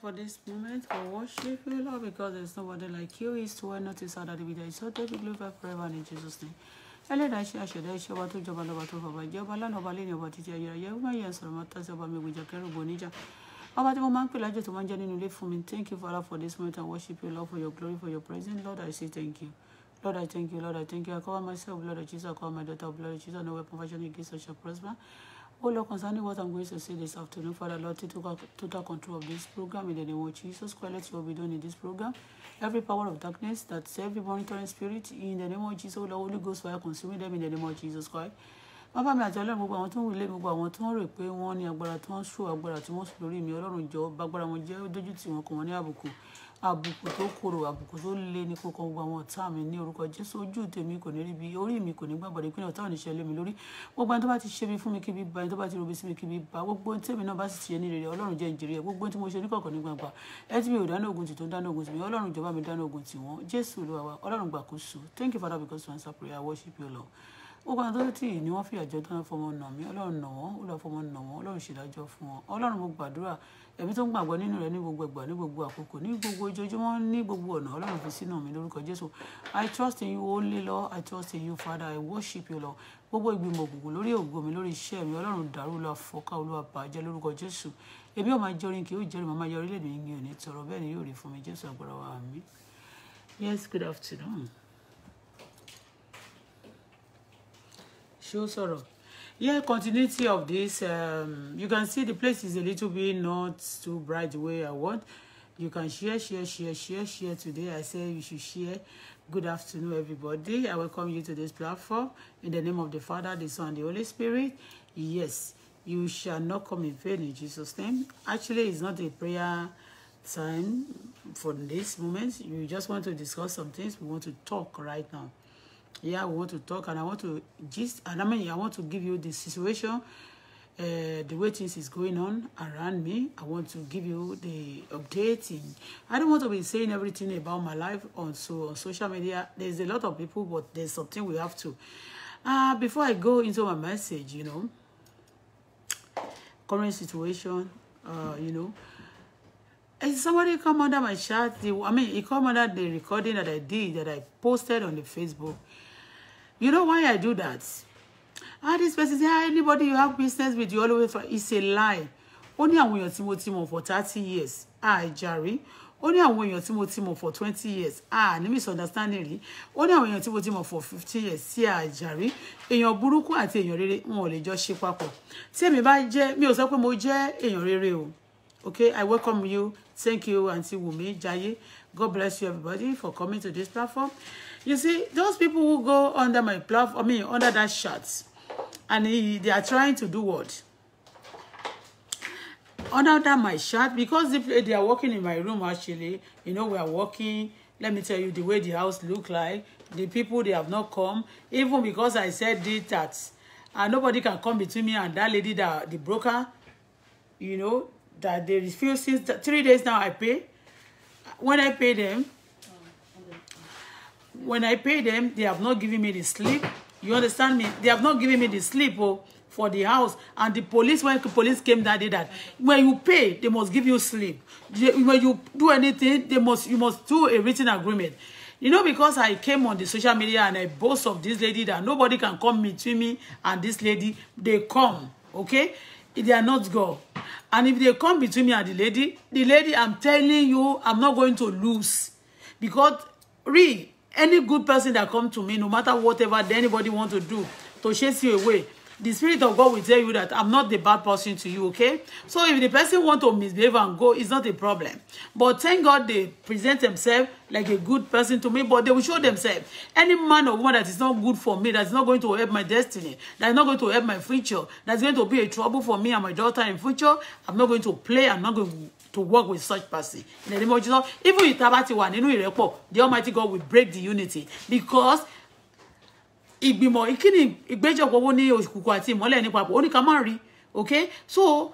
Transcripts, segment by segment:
for this moment for worship you, Lord, because there's nobody like you. Is to well notice other than that. So take glorified forever in Jesus' name. ẹlẹ́dàá ṣe àṣẹ̀dá iṣẹ́ ọba tó jọba lọ́ba tó fọba ìjọba lánàá ọba lẹ́yìn ọba títí ayérayé ọba yẹn sọ̀rọ̀ máa tàṣẹ ọba mi gbèjà kẹrù bò níjà ọba tí mo máa ń pè lájọ tó máa ń jẹ́ nínú ilé fún mi thank you father for this moment and worship you lord for your glory for your presence lord i say thank you lord i thank you lord i thank you i cover myself Lord. of jesus i cover my daughter blood of jesus no weapon fashion against us shall prosper. O Lord, concerning what I'm going to say this afternoon, Father Lord, take total control of this program in the name of Jesus Christ. Let your will be done in this program. Every power of darkness, that every monitoring spirit, in the name of Jesus, Lord, Holy Ghost, fire consuming them in the name of Jesus Christ. bàbá mi àti ọlọ́run gbogbo àwọn tó ń wulẹ̀ gbogbo àwọn tó ń rò pé wọ́n ní agbára tó ń ṣó agbára tí wọ́n sùn lórí mi ọlọ́run jọ bágbára wọn jẹ́ dójú tì wọ́n kàn wọ́n ní àbùkù àbùkù tó korò àbùkù tó le ni kó kan gbogbo àwọn ọ̀tá mi ní orúkọ jésù ojú tèmi kò ní rí bi orí mi kò ní gbàgbọ́ ní ìpínlẹ̀ ọ̀tá ò ní ṣẹlẹ̀ mi lórí gbogbo ẹni tó bá ti ṣe mi fún mi kíbi ba ẹni tó bá ti robi sí mi kíbi ba gbogbo ohun tèmi náà bá sì ti ṣe ní rere ọlọ́run jẹ́ ìjìrì gbogbo ohun tí mo ṣe ní ní gbangba ẹ ti mi ò dáná ogun tì tó ń dáná ogun tì mí ọlọ́run ìjọba mi dáná ogun tì wọ́n jésù olúwa wa ọlọ́run gbàkóso thank you father because you answer prayer worship you lord gbogbo àwọn tó tì ní wọ́n fi àjọ dáná fọmọ nà mí ọlọ́run nà wọ́n olùwàfọmọ nà wọ́n ọlọ́run ṣèdájọ́ fún wọn ọlọ́run mo gbàdúrà ẹ̀mí tó ń gbàgbọ́ nínú rẹ ní gbogbo ẹgbà ní gbogbo àkókò ní gbogbo ojoojúmọ́ ní gbogbo ọ̀nà ọlọ́run fi sínú mi lórúkọ jésù i trust in you only lord i trust in you father i worship you lord gbogbo ìgbìmọ̀ ògùnkùn lórí ògo mi lórí iṣẹ́ mi ọlọ́run dàrú lọ fọ́ká olúwa bàjẹ́ lórúkọ jésù èmi ò máa jọrin kì yóò jẹ́rìí màmá yọ orílẹ̀-èdè yìí ò ní tọrọ bẹ́ẹ̀ ni yóò rí fún mi jésù agbára wa mi yes good afternoon ṣé ó sọ̀rọ̀ yeah continuity of this um, you can see the place is a little bit not too bright the way i want you can share share share share share today i say you should share good afternoon everybody i welcome you to this platform in the name of the father the son the holy spirit yes you shall not come in vain in jesus name actually it's not a prayer time for this moment you just want to discuss some things we want to talk right now yeah we want to talk and i want to just, and i mean i want to give you the situation uh, the way things is going on around me i want to give you the updating i don't want to be saying everything about my life on so on social media there's a lot of people but there's something we have to uh before i go into my message you know current situation uh you know and somebody come under my chat i mean he come under the recording that i did that i posted on the facebook You know why I do that? Ah, this person say, ah, anybody you have business with, you always for." it's a lie. Only I'm àwọn èèyàn tí mo ti for thirty years. Ah, Jerry. Only I'm àwọn èèyàn tí mo ti for twenty years. Ah, let me understand Ó Only I'm èèyàn tí mo ti mọ̀ for fifteen years. Sí ah, jàre. Èèyàn burúkú àti èèyàn rere wọn ò lè jọ ṣe papọ̀. Tí èmi bá jẹ́, mi ò sọ pé mo jẹ́ èèyàn Okay, I welcome you. Thank you, Auntie Wumi Jaye. God bless you, everybody, for coming to this platform. You see, those people who go under my plough, I mean, under that shirt, and he, they are trying to do what? Under that my shirt, because if they are working in my room, actually, you know, we are working. Let me tell you the way the house look like. The people, they have not come. Even because I said it that, and uh, nobody can come between me and that lady, that the broker, you know, that they refuse since three days now I pay. When I pay them, When I pay them, they have not given me the sleep. You understand me? They have not given me the sleep oh, for the house. And the police, when the police came that day, that when you pay, they must give you sleep. when you do anything, they must you must do a written agreement. You know, because I came on the social media and I boast of this lady that nobody can come between me and this lady. They come, okay? They are not God. And if they come between me and the lady, the lady, I'm telling you, I'm not going to lose. Because, really any good person that come to me, no matter whatever anybody want to do, to chase you away, the spirit of God will tell you that I'm not the bad person to you, okay? So if the person want to misbehave and go, it's not a problem. But thank God they present themselves like a good person to me, but they will show themselves. Any man or woman that is not good for me, that's not going to help my destiny, that's not going to help my future, that's going to be a trouble for me and my daughter in future, I'm not going to play, I'm not going to to work with such person in the name of Jesus even if tá one, you know, the almighty God will break the unity because ìgbìmọ̀ ìkíni ìgbẹ́jọpọ̀ owó ní òkùnkùn àti ìmọ́lẹ̀ ní papọ̀ ó ní ká má rí okay so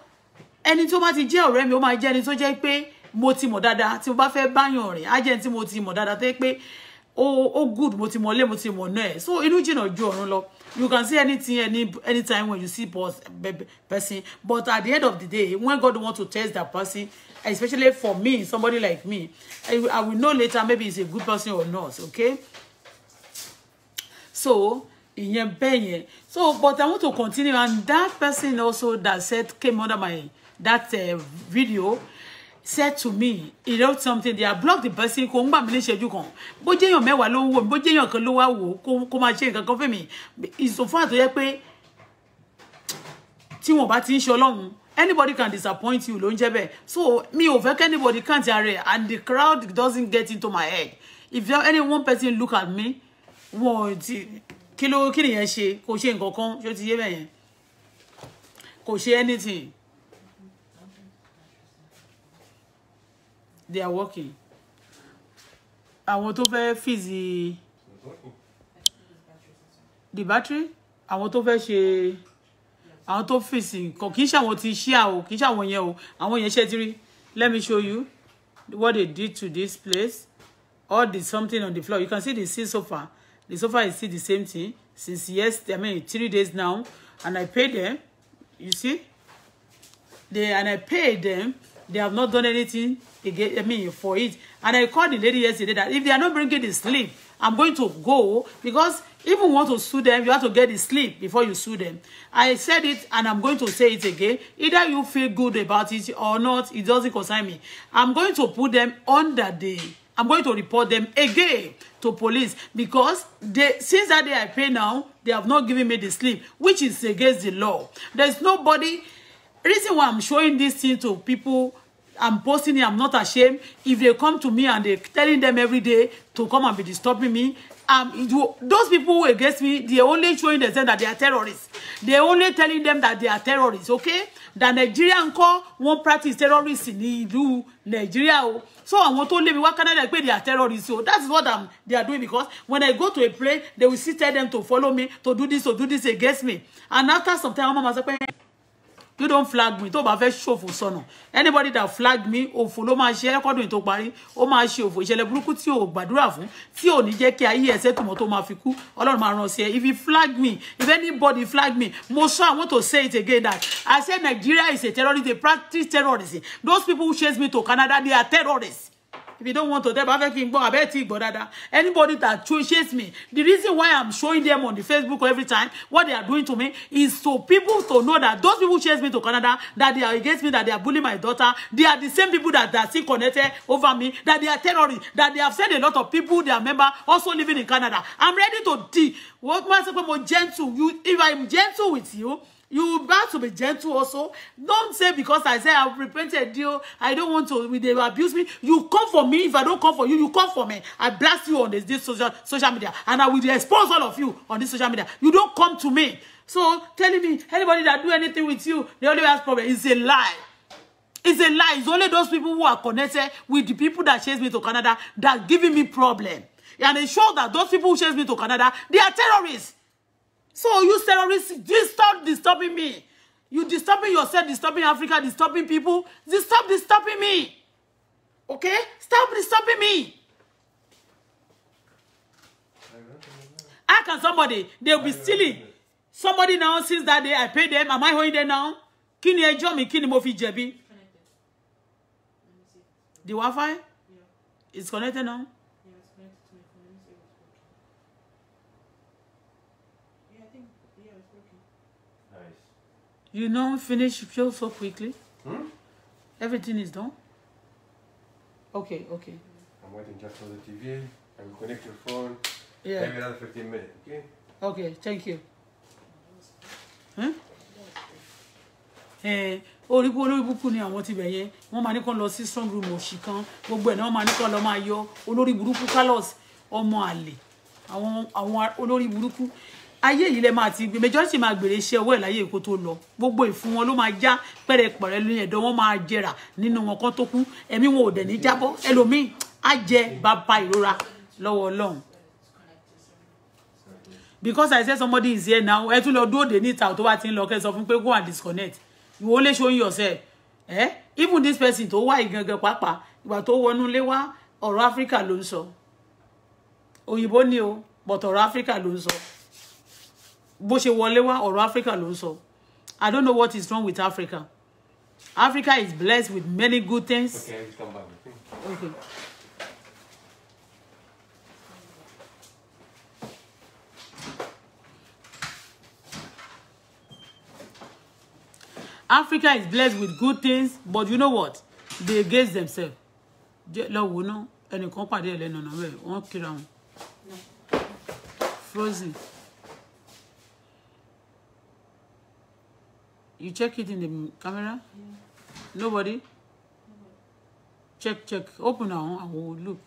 ẹni tó bá ti jẹ́ ọ̀rẹ́ mi ó máa jẹ́ ẹni tó jẹ́ pé mo ti mọ̀ dáadáa tí mo bá fẹ́ báyàn rìn á jẹ́ ẹni tí mo ti mọ̀ dáadáa tó yẹ pé ó good mo ti mọ̀ lé mo ti mọ̀ náà ẹ̀ so inú jìnnà ju ọ̀run lọ you can see anything any anytime when you see person but at the end of the day when God want to test that person especially for me, somebody like me. I, I will know later maybe he's a good person or not, okay? So, ìyẹn bẹ́ẹ̀ yẹn. So, but I want to continue. And that person also that said came under my that uh, video said to me, he wrote something They there, blocked the person, kò ń gbà mí níṣẹ́jú kan. Bó jẹ́ èèyàn mẹ́wàá ló ń wò mí, bó jẹ́ èèyàn kan ló wá wò ó, kó máa ṣe nǹkan kan ti ń anybody can disappoint you ló ń so me ò fẹ́ anybody kàn ti ara and the crowd doesn't get into my head if any one person look at me wọn ti kí ló kí nìyẹn ṣe kò ṣe nǹkan kan ṣó ti yé bẹ́ẹ̀ yẹn kò ṣe anything they are working àwọn to fẹ́ fìzì the battery àwọn tó fẹ́ she àwọn tó fèsì nǹkan kì í ṣe àwọn ti ṣíà o kì í ṣe àwọn yẹn o àwọn yẹn ṣe ti rí let me show you what they did to this place all the something on the floor you can see the sea sofa the sofa is still the same thing since yesterday. i mean three days now and i paid them you see they and i paid them they have not done anything again i mean for it and i called the lady yesterday that if they are not bringing the slip I'm going to go because if you want to sue them, you have to get the sleep before you sue them. I said it and I'm going to say it again. Either you feel good about it or not, it doesn't concern me. I'm going to put them under the I'm going to report them again to police because they since that day I pay now, they have not given me the slip, which is against the law. There's nobody reason why I'm showing this thing to people I'm posting it. I'm not ashamed. If they come to me and they're telling them every day to come and be disturbing me, um, those people against me, they're only showing themselves that they are terrorists. They're only telling them that they are terrorists, okay? That Nigeria call won't practice terrorism in ìlú Nigeria o. So àwọn tó lé mi wá Canada pé they are terrorists. So that's what I'm, they are doing because when I go to a place, they will still tell them to follow me, to do this, to do this against me. And after some time, I'm going to say, you don't flag me tó bá show for sọnà anybody that flag me òfò ló máa ṣe ẹkọdún tó parí ó máa ṣe òfò ìṣẹ̀lẹ̀ burúkú tí ò gbàdúrà fún tí ò ní jẹ́ kí ayé ẹsẹ tòmọ tó máa fi kú Ọlọ́run máa ràn sí ẹ if you flag me if anybody flag me mo sọ I want to say it again that I say Nigeria is a terrorist they practice terrorism those people who chase me to Canada they are terrorists if you don't want to tell bá fẹ́ go. I gbọ́ you, go, gbọ́ dáadáa anybody that chooses me the reason why i'm showing them on the facebook every time what they are doing to me is so people to know that those people chase me to canada that they are against me that they are bullying my daughter they are the same people that, that are still connected over me that they are terrorists that they have said a lot of people their member also living in canada i'm ready to deal what must i say gentle you if i'm gentle with you you got to be gentle also. Don't say because I say I've repented you, I don't want to, they abuse me. You come for me. If I don't come for you, you come for me. I blast you on this, this social, social media and I will expose all of you on this social media. You don't come to me. So telling me, anybody that do anything with you, they only has problem. It's a lie. It's a lie. It's only those people who are connected with the people that chased me to Canada that giving me problem. And it shows that those people who chased me to Canada, they are terrorists. So you terrorists, this stop disturbing me. You disturbing yourself, disturbing Africa, disturbing people. This stop disturbing me. Okay? Stop disturbing me. How can somebody, they'll be stealing. Somebody now, since that day, I pay them. Am I holding them now? Kí ni ẹjọ́ mi, kí ni mo fi jẹ̀bi? The Wi-Fi? Yeah. It's connected now. You know, finish feel so quickly. Hmm? Everything is done. Okay, okay. I'm waiting just for the TV. I'm connect your phone. Yeah. Every another 15 minutes, okay? Okay, thank you. Huh? Eh, orí pé olórí burúkú ni àwọn ti bẹ̀yẹn wọ́n máa ní kó lọ sí strong room òsì kan gbogbo ẹ̀ náà wọ́n máa ní kó lọ máa yọ olórí burúkú callous ọmọ àlè àwọn olórí burúkú ayé yìí lẹ máa ti gbé majority máa gbèrè iṣẹ́ owó ẹ̀ láyé èkó tó lọ gbogbo ìfún wọn ló máa já pẹ̀rẹ̀pẹ̀rẹ̀ lóyún ẹ̀dọ̀ wọn máa jẹrà nínú wọn kan tó kú ẹ̀mí wọn ò dẹ̀ ní jábọ́ ẹlòmíì á jẹ bàbá ìrora lọ́wọ́ ọlọ́run because i say somebody is here now ẹ tún lọ dúró dé níta tó bá ti ń lọ kẹ́ sọ fún pé go and disconnect you only showing yourself eh even this person tó wá ìgangan pàápàá ìgbà tó wọnú lé wá ọ̀rọ̀ áfíríkà ló ń sọ òyìnbó ni o but ọ̀rọ̀ áfíríkà ló ń sọ bó ṣe wọlé wá ọ̀rọ̀ Africa ló ń sọ I don't know what is wrong with Africa Africa is blessed with many good things. Okay, come back. Okay. Africa is blessed with good things, but you know what? They against themselves. Lọ́wọ́ náà ẹnìkan pàdé ẹlẹ́nu náà bẹ́ẹ̀ wọ́n kíra wọn. Frozen. You check it in the camera? Yeah. Nobody? Nobody? Check, check. Open now and we'll look.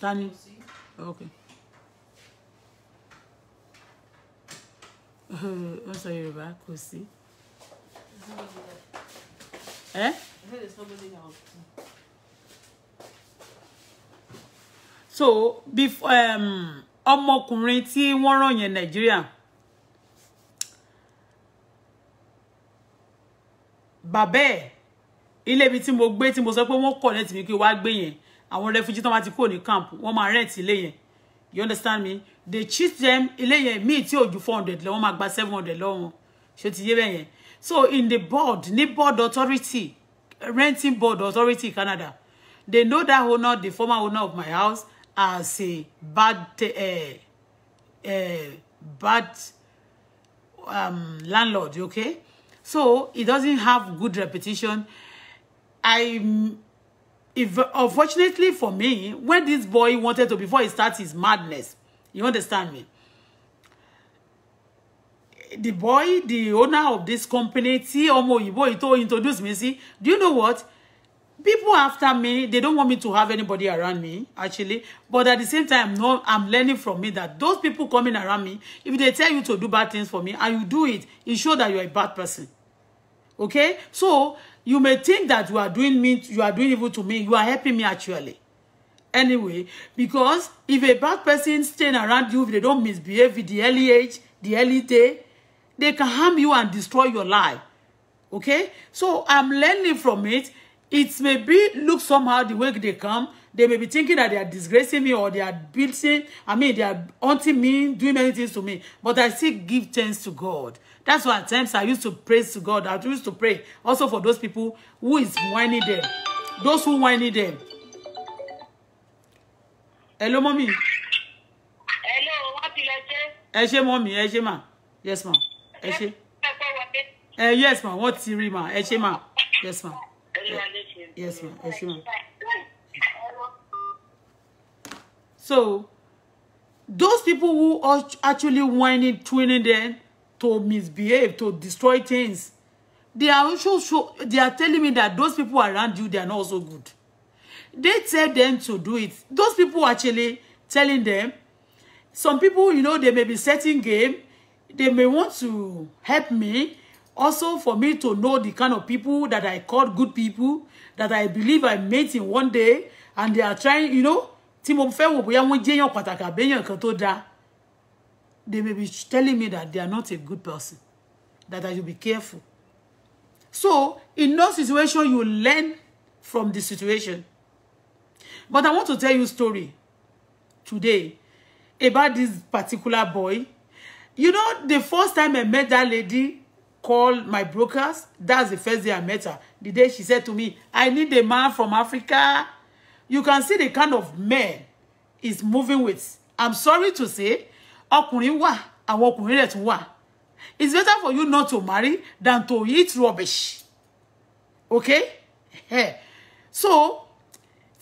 Tani? Okay. Wọ́n sọ Yorùbá kò sí. Eh? So, before, um, ọmọkùnrin tí wọ́n rán yẹn Nàìjíríà. bàbá ẹ̀ ilé ibi tí mo gbé tí mo sọ pé wọ́n connect mi kí wá gbé yẹn àwọn refugee tó wá ti kúrò ní camp wọ́n máa rent ilé yẹn you understand me they cheat them ilé yẹn míì tí ò ju four hundred lọ wọ́n máa gba seven hundred lọ́wọ́ ṣé ti yé bẹ́ẹ̀ yẹn so in the board ní board authority renting board authority Canada they know that owner the former owner of my house as a bad uh, uh, bad um, landlord okay So it doesn't have good repetition. I, if unfortunately for me, when this boy wanted to, before he starts his madness, you understand me? The boy, the owner of this company, tí ọmọ òyìnbó he told introduce me See, do you know what? People after me, they don't want me to have anybody around me, actually. But at the same time, no, I'm learning from me that those people coming around me, if they tell you to do bad things for me and you do it, it shows that you're a bad person. Okay? So you may think that you are doing me you are doing evil to me, you are helping me actually. Anyway, because if a bad person staying around you, if they don't misbehave at the early age, the early day, they can harm you and destroy your life. Okay? So I'm learning from it. It may be look somehow the way they come. They may be thinking that they are disgracing me or they are building. I mean, they are haunting me, doing many things to me. But I still give thanks to God. That's why at times I used to praise to God. I used to pray also for those people who is whining them. Those who whining them. Hello, mommy. Hello, what did I say? Ẹ mommy. Ẹ ma. Yes, ma. Ẹ Uh, yes, ma. What's Siri, ma? Ẹ ma. Yes, ma. Yes, ma. Ẹ ma. So, those people who are actually whining, twinning them, to misbehave, to destroy things. They are also show, they are telling me that those people around you, they are not so good. They tell them to do it. Those people actually telling them, some people, you know, they may be setting game. They may want to help me. Also for me to know the kind of people that I call good people, that I believe I met in one day, and they are trying, you know, tí mo fẹ́ wò bóyá wọ́n jẹ́yàn pàtàkì àbẹ́yàn kan tó they may be telling me that they are not a good person, that I should be careful. So, in no situation, you learn from the situation. But I want to tell you a story today about this particular boy. You know, the first time I met that lady, called my brokers, that's the first day I met her. The day she said to me, I need a man from Africa. You can see the kind of man is moving with. I'm sorry to say, ọkùnrin wà àwọn ọkùnrin rẹ̀ tún wà it's better for you not to marry than to eat rubbish okay yeah. so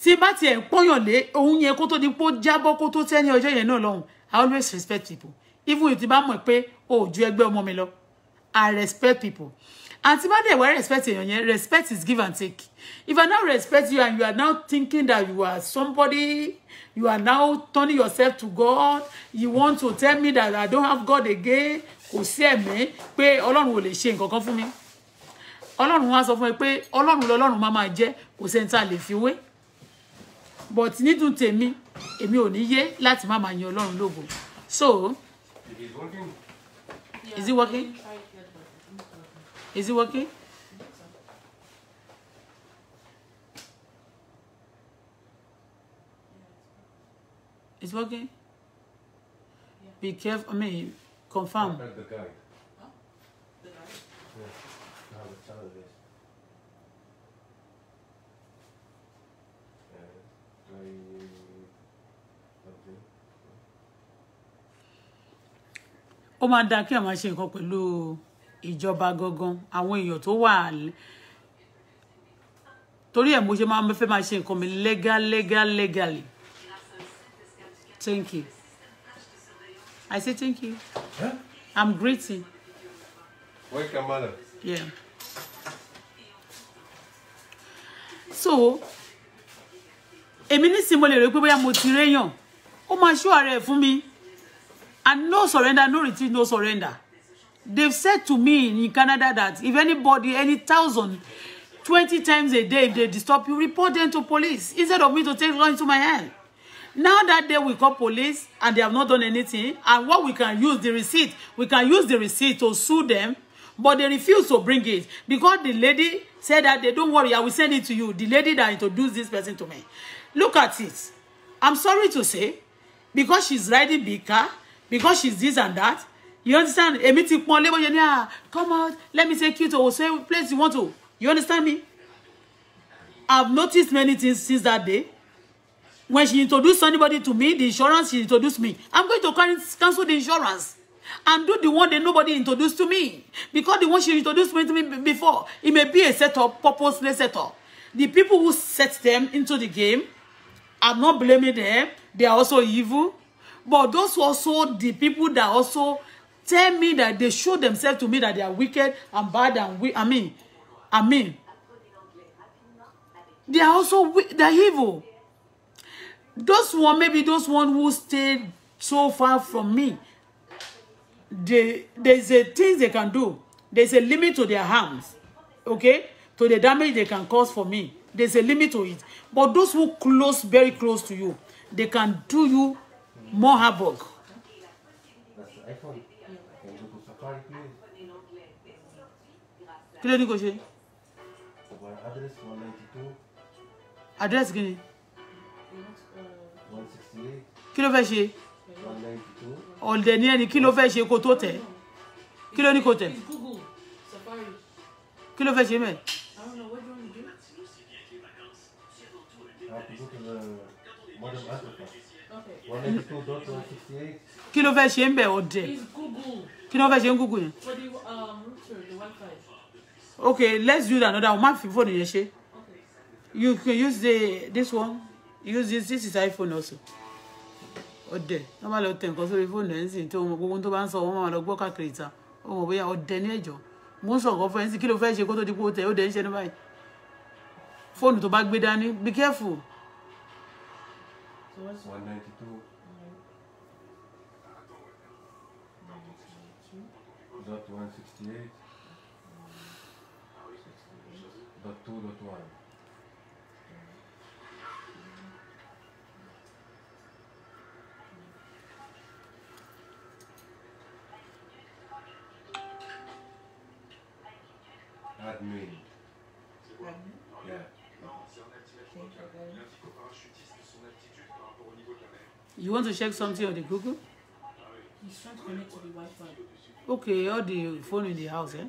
tí bá tiẹ̀ ń pọ́yàn lé òun yẹn kó tó di pé ó jábọ́ kó tó tẹ́ ní ọjọ́ yẹn náà lọ́hùn i always respect people even if ti bá mọ̀ pé o ò ju ẹgbẹ́ ọmọ mi lọ i respect people And bá dẹ̀ wá respect èèyàn respect is give and take if i now respect you and you are now thinking that you are somebody you are now turning yourself to god you want to tell me that i don't have god again who sí me, pé ọlọ́run ò lè ṣe nǹkan kan fún mi ọlọ́run wá sọ fún mi pé ọlọ́run lọ́lọ́run máa máa jẹ́ kò sẹ́ni tá a lè fi wé but nídùn tèmi èmi ò ní yé láti má máa yan ọlọ́run lógo so is it working. Yeah, Is it working? It's working? Yeah. Be careful. I mean, confirm. I the guide. Huh? The guide? Yes. Now the child is. ó máa dáa kí a máa ṣe nǹkan pẹ̀lú ìjọba gangan àwọn èèyàn tó wà torí ẹ̀ mo ṣe máa fẹ́ máa ṣe nǹkan mi legal legal legally thank you I say thank you huh? I'm greeting. welcome madam. Yeah. so èmi nísìnyí mo lè rò pé bóyá mo ti réyàn ó máa ṣó ara ẹ̀ fún mi and no surrender no retreat no surrender. They've said to me in Canada that if anybody, any thousand, 20 times a day, if they disturb you, report them to police instead of me to take law into my hand. Now that day we call police and they have not done anything, and what we can use the receipt, we can use the receipt to sue them, but they refuse to bring it because the lady said that they don't worry, I will send it to you. The lady that introduced this person to me. Look at it. I'm sorry to say, because she's riding big car, because she's this and that, you understand èmi ti pọn lé bóyá ní ah, come out let me take you to wholesale place you want to you understand me i've noticed many things since that day when she introduced anybody to me the insurance she introduced me i'm going to cancel the insurance and do the one that nobody introduced to me because the one she introduced me to me before it may be a setup purposeless setup the people who set them into the game i'm not blaming them they are also evil but those also the people that also tell me that they show themselves to me that they are wicked and bad and we I mean, I mean, they are also they're evil. Those one, maybe those one who stayed so far from me, they, there's a things they can do. There's a limit to their harms, okay? To the damage they can cause for me. There's a limit to it. But those who close, very close to you, they can do you more havoc. That's the iPhone. kí ló ní kò ṣe. àdírẹ́sì one ninety two. àdírẹ́sì kí ni. one sixty eight. kí ló fẹ́ ṣe. one ninety two. ọ̀dẹ̀ ni ẹni kí ló fẹ́ ṣe kó tó tẹ̀. kí ló ní kó tẹ̀. kí ló fẹ́ ṣe mẹ́. kí ló fẹ́ ṣe ń bẹ̀ ọ̀dẹ̀ kí ló fẹ́ ṣe ń gúgù yẹn okay let's use another one má fi phone yẹn you can use the this one use this this is iphone also ọdẹ wọn bá lọ tẹ nǹkan phone fóònù ẹ ń sìn tó gbogbo tó bá ń sọ wọn máa lọ gbọ́ káàkiri ìta ó mọ bóyá Most of ẹjọ́ mo ń sọ go to the hotel, sìn kí ló fẹ́ ṣe kó tó di pé be careful. one ninety two. that one sixty eight. Lot 2, lot 1. Admin. Yeah. You want to check something on the Google? Okay, all the phone in the house, eh?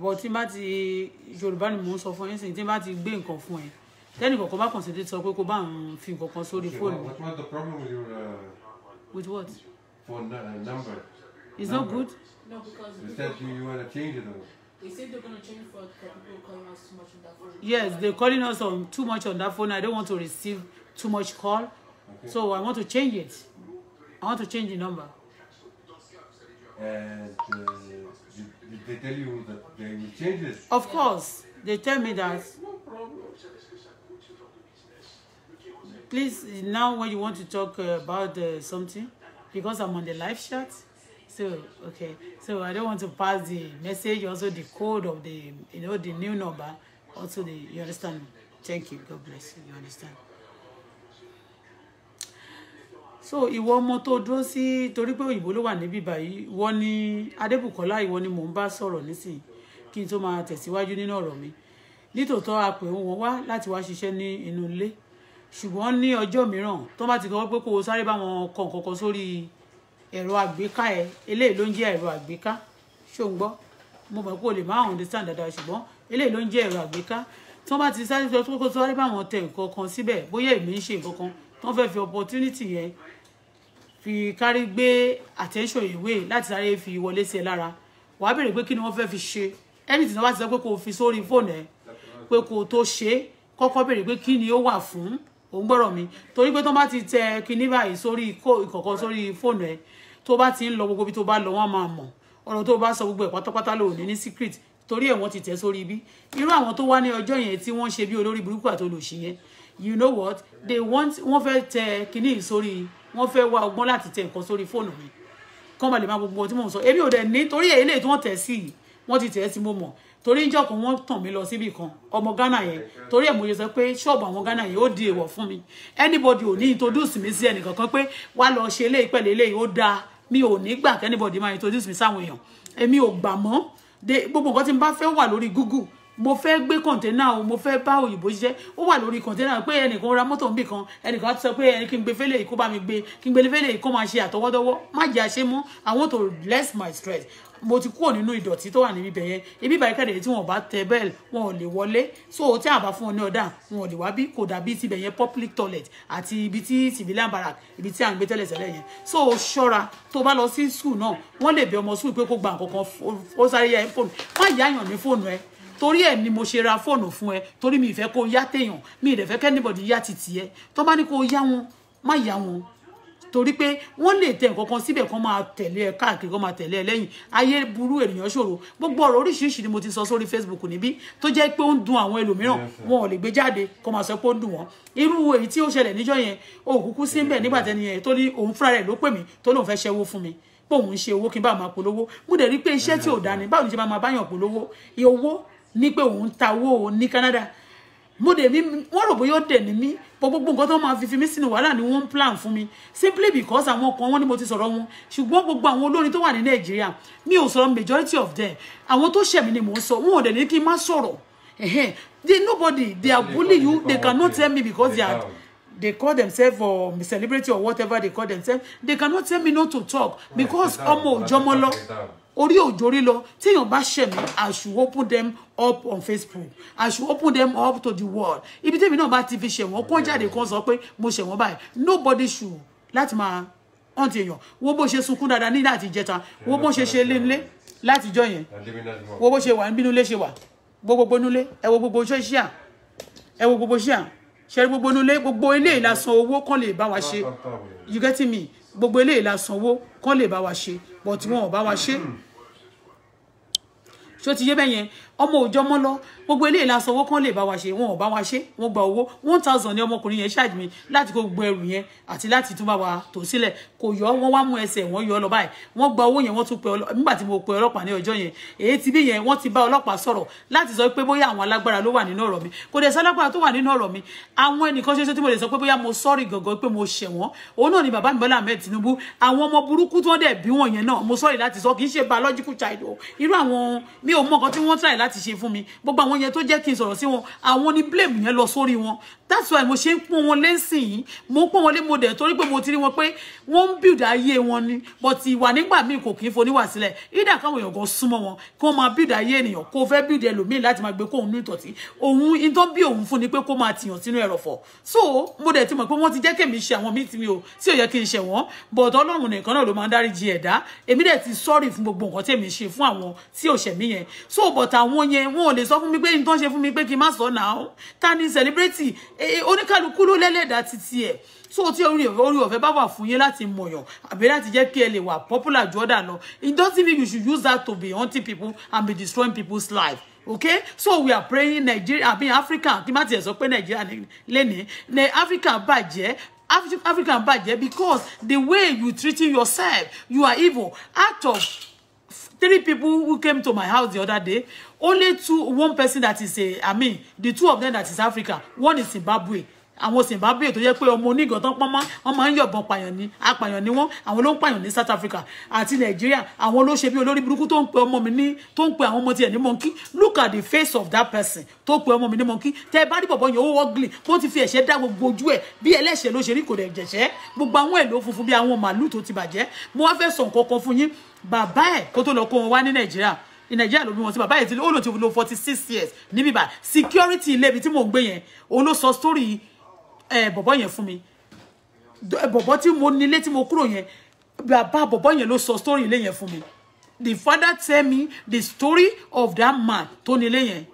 but tí n bá ti yorùbá ni mò ń sọ fún yín sìn tí n bá ti gbé nǹkan fún ẹ tẹ́nì kọ̀ọ̀kan bá kàn sí ti sọ pé kó bá ń fi nǹkan kan sórí fóònù. what was the problem with your. Uh, with what. phone uh, number. Is number. not good. no because. you said you, you wanna change it or. They said they're going to change for people calling us too much on that phone. Yes, they're calling us on too much on that phone. I don't want to receive too much call. Okay. So I want to change it. I want to change the number. And uh, they tell you that they will change it? Of course. They tell me that. Please, now when you want to talk uh, about uh, something, because I'm on the live chat, so okay, so I don't want to pass the message, also the code of the, you know, the new number, also the, you understand Thank you. God bless you. You understand? so ìwọ ọmọ tó dúró sí torí pé òyìnbó ló wà níbí báyìí ìwọ ni adébùkọ́lá ìwọ ni mò ń bá sọ̀rọ̀ nísìnyí kí n tó máa tẹ̀síwájú nínú ọ̀rọ̀ mi nítòótọ́ a pè wọ́n wá láti wá ṣiṣẹ́ ní inú ilé ṣùgbọ́n ní ọjọ́ mìíràn tó bá ti kọ́ pé kó o sáré bá wọn kàn kankan sórí ẹ̀rọ àgbéká ẹ eléyìí ló ń jẹ́ ẹ̀rọ àgbéká ṣó ń gbọ́ mo mọ̀ pé o lè má understand dáadáa ṣùgbọ́n eléyìí ló ń jẹ́ ẹ̀rọ àgbéká tí bá ti sáré sọ pé kó bá wọn tẹ nǹkan kan síbẹ̀ bóyá èmi ń ṣe nǹkan kan tí wọ́n fi opportunity yẹn fi kárí gbé attention ìwé láti sáré fi wọlé sí ẹ lára wàá béèrè pé kí ni wọ́n fẹ́ fi ṣe anything wọ́n bá ti sọ pé kò fi sórí fóònù ẹ pé kò tó ṣe kọ́kọ́ béèrè pé kí ni ó wà fún òun gbọ́rọ̀ mi torí pé tó bá ti tẹ kinní báyìí sórí ìkọ̀kọ̀ sórí fóònù ẹ tó bá ti ń lọ gbogbo ibi tó bá lọ wọ́n máa mọ̀ ọ̀rọ̀ tó bá sọ gbogbo ẹ̀ pátápátá lò ní ní secret torí ẹ̀ wọ́n ti tẹ̀ sórí ibi irú àwọn tó wá ní ọjọ́ yẹn tí wọ́n ṣe bí olórí burúkú àti olùṣí yẹn you know what they want wọ́n fẹ́ tẹ kinní sórí wọ́n fẹ́ wá ọgbọ́n láti tẹ nǹkan sórí fóònù mi kán balẹ̀ máa gbogbo tí mò ń sọ èmi ò dẹ̀ ní torí eléyìí tí wọ́n tẹ̀ sí yìí wọ́n ti tẹ̀ sí mo mọ̀ torí níjọ́ kan wọ́n tàn mí lọ síbì kan ọmọ Ghana yẹn torí ẹ̀ mo yẹ sọ pé ṣọ́ọ̀bù àwọn Ghana yẹn ó di èèwọ̀ fún mi anybody ò ní introduce mi sí ẹnìkankan pé wá lọ ṣe eléyìí pẹ̀lú eléyìí ó dáa mi ò ní gbà kí anybody máa introduce mi sáwọn èèyàn èmi ò gbà mọ́ gbogbo nǹkan tí n bá fẹ́ wà lórí Google mo fẹ́ gbé kọ̀ǹténà o mo fẹ́ bá òyìnbó ṣiṣẹ́ ó wà lórí kọ̀ǹténà pé ẹnìkan ra mọ́tò nbì kan ẹnìkan sọ pé ẹni kí n gbé fẹ́lẹ̀ yìí bá mi gbé kí n gbé fẹ́lẹ̀ yìí máa ṣe àtọwọ́dọ́wọ́ má jẹ́ àṣẹ mọ́ I want to less my stress mo ti kúrò nínú ìdọ̀tí tó wà níbi bẹ̀yẹn ibi ìbáríkàdé tí wọn bá tẹ bẹ́ẹ̀ wọn ò lè wọlé so tí a bá fún ọ ní ọ̀dà wọn ò lè wá bí kò dàbí ti bẹ̀yẹn public toilet àti ibi tí civilian barrack ibi tí à ń gbé tẹ́lẹ̀ tẹ́lẹ̀ yẹn so ṣọ́ra tó bá lọ sí school náà wọ́n lè bẹ ọmọ school pé kó gba nǹkan kan ó sáré yá fóònù má yáyàn ní fóònù ẹ torí ẹ̀ ni mo ṣe ra fóònù fún ẹ torí mi ìfẹ́ kó yá téèyàn mi ìdẹ̀fẹ́ kẹ́nìbọ̀dì yá ti tiẹ̀ tó bá ní kó yá wọn má yá wọn torí pé wọ́n lè tẹ nǹkan kan síbẹ̀ kan máa tẹ̀lé ẹ káàkiri kan máa tẹ̀lé ẹ lẹ́yìn ayé burú ènìyàn ṣòro gbogbo ọ̀rọ̀ oríṣiríṣi ni mo ti sọ sórí Facebook níbí tó jẹ́ pé ó ń dùn àwọn ẹlòmíràn wọn ò lè gbé jáde kó máa sọ pé ó ń dùn wọ́n irú èyí tí ó ṣẹlẹ̀ níjọ́ yẹn òkùnkùn sí mbẹ̀ nígbà tẹ́ni yẹn tó ní òun fúnra rẹ̀ ló pè mí tó lóun fẹ́ ṣẹ́wó fún mi pé òun ṣe owó kí n bá máa polówó mo dẹ̀ rí pé iṣẹ́ tí ò dání báwo ni ṣe máa máa báyàn polówó owó ní pé òun ń ta owó òun ní Canada mo dè mí wọ́n rò bóyá ó dẹ̀ ní mí pọ̀ gbogbo nǹkan tó máa fi fi mí sínú wàhálà ni wọ́n plan fún mi simply because àwọn kan wọ́n ní mo ti sọ̀rọ̀ wọn ṣùgbọ́n gbogbo àwọn olórin tó wà ní Nàìjíríà mi ò sọ̀rọ̀ majority of them àwọn tó ṣẹ̀mí ni mò ń sọ wọn ò dẹ̀ ní kí n má they nobody they are bully you they cannot tell me because they are they call themselves or um, celebrity or whatever they call themselves they cannot tell me not to talk because ọmọ òjọmọ lọ orí òjòrí lọ téèyàn bá ṣẹ̀mí I should open them up on Facebook I should open them up to the world ibi tèmi náà bá ti fi ṣẹ̀wọ̀n kó jáde kan sọ pé mo ṣẹ̀wọ̀n báyìí nobody should láti máa hàn ti èèyàn wo bó ṣe sunkún dáadáa ní láti jẹta wo bó ṣe ṣe lénlé látijọ́ yẹn wo bó ṣe wà nínú ilé ṣe wà gbogbo nulé ẹ wo gbogbo ṣíà ẹ wo gbogbo ṣíà ṣe gbogbo nulé gbogbo ilé ìlàsàn owó kan lè bá wa ṣe you get me gbogbo ilé ìlàsàn owó kan lè bá wa ṣe but wọn ò bá wa ṣe ṣó ti yé bẹ́yẹn ọmọ òòjọ́ mọ́ lọ gbogbo eléyìí la kán lè bá wa ṣe wọn ò bá wa ṣe wọn gba owó one thousand ní ọmọkùnrin yẹn ṣáàjì mi láti kó gbogbo ẹrù yẹn àti láti tún bá wa tò sílẹ̀ kò yọ wọn wá mú ẹsẹ̀ wọn yọ ọ lọ báyìí wọn gba owó yẹn wọn tún pe ọlọ nígbà tí mo pe ọlọ́pàá ní ọjọ́ yẹn èyí ti bí yẹn wọn ti bá ọlọ́pàá sọ̀rọ̀ láti sọ pé bóyá àwọn alágbára ló wà nínú ọ̀rọ̀ mi kò dẹ̀ sálágbára tó wà nínú ọ̀rọ̀ mi àwọn ẹnìkan ṣoṣo tí mo lè sọ pé bóyá mo sọ́ọ̀rì gangan pé mo ṣẹ̀ wọ́n òun náà ni bàbá mi Bọ́lá láti ṣe fún mi gbogbo àwọn yẹn tó jẹ́ kí n sọ̀rọ̀ sí wọn àwọn ni blame yẹn lọ sórí wọn that's why mo ṣe ń pọ́n wọn lẹ́sìn yìí mo ń pọ́n wọn lé mo dẹ̀ torí pé mo ti rí wọn pé wọ́n ń build ayé wọn ni but ìwà nígbà míì kò kì í foníwà sílẹ̀ ìdá káwọn èèyàn gan súnmọ́ wọn kí wọ́n máa build ayé ènìyàn kó fẹ́ build ẹlòmíì láti máa gbé kó òun ní ìtọ̀tí òun in tó bí òun fún ni pé kó máa tìyàn sínú ẹ̀rọ̀fọ̀ so mo dẹ̀ ti mọ̀ pé wọ́n ti jẹ́ kèmí ṣe àwọn míì tí mi ò tí ò yẹ kí n ṣe wọ́n but ọlọ́run nìkan náà ló máa ń dáríji ẹ̀dá èmi dẹ̀ ti sọ́ọ̀rì fún gbogbo nǹkan tèmi ṣe fún àwọn tí ò ṣẹ̀mí yẹn so but àwọn yẹn wọn ò lè sọ fún mi pé nǹkan ṣe fún mi pé kí n má sọ náà ta ni celebrity Eh, eh, oníkálukú ló lẹ́lẹ́dàá títí ẹ̀ so tí orí orí ọ̀fẹ́ bá wà fún yín láti mọ̀yàn àbí láti jẹ́ kí ẹ lè wà popular jọ́dà lọ it doesn't mean you should use that to be hunting people and be destroying people's life okay so we are praying Nigeria I mean Africa kí má tiẹ̀ sọ pé Nigeria lẹ́ni Africa bàjẹ́ Africa bàjẹ́ because the way you treating yourself you are evil out of three people who came to my house the other day only two one person that is a i mean the two of them that is africa one is zimbabwe àwọn zimbabwe tó jẹ́ pé ọmọ onígan tán pọ́nmọ́ wọ́n máa ń yọ̀bọ̀n pààyàn ní apààyàn ni wọ́n àwọn ló ń pààyàn ní south africa àti nàìjíríà àwọn ló ṣe bí olórí burúkú tó ń pe ọmọ mi ní tó ń pe àwọn ọmọ tiẹ̀ ní mọ́ńkì look at the face of that person tó pe ọmọ mi ní mọ́ńkì tẹ́ ẹ bá rí bọ̀bọ̀ yẹn ó wọ́gìlì bó ti fi ẹ̀ṣẹ́ dá gbogbo ojú ẹ̀ bí ẹlẹ́ṣẹ̀ ló ṣe rí kò dẹ̀ jẹ̀ṣẹ́ gbogbo àwọn èlò funfun bí àwọn màálù tó ti bàjẹ́ mo wá fẹ́ sọ nǹkan kan fún yín bàbá ẹ̀ ní nàìjíríà ló bí wọn sí bàbá ìdílé ó lò ti lo forty six years níbí bá security ilé ibi tí mò ń gbé yẹn òun ló sọ story eh, bọ̀bọ̀ yẹn fún mi eh, bọ̀bọ̀ tí mo nílé tí mo kúrò yẹn bàbá bọ̀bọ̀ yẹn ló sọ story ilé yẹn fún mi the father tell me the story of that man tó nílé yẹn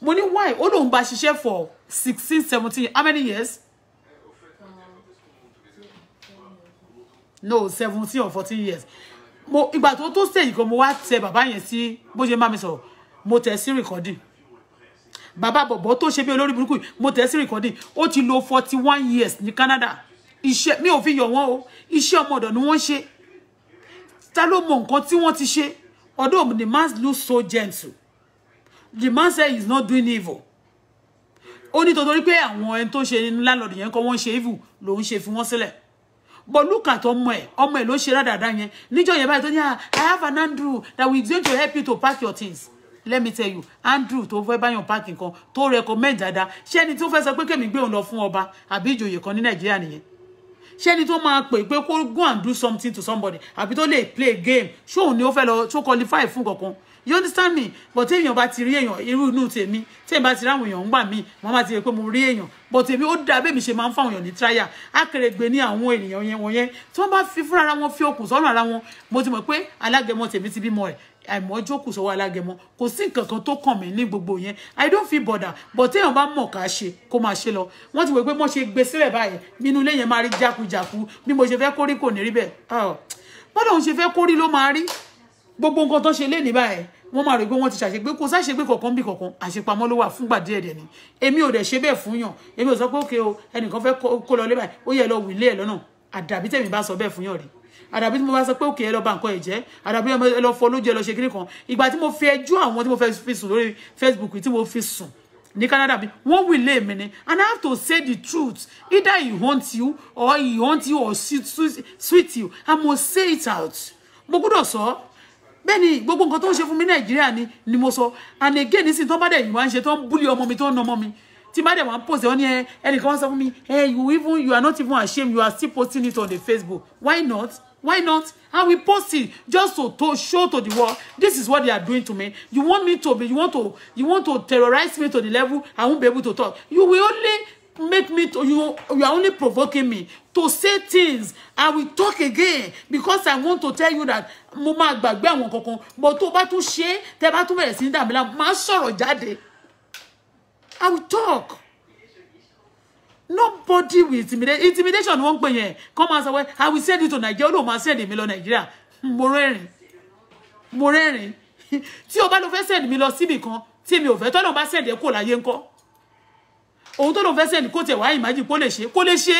mo ní why ó lóun bá ṣiṣẹ́ for sixteen seventeen how many years no seventeen or fourteen years mo ìgbà tó tó stage kan mo wá tẹ bàbá yẹn sí bó ṣe má mi sọ̀rọ̀ mo tẹ̀ sí recording bàbá bọ̀bọ̀ tó ṣe bí olórí burúkú mo tẹ̀ sí recording ó ti lò forty one years ní Canada iṣẹ́ mi ò fi yọ̀ wọ́n o iṣẹ́ ọmọ ọ̀dọ̀ ni wọ́n ṣe ta ló mọ nǹkan tí wọ́n ti ṣe although the man looks so gentle the man say is not doing evil ó ní tòtòrí pé àwọn ẹni tó ṣe lálọ́ọ̀dù yẹn kọ́ wọ́n ṣe evil lòun ṣe fi wọ́n sílẹ̀ but look at ọmọ ẹ ọmọ ẹ ló ṣe rádàdà yẹn níjọ́ yẹn báyìí tó ní ah, i have an andrew that will going to help you to pack your things let me tell you andrew tó fẹ́ báyọ̀ pack nǹkan tó recommend dáadáa ṣé ẹni tó fẹ́ sọ pé kèmí gbé òun lọ fún ọba àbí ìjòyè kan ní nàìjíríà nìyẹn ṣé ẹni tó máa pè pé kó go and do something to somebody àbí tó lè play a game ṣóun ni ó fẹ́ lọ tó qualify fún kankan you understand me but téèyàn bá ti rí èèyàn irú inú tèmi téèyàn bá ti rí àwọn èèyàn ń gbà mí wọ́n bá ti rí pé mo rí èèyàn but èmi ó dáa bẹ́ẹ̀ mi ṣe máa ń fáwọn èèyàn ní tíráyà Akèrègbè ní àwọn ènìyàn yẹn wọ̀nyẹn tí wọ́n bá fi fúnra ara wọn fi okùn sọ́nà ara wọn mo ti mọ̀ pé alágẹmọ tèmi ti bímọ ẹ̀ àìmọ́ jókòó sọ́wọ́ alágẹmọ kò sí nǹkan kan tó kàn mí ní gbogbo yẹn i don't feel bother but téèyàn bá mọ̀ ká ṣe kó máa ṣe lọ wọ́n ti wò pé mo ṣe gbé sílẹ̀ báyìí nínú ilé yẹn máa rí jákujàku bí mo ṣe fẹ́ kórí kò ní rí bẹ́ẹ̀ oh, bọ́dọ̀ ń ṣe fẹ́ kórí ló máa rí gbogbo nǹkan tó ṣe lé ní báyìí wọ́n máa rí pé wọ́n ti ṣàṣegbé kò sáṣegbé kọ̀ọ̀kan bí kọ̀ọ̀kan àṣepamọ́ ló wà fúngbà díẹ̀ díẹ̀ ni èmi ò dẹ̀ ṣe bẹ́ẹ̀ fún yàn èmi ò sọ pé òkè o ẹnìkan fẹ́ kó lọ lé báyìí ó yẹ lọ wílé ẹ̀ lọ́nà àdàbí tẹ̀mí bá sọ bẹ́ẹ̀ fún yàn rí àdàbí tí mo bá sọ pé òkè ẹ lọ bà nǹkan ẹ̀ jẹ́ àdàbí ẹ lọ fọ lójú ẹ lọ ṣe kíní kan ìgbà tí mo fi ẹjọ́ àwọn tí mo fẹ́ fi sùn lórí Facebook tí mo fi sùn ní Canada bí wọ́n wílé mi ni and I have to say the truth either he haunt you or he haunt you or sweet you I must say it out mo gbọ́dọ̀ sọ bẹ́ẹ̀ ni gbogbo nǹkan tó ń ṣe fún mi nàìjíríà ni ni mo sọ and again nísìnyí tó bá dẹ̀ yìí wá ń ṣe tó ń búlì ọmọ mi tó ń na ọmọ mi tí bá dẹ̀ eh, wá ń pòsè ọ́ni ẹnìkan wọ́n sọ fún mi hey eh, you even you are not even ashamed you are still posting it on the facebook why not why not i will post it just to, to show to the world this is what they are doing to me you want me to be you want to you want to terrorize me to the level i won't be able to talk you will only make me to you you are only provoking me to say things i will talk again because i want to tell you that mo máa gbàgbé àwọn kankan but tó bá tún ṣe tẹ́ bá tún bẹ̀rẹ̀ sí ní dàbí la máa sọ̀rọ̀ jáde i will talk nobody will intimidate intimidation ni wọ́n ń come and say well i will send you to nigeria olóò máa send mi lọ nigeria mo rẹ́rìn mo rẹ́rìn tí o bá lọ fẹ́ send mi lọ síbì kan tí mi ò fẹ́ tọ́lọ́ bá send ẹ kó láyé ńkọ́ òun tó lò fẹ́ sẹ́ni kó tiẹ̀ wá ìmájì kó lè ṣe kó lè ṣe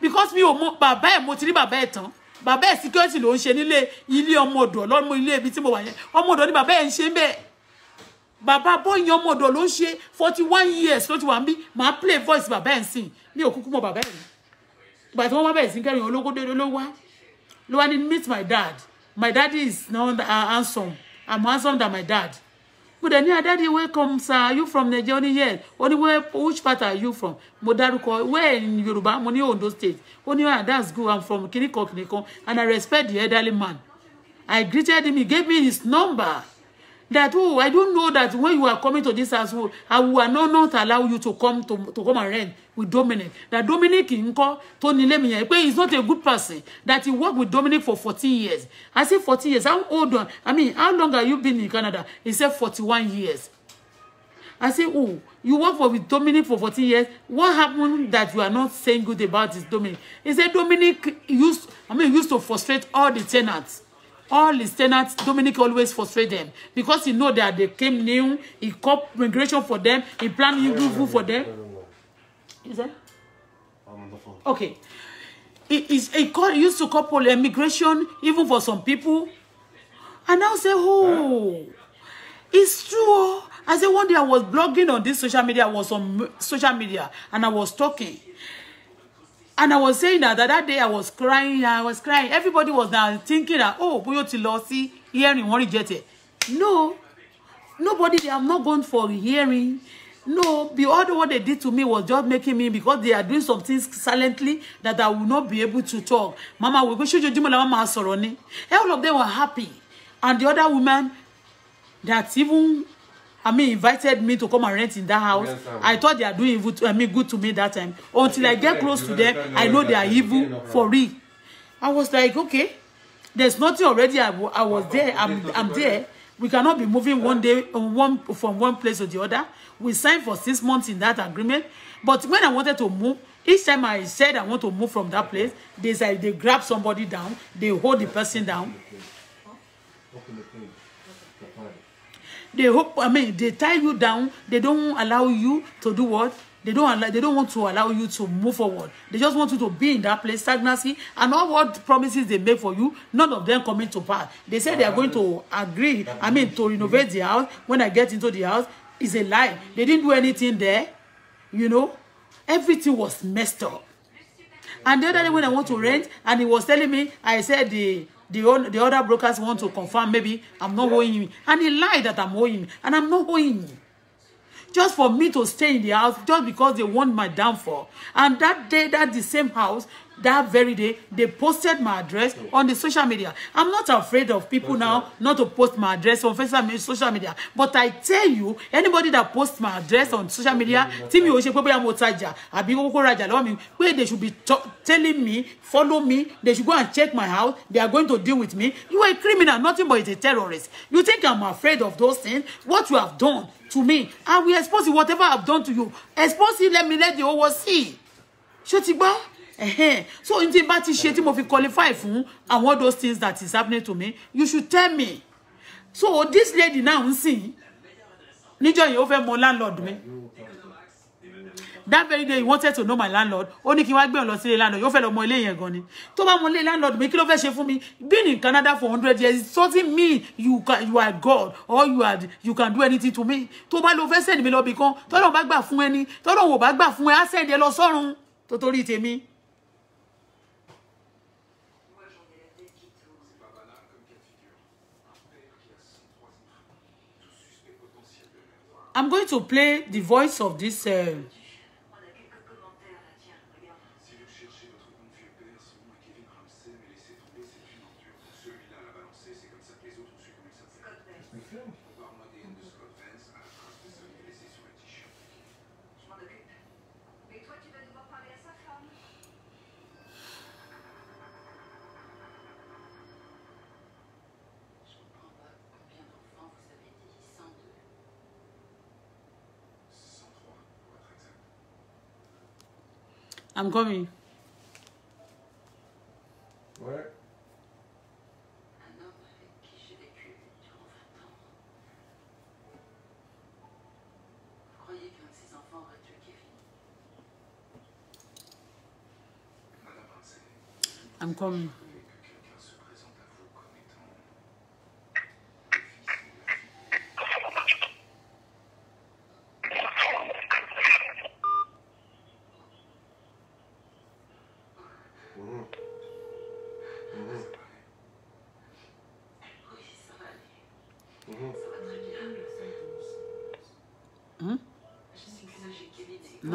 because mi ò mọ bàbá ẹ̀ mo ti rí bàbá ẹ̀ tán bàbá ẹ̀ security ló ń ṣe nílé ilé ọmọ ọ̀dọ̀ lọ́mọ ilé ibi tí mo wà yẹn ọmọ ni bàbá ẹ̀ ń ṣe bẹ́ẹ̀ bàbá bóyin ọmọ ló ń ṣe forty one years ló ti wà ń bí play voice bàbá ẹ̀ ń sìn mi ò kúkú mọ bàbá ẹ̀ ìgbà tí wọ́n wá bẹ̀rẹ̀ sí kẹrin olóko dédé ló wá ló wá ní meet my dad my dad is not uh, handsome i'm handsome than my dad mo dẹ̀ ní adáde where come sir are you from Nigeria ó ní yes ó where which part are you from mo dárúkọ where in Yoruba? mo ní Ondo state ó ah that's good I'm from kìnìkan kìnìkan and I respect the elderly man I greeted him he gave me his number that oh i don't know that when you are coming to this house oh, i will not not allow you to come to to come and rent with dominic that dominic ńkọ́ Tony nílé eh, he is not a good person that he work with dominic for forty years i say 40 years how old i mean how long have you been in canada he said 41 years i say oh you work for with dominic for forty years what happened that you are not saying good about this dominic he said dominic used i mean used to frustrate all the tenants. All his tenants, Dominic always frustrate them because he know that they came new. He cop migration for them. He planned rule for them. Is that? I'm on the phone. Okay. He, he, he, call, used to couple immigration even for some people. And now say, oh, it's true. Oh. I said one day I was blogging on this social media. I was on social media and I was talking and I was saying that, that that day I was crying, I was crying. Everybody was now thinking that, oh, boyo ó ti lọ sí hearing wọ́n reject it. No, nobody, they have not gone for hearing. No, the other what they did to me was just making me because they are doing some things silently that I will not be able to talk. Mama, we go show you mama sọ̀rọ̀ ni. All of them were happy. And the other woman that even I mean, invited me to come and rent in that house. Yes, I, thought they are doing evil to, I mean, good to me that time. Until I get close to them, I know they are evil for real. I was like, okay, there's nothing already. I, I was there. I'm, I'm there. We cannot be moving one day um, one from one place to the other. We signed for six months in that agreement. But when I wanted to move, each time I said I want to move from that place, they said they grab somebody down, they hold the person down. They hope, I mean, they tie you down. They don't allow you to do what? They don't allow, they don't want to allow you to move forward. They just want you to be in that place, stagnancy, and all what promises they make for you, none of them coming to pass. They say they are going to agree, I mean, to renovate the house. When I get into the house, is a lie. They didn't do anything there. You know, everything was messed up. And the other day when I want to rent, and he was telling me, I said the the, the other brokers want to confirm maybe I'm not owing him. And he lied that I'm owing him. And I'm not owing him. Just for me to stay in the house, just because they want my downfall. And that day, that the same house, that very day they posted my address on the social media i'm not afraid of people now not to post my address on social media but i tell you anybody that posts my address on social media tí mi ò ṣe pé bóyá mo tajà àbí they should be telling me follow me they should go and check my house they are going to deal with me you are a criminal nothing but a terrorist you think i'm afraid of those things what you have done to me i will expose you whatever i've done to you expose you let me let the whole world see ṣé ti gbọ́ so n tí n bá ti ṣe tí mo fi qualify fún àwọn those things that is happening to me you should tell me so this lady now ń sìn níjọ́ yìí ó fẹ́ mọ landlord mi that very day he wanted to know my landlord ó ní kí n wá gbé ọ lọ sílé landlord yóò fẹ́ lọ mọ ilé yẹn gan ni tó bá mọ ilé landlord mi kí ló fẹ́ ṣe fún mi being in Canada for hundred years it doesn't mean you can you are God or you are you can do anything to me tó bá lo fẹ́ send mi lọ bì kan tọ́lọ́ bá gbà fún ẹni tọ́lọ́ wò bá gbà fún ẹ á send ẹ lọ sọ́run tó torí tèmi. I'm going to play the voice of this uh, I'm coming. Ouais. I'm coming.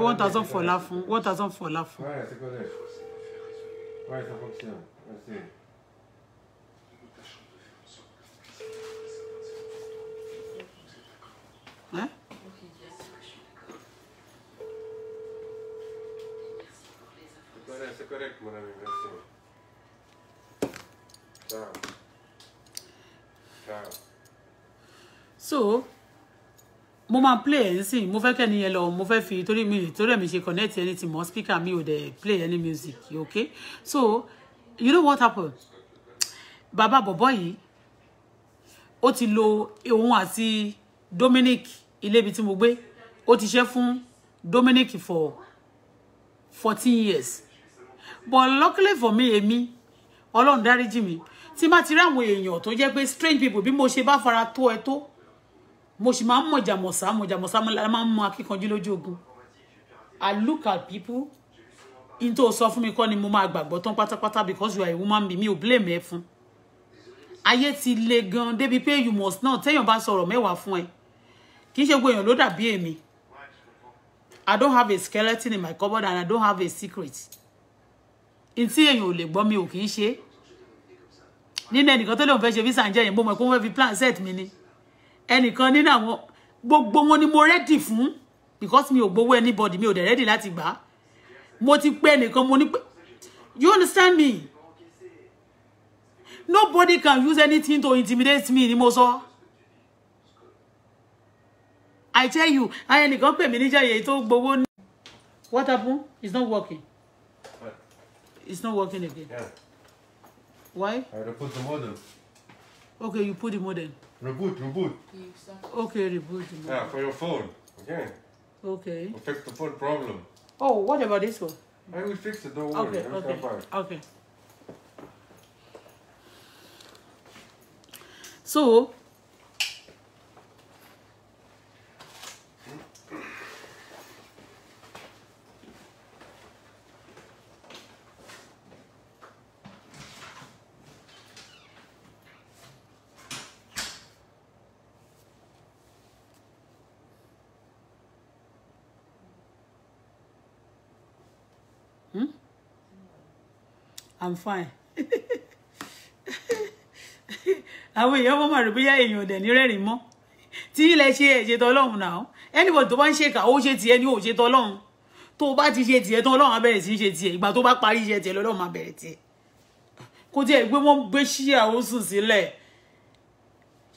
Ou an tazan fò la fò. Ou an tazan fò la fò. Ou an tazan fò la fò. máa play ẹ̀ ń sìn mo fẹ́ kẹ́ni yẹn lọ mo fẹ́ fi torí mi torí mi ṣe connect anything mọ́ speaker mi ò dẹ̀ play any music okay so you know what happen Baba bọ̀bọ̀ yìí ó ti lo òun àti Dominic ilébi tí mo gbé ó ti ṣe fún Dominic for fourteen years but luckily for me èmi ọlọ́run dáríjì mi tí má ti rí àwọn èèyàn tó jẹ́ pé strange people bí mo ṣe bá fara tó ẹ tó mo sì máa ń mọ̀jà mọ̀sá mọ̀jà mọ̀sá la máa ń mọ akíkanjú lójú ogun i look at people in tó sọ fún mi kọ́ ni mo máa gbàgbọ́ tán pátápátá because you are a woman be mi ò blame ẹ fún ayé ti le gan débi pé you must náà téèyàn bá sọ̀rọ̀ mẹ́wàá fún ẹ kì í ṣe gbogbo èèyàn ló dàbí èmi i don't have a skeleton in my cupboard and i don't have a secret in tí èèyàn ò lè gbọ́ mi ò kì í ṣe nínú ẹnìkan tó lóun fẹ́ ṣe visa ń jẹ́ yẹn mo mọ̀ pé wọ́n fi plan set mi ni ẹnìkan nínú àwọn gbogbo wọn ni mo ready fún because mi ò gbowó anybody mi ò dẹ̀ ready láti gbà mo ti pé ẹnìkan mo ní pé you understand me nobody can use anything to intimidate me ni mo sọ i tell you ayé ẹnìkan pè mí níjà yẹn tó gbowó ní. what happen it's not working it's not working again yeah. why. i had put the modem. okay you put the modem. Reboot, reboot. Okay, reboot. Yeah, for your phone. Okay. Okay. We'll fix the phone problem. Oh, what about this one? I will fix it. Don't worry. Okay, okay, okay. So, i'm fine àwọn èèyàn wọn máa rò bóyá èèyàn ọ̀dẹ̀ ní rẹ́rìn mọ́ tí ilẹ̀ ṣe ẹ̀ṣẹ̀ tọ́lọ́run náà anybody tó bá ń ṣèkà ó ṣe tiẹ̀ ní ó ṣe tọ́lọ́run tó o bá ti ṣe tiẹ̀ tán ọlọ́run á bẹ̀rẹ̀ sí í ṣe tiẹ̀ ìgbà tó bá parí iṣẹ́ tiẹ̀ lọ́lọ́run á bẹ̀rẹ̀ tiẹ̀ kó tiẹ̀ gbé wọ́n gbé ṣíà sùn sílẹ̀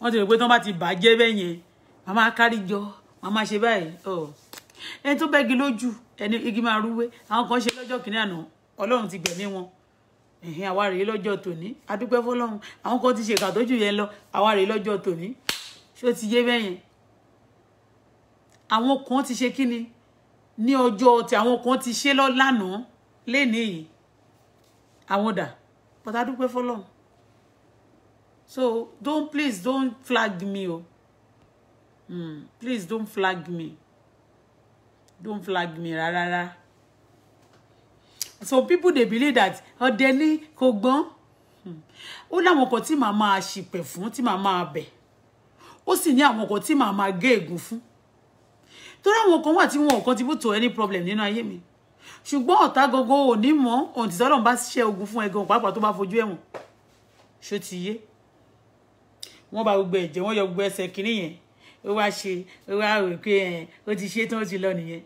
wọ́n ti rò pé tí wọ́n bá ti bàjẹ́ bẹ́ẹ̀ yẹn màá máa kárí jọ màá máa ṣe báyìí ẹni tó bẹ́gi lójú ẹni igi máa rúwé àwọn kan ṣe lọ́jọ́ kìnínní àná ọlọ́run ti gbẹ̀mí wọn ẹ̀hìn àwa rèé lọ́jọ́ tòní adúpẹ́ fọlọ́run àwọn kan ti ṣe ìkà tó jù yẹn lọ àwa rèé lọ́jọ́ tòní ṣé ó ti yé bẹ́ẹ̀ yẹn àwọn kan ti ṣe kí ni ní ọjọ́ tí àwọn kan ti ṣe lánàá lénìí yìí àwọn dà pọ̀tà dúpẹ́ fọlọ́run so don't please don't flag me oh. mm, please don't flag me don't flag me ra ra ra. some people they believe that ọdẹ oh, ní kò gbọ́n hmm. ó láwọn kan tí màá máa ṣìpẹ̀ fún tí màá máa bẹ̀ ó sì ní àwọn kan tí màá máa gé ègún fún torí kan wà to any problem nínú ayé mi ṣùgbọ́n ọ̀tá gangan ò ní mọ̀ ohun tí Ọlọ́run bá ṣe ogun fún ẹ gan pàápàá tó bá fojú ẹ̀wọ̀n ṣó ti yé wọ́n bá gbogbo ẹ̀jẹ̀ wọ́n yọ gbogbo ẹsẹ̀ kínní yẹn ó wá ṣe ó wá rò pé ẹ̀ ó ti ṣe tí wọ́n ti lọ nìyẹn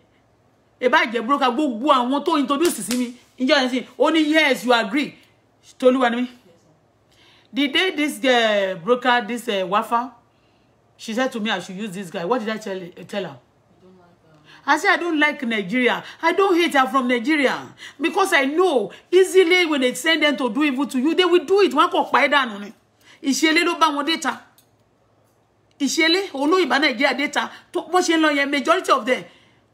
ìbá jẹ́ broker gbogbo àwọn tó introduce sí mi ìjọ yẹn sì ó ní yes you agree tolúwa ni mí the day this uh, broker this uh, wafa she said to me i should use this guy what did i tell, eh, tell her I say I don't like Nigeria. I don't hate her from Nigeria because I know easily when they send them to do evil to you, they will do it. Wọ́n kò pa ẹ́ dànù ni ìṣẹlẹ ló bá wọn déta ìṣẹlẹ olóyìnbá nàìjíríà déta tó bó ṣe ń lọ yẹn majority of them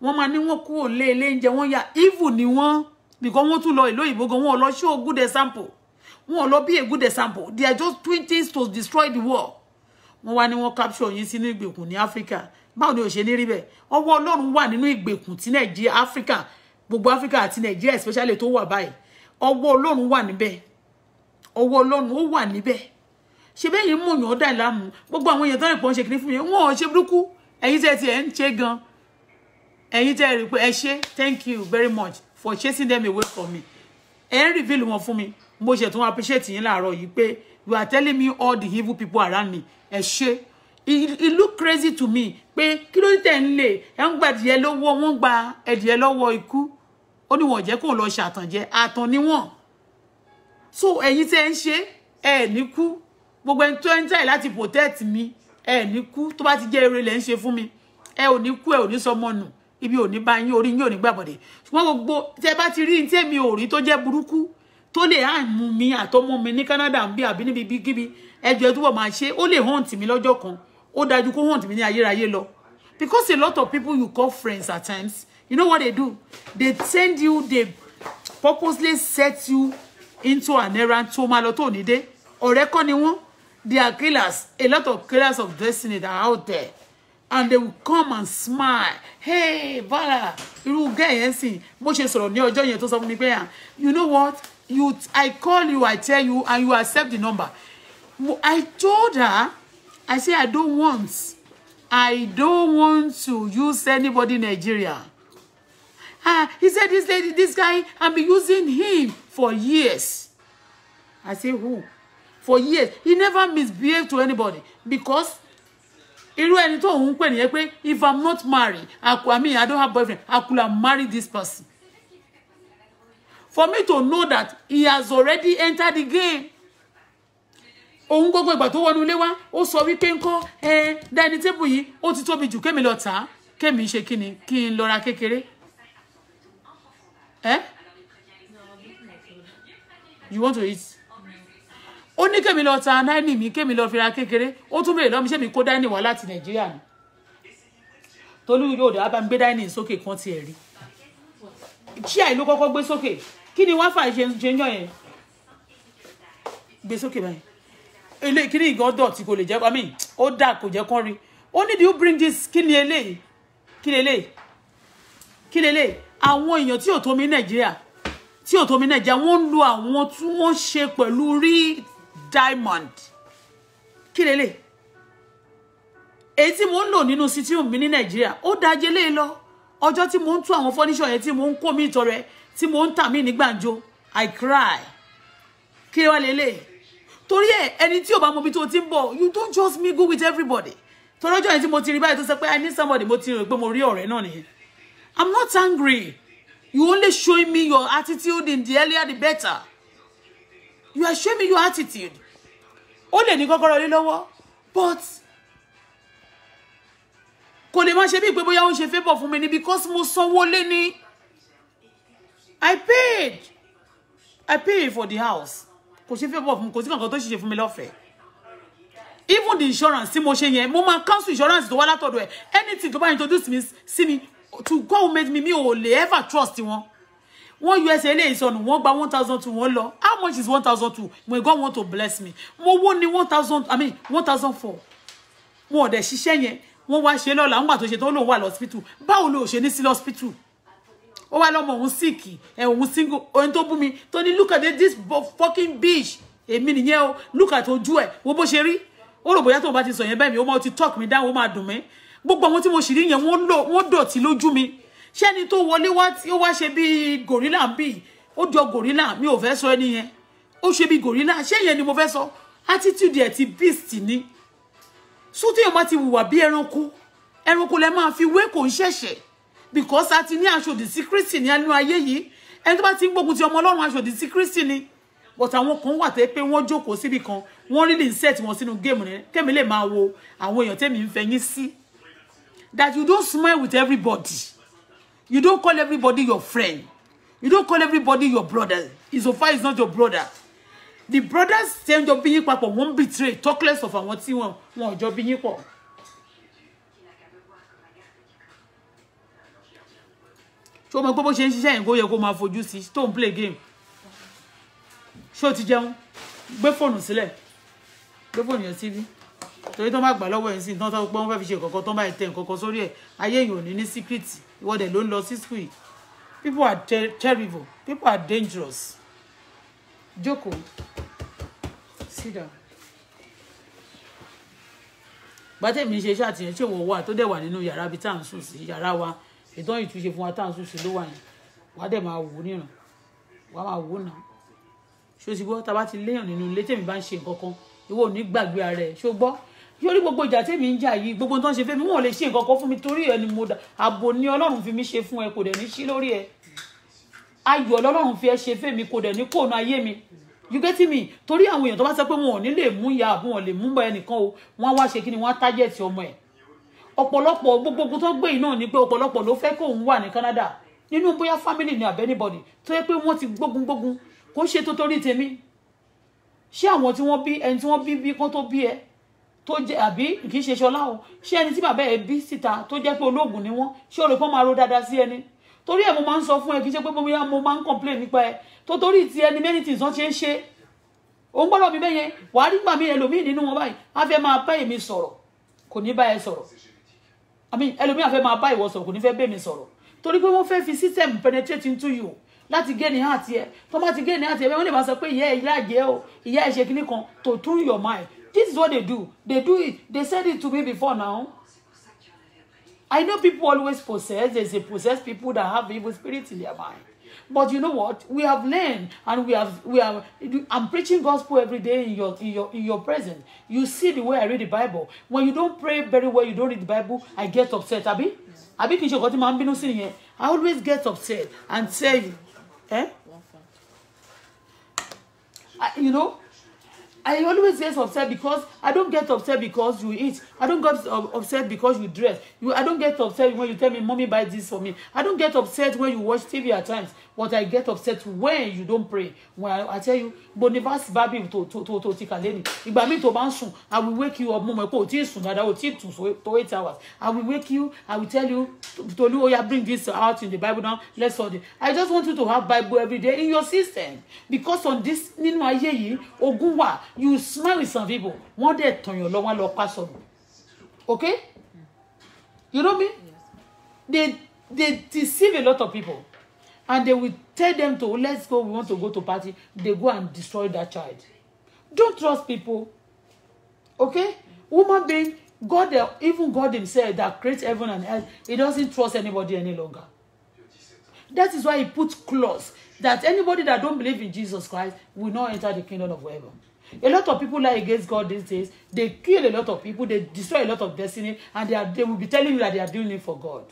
wọn máa ní wọn kúrò lé ilé oúnjẹ wọn yà evil ni wọn because wọn tún lọ ìlú òyìnbó gan wọn lọ show good example wọn lọ be a good example they are just doing things to destroy the world wọn wá ní wọn capture yín sínú ìgbèkùn ní áfíríkà báwo ni ò ṣe ní rí bẹ́ẹ̀ ọwọ́ Ọlọ́run wà nínú ìgbèkùn ti nàìjíríà áfíríkà gbogbo áfíríkà àti nàìjíríà especially tó wà báyìí ọwọ́ Ọlọ́run wà níbẹ̀ ọwọ́ Ọlọ́run ó wà níbẹ̀ ṣe bẹ́ẹ̀ yẹn mú yàn ó dà láàmú gbogbo àwọn èèyàn tó rìn pọ̀ ń ṣe kìnní fún yẹn wọn ò ṣe burúkú ẹ̀yin tẹ́ ti ẹ̀ ń ṣe gan ẹ̀yin tẹ́ rí pé ẹ ṣe thank you very much for chasing them away from me ẹ̀ ń reveal wọn fún mi mo ṣe tún appreciate yín láàárọ̀ yìí pé you are telling me all the evil people around me ẹ ṣe it, it look crazy to me pé kí ló tẹ̀ ń lè ẹ̀ ń gba adìyẹ lọ́wọ́ wọ́n gba adìyẹ lọ́wọ́ ikú ó ní wọ́n jẹ́ kó lọ ṣàtànjẹ àtàn ni wọ́n so ẹ̀yin tẹ́ ń ṣe ẹ̀ ní kú gbogbo ẹni tó ń tẹ̀ láti protect mi ẹ ní kú tó bá ti jẹ́ eré lẹ́ ń ṣe fún mi ẹ ò ní kú ẹ ò ní sọmọ nù ibi ò ní bá yín orí yín ò ní gbàbọ̀dẹ̀ ṣùgbọ́n gbogbo tẹ bá ti rí ní tẹ́mi ò rí tó jẹ́ burúkú tó lè àmú mi àtọmọ mi ní Canada ń bí àbí níbi bíkíbi ẹjọ́ ẹ túbọ̀ máa ṣe ó lè haunt mi lọ́jọ́ kan ó dájú kó haunt mi ní ayérayé lọ because a lot of people you call friends at times you know what they do they send you they purposely set you into an errand tó máa lọ tó ní dé ọ̀rẹ́ kọ́ ni wọ́n They are killers. A lot of killers of destiny that are out there. And they will come and smile. Hey, Bala, You will get anything. Mo ṣe sọ̀rọ̀ ní ọjọ́ yẹn tó ah, You know what? You, I call you, I tell you, and you accept the number. I told her, I say I don't want, I don't want to use anybody in Nigeria. Uh, he said this lady, this guy, I've been using him for years. I say, who? for years he never misbehave to anybody because irú ẹni tó ń pè nìyẹn pé if i'm not married i i mean i don't have boyfriend i could have married this person for me to know that he has already entered the game òun gbogbo ìgbà tó wọnú ilé wá ó sọ wípé ńkọ́ ẹ dáìní tébù yìí ó ti tóbi jù kémi lọ tà á kémi ṣe kí ni kí n lọ kékeré ẹ you want to eat ó ní kémi lọ ta náírà mi kémi lọ fira kékeré ó tún béèrè lọ́mi ṣé mi kó dáínì wá láti nàìjíríà ni tolú yóò dá bá ń gbé dáínì sókè kan tiẹ̀ rí chia ló kọ́kọ́ gbé sókè kí ni wáfà ṣe ń jẹun yẹn gbé sókè báyìí ilé kí ni ìgàn dọ̀tí kò lè jẹ́ I ó dà kò jẹ́ kán rí ó ní do you bring this kí ni eléyìí kí ni eléyìí kí ni eléyìí àwọn èèyàn tí ò tó mi nàìjíríà tí ò tó mi nàìjíríà wọ́n ń lo àwọn tí wọ́n ṣe pẹ̀lú rí diamond kí lélẹ̀ èyí tí mo ń lò nínú sitting room mi ní nàìjíríà ó dájé lé lọ ọjọ́ tí mo ń tú àwọn fọ́níṣọ̀ yẹn tí mo ń kó mi ìtọrẹ tí mo ń tà mí ní gbàǹjo i cry kí wá lélẹ̀ torí ẹ ẹni tí ò bá mọ ibi tó ti ń bọ̀ you don't just Go with everybody torí ọjọ́ yẹn tí mo ti rí báyìí tó sọ pé i need somebody mo ti rò pé mo rí ọ̀rẹ́ náà nìyẹn i'm not angry you only showing me your attitude in the earlier the better you are showing me your attitude ó lè ní kọ́kọ́rọ́ ilé lọ́wọ́ but kò lè má ṣe bíi pé bóyá ó ń ṣe favour fún mi ni because mo sanwó lé ní i paid i paid for the house kò ṣe favour fún mi kò sí kankan tó ṣe ṣe fún mi lọ́fẹ̀ẹ́ even the insurance tí mo ṣe yẹn mo máa cancel insurance tó wá látọ̀dọ̀ ẹ̀ anything tó bá introduce mi sí mi to go meet me Me ò lè ever trust wọn wọ́n yọ ẹsẹ̀ eléyìí sọnù wọ́n gba one thousand two wọ́n lọ how much is one thousand two when God want to bless me mo wó ni one thousand i mean one thousand four wọn ò dẹ̀ ṣiṣẹ́ yẹn wọ́n wá ṣe lọ́la ńgbà tó ṣe tó lóun wà lọ́sípítù báwo ló ṣe ní sí lọ́sípítù ó wá lọ́mọ òun síìkì ẹ̀ òun single ohun tó bú mi tó ní look at this fucking bitch èmi nìyẹn o look at ojú ẹ̀ wo bó ṣe rí ó rò bóyá tó bá ti sọ yẹn bẹ́ẹ̀ mi ó máa ti talk mi down ó máa dùn mí gbogbo àwọn tí mo ṣì rí yẹn wọ́n dọ̀tí lójú mi ṣé ẹni tó wọlé wá tí ó wá ṣe bí gorilla ń ó jọ gorilla mi ò fẹ́ sọ ẹni yẹn ó ṣe bí gorilla ṣé yẹn ni mo fẹ́ sọ attitude ẹ̀ ti beast ni sótò èèyàn máa ti hùwà bí ẹranko ẹranko lẹ máa fi wé kò ń ṣẹ̀ṣẹ̀ because a ti ní aṣòdì sí Kristi ní ẹnu ayé yìí ẹni tó bá ti ń gbógun ti ọmọ ọlọ́run aṣòdì sí Kristi ni but àwọn kan wà tẹ́ pé wọ́n jókòó síbi kan wọ́n rí lè set wọn sínú géèmù rẹ kẹ́mi lè máa wo àwọn èèyàn tẹ́mi ń fẹyín sí that you don't smile with everybody You don't call everybody your friend. You don't call everybody your brother. Isofar is not your brother. The brothers send your jọ bí yín betray talk less of àwọn tí wọ́n wọn jọ bí yín Show my o change. pé bó ṣe ń ṣiṣẹ́ yẹn kó yẹ kó máa play game? Ṣé o ti jẹun? phone on sílẹ̀. Gbé phone yẹn síbí. Torí tó bá gbà lọ́wọ́ ẹ̀ sí tán tó pé wọ́n fẹ́ fi ṣe kọ̀ọ̀kan tó bá go tẹ̀ kọ̀ọ̀kan sórí ẹ̀ ayé èèyàn ò ní ìwọ dẹ̀ ló ń lọ sí school people are terrible people are dangerous Joko, sit down gbàtẹ́mi ṣe iṣẹ́ àtìyẹn tí òun wà tó dẹ̀ wà nínú yàrá ibi tá à ń sùn sí yàrá wa ìtàn ìtúnṣe fún wa tá à ń sùn sí ló wà yẹn wàá dẹ̀ máa wò níran wàá máa wò náà ṣó ti gbọ́ tá a bá ti léèyàn nínú ilé tèmi bá ń ṣe nǹkan kan ìwọ ò ní gbàgbé ara ẹ̀ ṣó gbọ́ yọrí gbogbo ìjà tèmi ń jà yìí gbogbo tó ń ṣe fẹ́mi wọn ò lè ṣe nǹkan kan fún mi torí ẹ ni mo dà ààbò ni ọlọ́run fi mi ṣe fún ẹ kò dẹ̀ ní sí lórí ẹ ayọ̀ ọlọ́run fi ẹ ṣe fẹ́mi kò dẹ̀ ní kóònù ayé mi you get me torí àwọn èèyàn tó bá sọ pé wọn ò ní lè mú ìyá àbú wọn lè mú bọ ẹnìkan o wọn á wá ṣe kí ni wọn á tájẹ̀tì ọmọ ẹ̀ ọ̀pọ̀lọpọ̀ gbogbo ogun tó gbé yìí náà ni pé ọ̀pọ̀lọpọ̀ ló fẹ́ kóun wà ní Canada nínú bóyá family ni àbẹ́ anybody tó yẹ pé wọ́n ti gbógun gbógun kó ṣe tó torí tèmi ṣé àwọn tí wọ́n bí ẹni tí wọ́n bí bí kán tó bí ẹ tó jẹ́ àbí kì í ṣe ṣọlá o ṣé ẹni tí bàbá ẹ bí síta tó jẹ́ pé olóògùn ni wọ́n ṣé o rò pé wọ́n máa ro dáadáa sí ẹni torí ẹ̀ mo máa ń sọ fún ẹ kì í ṣe pé bóyá mo máa ń complain nípa ẹ tó torí ti ẹni many things wọ́n ṣe ń ṣe òun gbọ́dọ̀ mi bẹ́yẹn wàá rí gbàmí ẹlòmíì nínú wọn báyìí á fẹ́ máa bá èmi sọ̀rọ̀ kò ní bá ẹ sọ̀rọ̀ àmì ẹlòmíì á fẹ́ máa bá ìwọ sọ̀rọ̀ kò ní fẹ́ bẹ́ mi sọ̀rọ̀ torí pé wọ́n fẹ́ fi system penetrate into you láti gé ní àti ẹ tó bá ti gé ní àti ẹ wọ́n lè máa sọ pé ìyá ẹ láàjẹ́ o ìyá ẹ ṣe kíní kan to tune your mind This is what they do. They do it. They said it to me before now. I know people always possess. There's a possessed people that have evil spirits in their mind. But you know what? We have learned and we have we are I'm preaching gospel every day in your in your in your presence. You see the way I read the Bible. When you don't pray very well, you don't read the Bible, I get upset, Abi. Abi kì í ṣe ọkọ tí màá ń bínú I always get upset and say, eh? I, you know, I always get upset because I don't get upset because you eat. I don't get upset because you dress. You, I don't get upset when you tell me, mommy, buy this for me. I don't get upset when you watch TV at times. But I get upset when you don't pray. When I, I tell you, Bonifas Babi to to to to tika leni. Ìgbà mi tó bá ń sùn, I will wake you up mo mọ̀ pé o ti sùn dáadáa o ti tún so to eight hours. I will wake you, I will tell you, Tolu Oya oh bring this out in the Bible now, let's study. I just want you to have Bible every day in your system because on this nínú ayé yìí, you smile with some people, One day, tàn yàn lọ wọ́n lọ pa Okay? You know me? They they deceive a lot of people and they will tell them to let's go we want to go to party they go and destroy that child don't trust people okay woman being God even God himself that creates heaven and earth he doesn't trust anybody any longer that is why he put clause that anybody that don't believe in Jesus Christ will not enter the kingdom of heaven a lot of people lie against God these days they kill a lot of people they destroy a lot of destiny and they, are, they will be telling you that they are doing it for God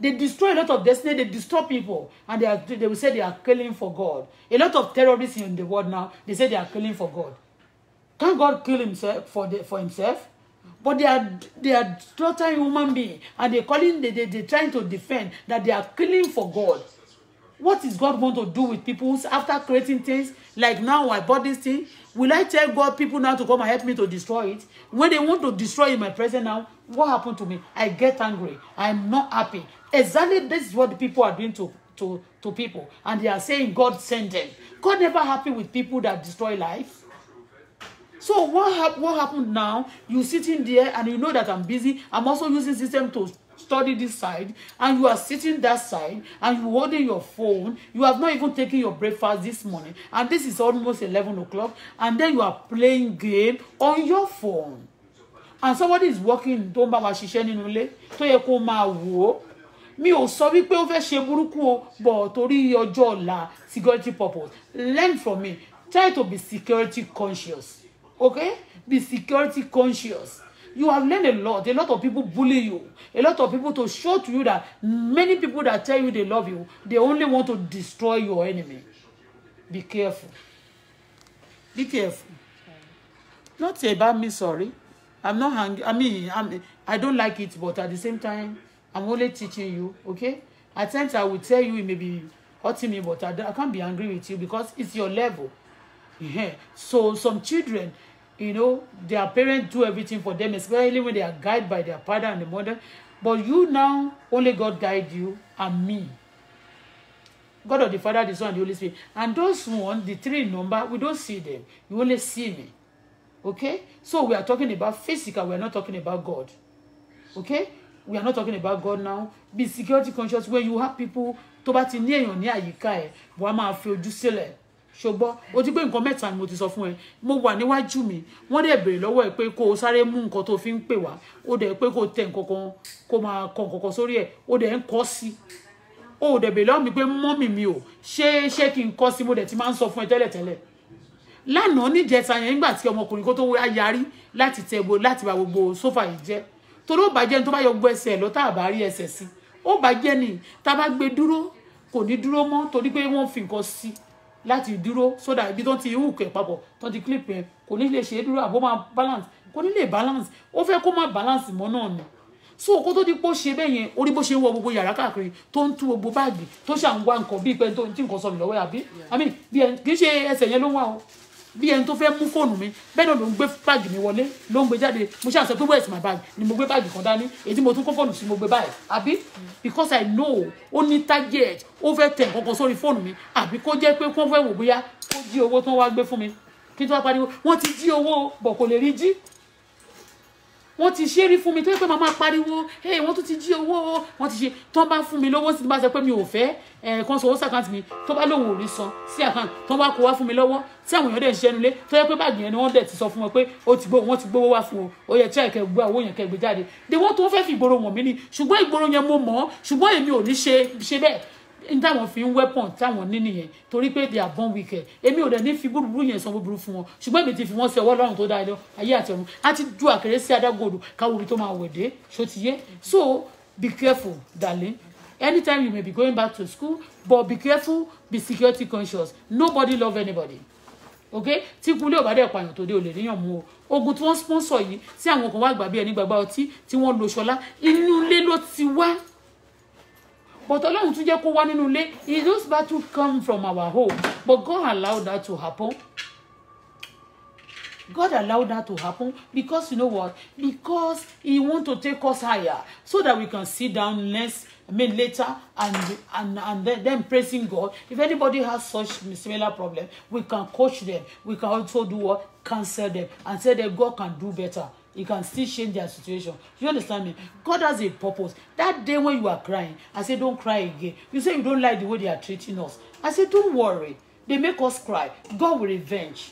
They destroy a lot of destiny. They destroy people. And they, are, they will say they are killing for God. A lot of terrorists in the world now, they say they are killing for God. Can God kill himself for, the, for himself? But they are they are slaughtering human being and they calling they, they they trying to defend that they are killing for God. What is God going to do with people after creating things like now I bought this thing? Will I tell God people now to come and help me to destroy it? When they want to destroy in my presence now, what happened to me? I get angry. I'm not happy. Exactly this is what the people are doing to, to, to people. And they are saying God sent them. God never happy with people that destroy life. So what, hap what happened now? You sitting there and you know that I'm busy. I'm also using system to study this side and you are sitting that side and you holding your phone you have not even taken your breakfast this morning and this is almost 11 o'clock and then you are playing game on your phone and somebody is working Don't bother. bá wa ṣiṣẹ́ nínú ilé tó yẹ kó máa wò ó mi ò sọ wípé ó o bọ̀ torí ọjọ́ ọ̀la security purpose learn from me try to be security conscious okay be security conscious you have learned a lot. A lot of people bully you. A lot of people to show to you that many people that tell you they love you, they only want to destroy your enemy. Be careful. Be careful. Not about me, sorry. I'm not hanging. I mean, I'm, I don't like it, but at the same time, I'm only teaching you, okay? At times I will tell you it may be hurting me, but I, I can't be angry with you because it's your level. Yeah. So some children, you know their parents do everything for them especially when they are guided by their father and the mother but you now only God guide you and me God of the Father the Son and the Holy Spirit and those one the three number we don't see them you only see me okay so we are talking about physical we are not talking about God okay we are not talking about God now be security conscious when you have people tó bá ti ní èèyàn ní àyíká ẹ wàá máa fi ojú sílẹ̀ ṣùgbọ́n o ti gbé nǹkan mẹ́ta ni mo ti sọ fún ẹ mo wà níwájú mi wọ́n dẹ̀ béèrè lọ́wọ́ ẹ pé kó o sáré mú nǹkan tó fi ń pè wá o dẹ̀ pé kó o tẹ nǹkan kó o máa kọ nǹkan kan sórí ẹ o dẹ̀ ń kọ́ sí o dẹ̀ béèrè lọ́wọ́ mi pé mọ́mì mi ò ṣé ṣé kí n kọ́ sí mo dẹ̀ ti máa ń sọ fún ẹ tẹ́lẹ̀tẹ́lẹ̀ lánàá níjẹta yẹn nígbà tí ọmọkùnrin kó tó wá yarí láti tẹ gbogbo láti bá gbogbo sófà yìí jẹ torí ó bàjẹ́ ní tó bá yọ gbogbo ẹsẹ̀ lọ tá a bá rí ẹsẹ̀ sí ó bàjẹ́ ni tá a bá gbé dúró kò ní dúró mọ́ torí pé wọ́n fi nǹkan sí i láti dúró sódà ibi tó ti hùkẹ́ papọ̀ tó ti clip yẹn kò ní lè ṣe é dúró àbó máa balance kò ní lè balance ó fẹ́ kó má balance mọ́ náà ni so kó tó di pé ó ṣe bẹ́ẹ̀ yẹn orí bó ṣe ń wọ gbogbo yàrá káàkiri tó ń tú gbogbo báàgì tó ṣàǹwá nǹkan bíi pé tó ń tí nǹkan sọnù lọ́wọ́ àbí àmì kì í ṣe ẹsẹ̀ yẹn ló wà o bí ẹni tó fẹ́ mú fóònù mi bẹ́ẹ̀ náà ló ń gbé báàgì mi wọlé ló ń gbé jáde mo ṣàṣọ pé where is my bag ni mo gbé báàgì kan dání èyí mo tún kó fóònù sí mo gbé báyìí àbí because i know ó ní target ó fẹ́ tẹ̀ nǹkan kan sórí fóònù mi àbí kó jẹ́ pé kó fẹ́ wò bóyá kó jí owó tó wá gbé fún mi kí n tó wá pariwo wọ́n ti jí owó bọ̀ kò lè rí jí wọ́n ti ṣe é rí fún mi tó yẹ pé màá máa pariwo ẹ wọ́n tún ti jí owó o wọ́n ti ṣe tó bá fún mi lọ́wọ́ sí ti bá sọ pé mi ò fẹ́ ẹ kan sọ owó sí àkáǹtì mi tó bá lòun ò ní san sí àkáǹtì tó bá kó wá fún mi lọ́wọ́ tí àwọn èèyàn dẹ̀ ń ṣẹ́nu lé tó yẹ pé báàgì yẹn ni wọ́n dẹ̀ ti sọ fún wọn pé ó ti gbó wọ́n ti gbówó wá fún o ó yẹ tí àìkẹ́ gbé owó yẹn kẹ́ gbé jáde de wọ́n tó fẹ́ fi ìgboro wọ̀n mí ni ṣùgbọ́n ìgboro yẹn mo mọ̀ ṣùgbọ́n èmi ò ní ṣe bẹ́ẹ̀ n táwọn fi ń weapon táwọn ní nìyẹn torí pé they are born wicked èmi ò dẹ̀ ní fi búburú yẹn san búburú fún wọn ṣùgbọ́n èmi ti fi wọ́n sí ọwọ́ Ọlọ́run tó dáa lọ ayé àti ọ̀run á ti ju àkèrè sí adágòdù káwọ́bi tó máa wẹ̀dẹ́ ṣó ti yé so be careful darling anytime you may be going back to school but be careful be security conscious nobody love anybody ok tí kúlé ò bá dẹ̀ pààyàn tó dé o lè ríyàn mú o ogun tí wọ́n sponsor yìí tí àwọn kan wá gbà bí ẹni gbàgbá ọtí tí wọ́n lo ṣọlá inú ilé ló ti wá but ọlọ́run tún jẹ́ kó wá nínú ilé those battles come from our home but God allowed that to happen God allowed that to happen because you know what because he want to take us higher so that we can sit down less I mean later and and and then, then praising God if anybody has such similar problem we can coach them we can also do what cancel them and say that God can do better He can still change their situation. You understand me? God has a purpose. That day when you are crying, I say, don't cry again. You say you don't like the way they are treating us. I say, don't worry. They make us cry. God will revenge.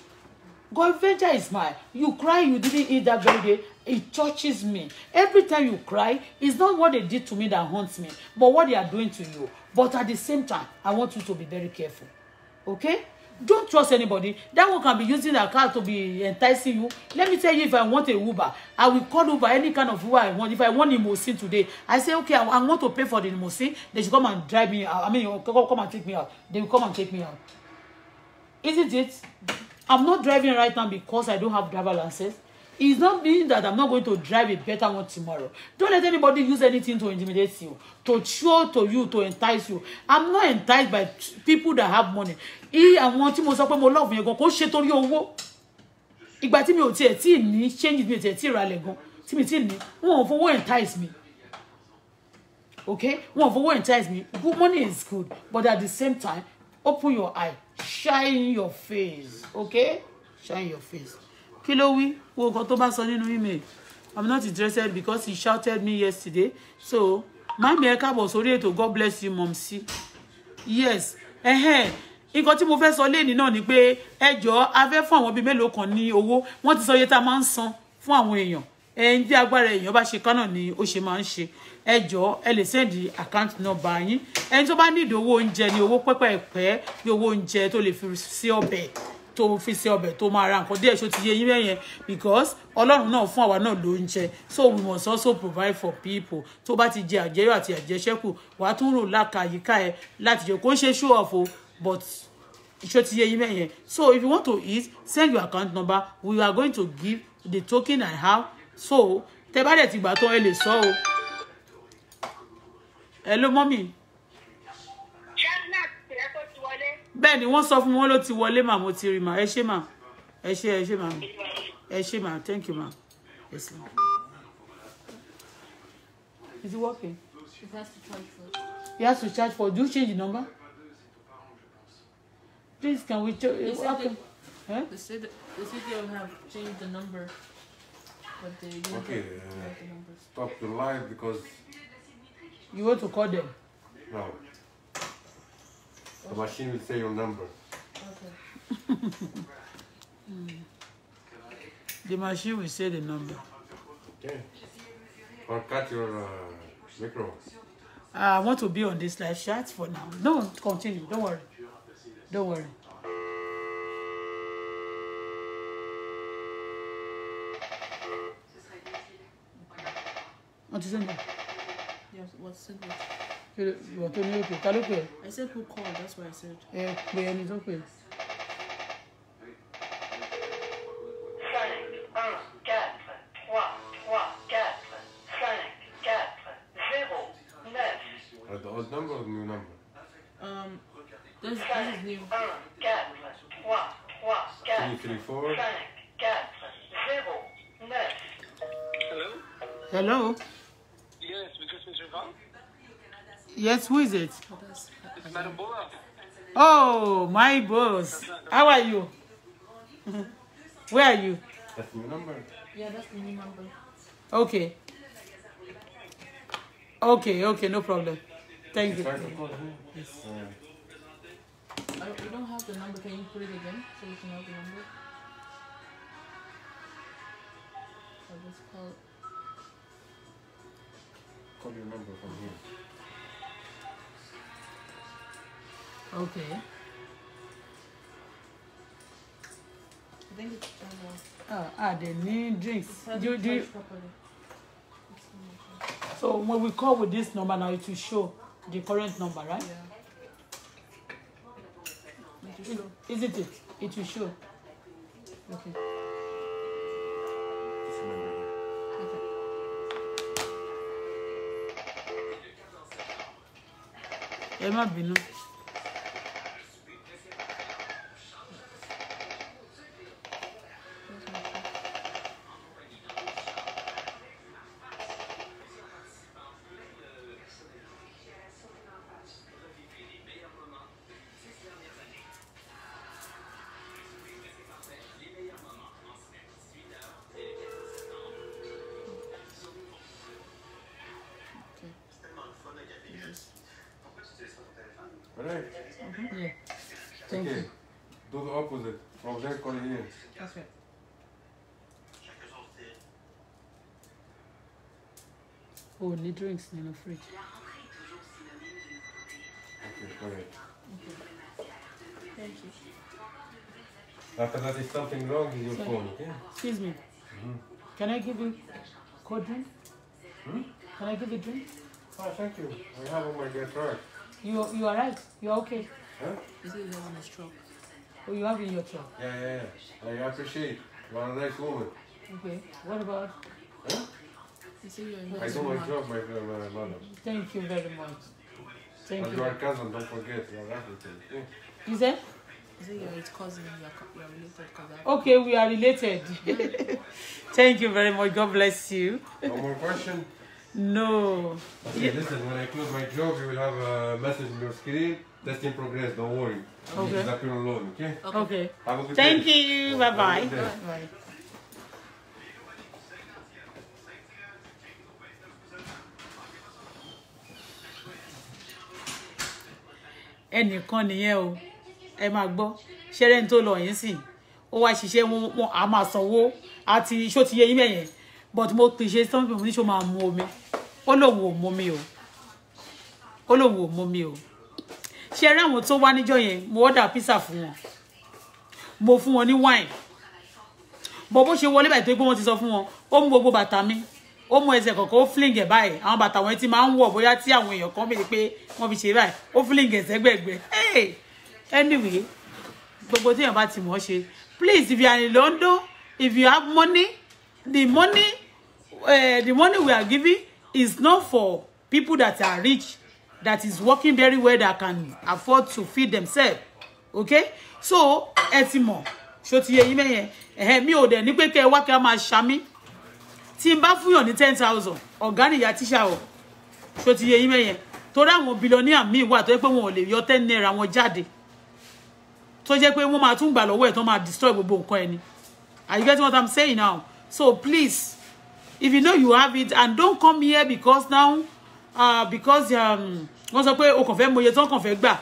God venture is mine. You cry, you didn't eat that very day. It touches me. Every time you cry, it's not what they did to me that haunts me, but what they are doing to you. But at the same time, I want you to be very careful. Okay? don't trust anybody that one can be using their car to be enticing you let me tell you if i want a uber i will call uber any kind of uber i want if i want limousine today i say okay i, I want to pay for the limousine they should come and drive me out i mean come, come and take me out they will come and take me out isn't it i'm not driving right now because i don't have driver license It's not meaning that I'm not going to drive a better one tomorrow. Don't let anybody use anything to intimidate you, to show to you, to entice you. I'm not enticed by people that have money. I want tí mo sọ pé mo love yẹn gan kò ṣe torí owó. Ìgbà tí mi ò tiẹ̀ tí ní change mi ò tiẹ̀ tí ìralẹ̀ gan tí mi tí ní wọn ò entice me? Okay? Wọn ò fowó entice me? Good money is good but at the same time open your eye shine your face okay shine your face kí ló wí wo nǹkan tó bá sọ nínú email i'm not interested because he shouted me yesterday so mami ẹ káàbọ̀ sórí ètò god bless you mom sí yes ẹ̀hẹ́n nǹkan tí mo fẹ́ sọ léèní náà ni pé ẹjọ́ a fẹ́ fún àwọn bíi mélòó kan ní owó wọ́n ti sọ iye tá a máa ń san fún àwọn èèyàn ẹni tí agbára èèyàn bá ṣe kánà ni ó ṣe máa ń ṣe ẹjọ́ ẹ lè sẹ́ndì account nọ́mbà yín ẹni tó bá nídìí owó oúnjẹ ni owó pẹ́pẹ́ẹ̀pẹ́ bí owó oúnjẹ tó lè fi sí ọbẹ̀ tó fi ṣe ọbẹ̀ tó máa ra nǹkan díẹ̀ ṣó ti yé yín bẹ́yẹn because ọlọ́run náà fún àwa náà lóúnjẹ so we must also provide for people tó bá ti jẹ àjẹyọ àti àjẹṣẹ́kù wàá tún rò lákàyíká ẹ láti jẹ kó ń ṣe show off o but ṣó ti yé yín bẹ́yẹn so if you want to eat send your account number we are going to give the token i have so tẹ bá dẹ̀ ti gbà tán ẹ lè sọ o hello mommy. bẹ́ẹ̀ ni wọ́n sọ fún mi wọ́n ló ti wọlé mà mo ti rí mà ẹ ṣé mà ẹ ṣé ẹ ṣé mà ẹ ṣé mà thank you mà. Yes, Is it working? He has to charge for. Do you change the number? Please, can we change? They said, okay. they, huh? they, said, they said have changed the number. But they okay, uh, stop the line because. You want to call them? No. The machine will say your number. Okay. The machine will say the number. Okay. Or cut your uh, micro. I want to be on this live chat for now. No, continue. Don't worry. Don't worry. What's in there. Yes, what's in there? ìwọ tó ní òkè ta ló pè é. I said who called that's why I said. ẹ eh, pè ẹni tó pè Yes, who is it? Madam Oh, my boss. How are you? Where are you? That's the number. Yeah, that's the number. Okay. Okay, okay, no problem. Thank you. Yes. Uh, we don't have the number. Can you put it again so we can have the number? I'll just call it. Call your number from here. Okay. I think it's one more. Ah, ah, they need drinks. Do, do you... So when we call with this number now, it will show the current number, right? Yeah. It, isn't it? It will show. Okay. ẹ má bínú. only oh, drinks in the fridge. Okay, okay. Thank you. After that, if something wrong with your phone, okay? Excuse me. Mm. Can I give you cold drink? Hmm? Can I give you a drink? Oh, thank you. I have on my get right. You, you are right. You are okay. Huh? This is your one stroke. Oh, you have in your truck? Yeah, yeah, yeah. I appreciate. You are a nice woman. Okay. What about I do my job, my, my mother. Thank you very much. Thank but you. are cousin, don't forget, you are everything. Yeah. Is that? Is it your cousin? You are, related cousin. Okay, we are related. Thank you very much. God bless you. No more question? No. Okay, yeah. listen, when I close my job, you will have a message on your screen. That's in progress, don't worry. Okay. Alone, okay? Okay. okay. Thank day. you. Bye-bye. ẹnìkan nìyẹn o ẹ máa gbọ́ ṣẹ́rẹ́ tó lọ yín sì ó wá ṣiṣẹ́ wọn a máa sanwó àti iṣó ti yẹ yín mẹ́yẹn but mo pè ṣe sọ́n mo ní ṣó máa mu omi ó lòun ò mu mi o ó lòun ò mu mi o ṣe rí àwọn tó wá níjọ́ yẹn mo ọ́dà pizza fún wọn mo fún wọn ní wine bọ́ bó ṣe wọlé báyìí tó gbé wọn ti sọ fún wọn ó mú gbogbo bàtà mi ó mú ẹsẹ̀ kọ̀ọ̀kan ó fling báyìí àwọn bàtà wọn ti máa ń wọ̀ bóyá tí àwọn èèyàn kan bèèrè pé wọ́n fi ṣe báyìí ó fling sẹ́gbẹ̀gbẹ̀ hey anyway gbogbo tí èèyàn bá ti mọ̀ ọ́ ṣe please if you are in London if you have money the money uh, the money we are giving is not for people that are rich that is working very well that can afford to feed themselves okay so ẹ ti mọ̀ ṣó ti yẹ yín mẹ́yẹn ẹ̀hẹ́ mi ò dẹ̀ ní pé kẹ́ ẹ wá kẹ́ ẹ máa ṣa mí tí n bá fúyàn ní ten thousand ọ̀gá nìyá tíṣà ọ̀ ṣó ti yẹ yín mẹ́yẹn torí àwọn billionaire míì wà tó yẹ pé wọn ò lè yọ ten naira wọn jáde tó jẹ́ pé wọ́n máa tún gbà lọ́wọ́ ẹ̀ tó máa destroy gbogbo nǹkan ẹni are you getting what i'm saying now so please if you know you have it and don't come here because now uh, because um, wọ́n sọ pé o kàn fẹ́ mọye tán kàn fẹ́ gbà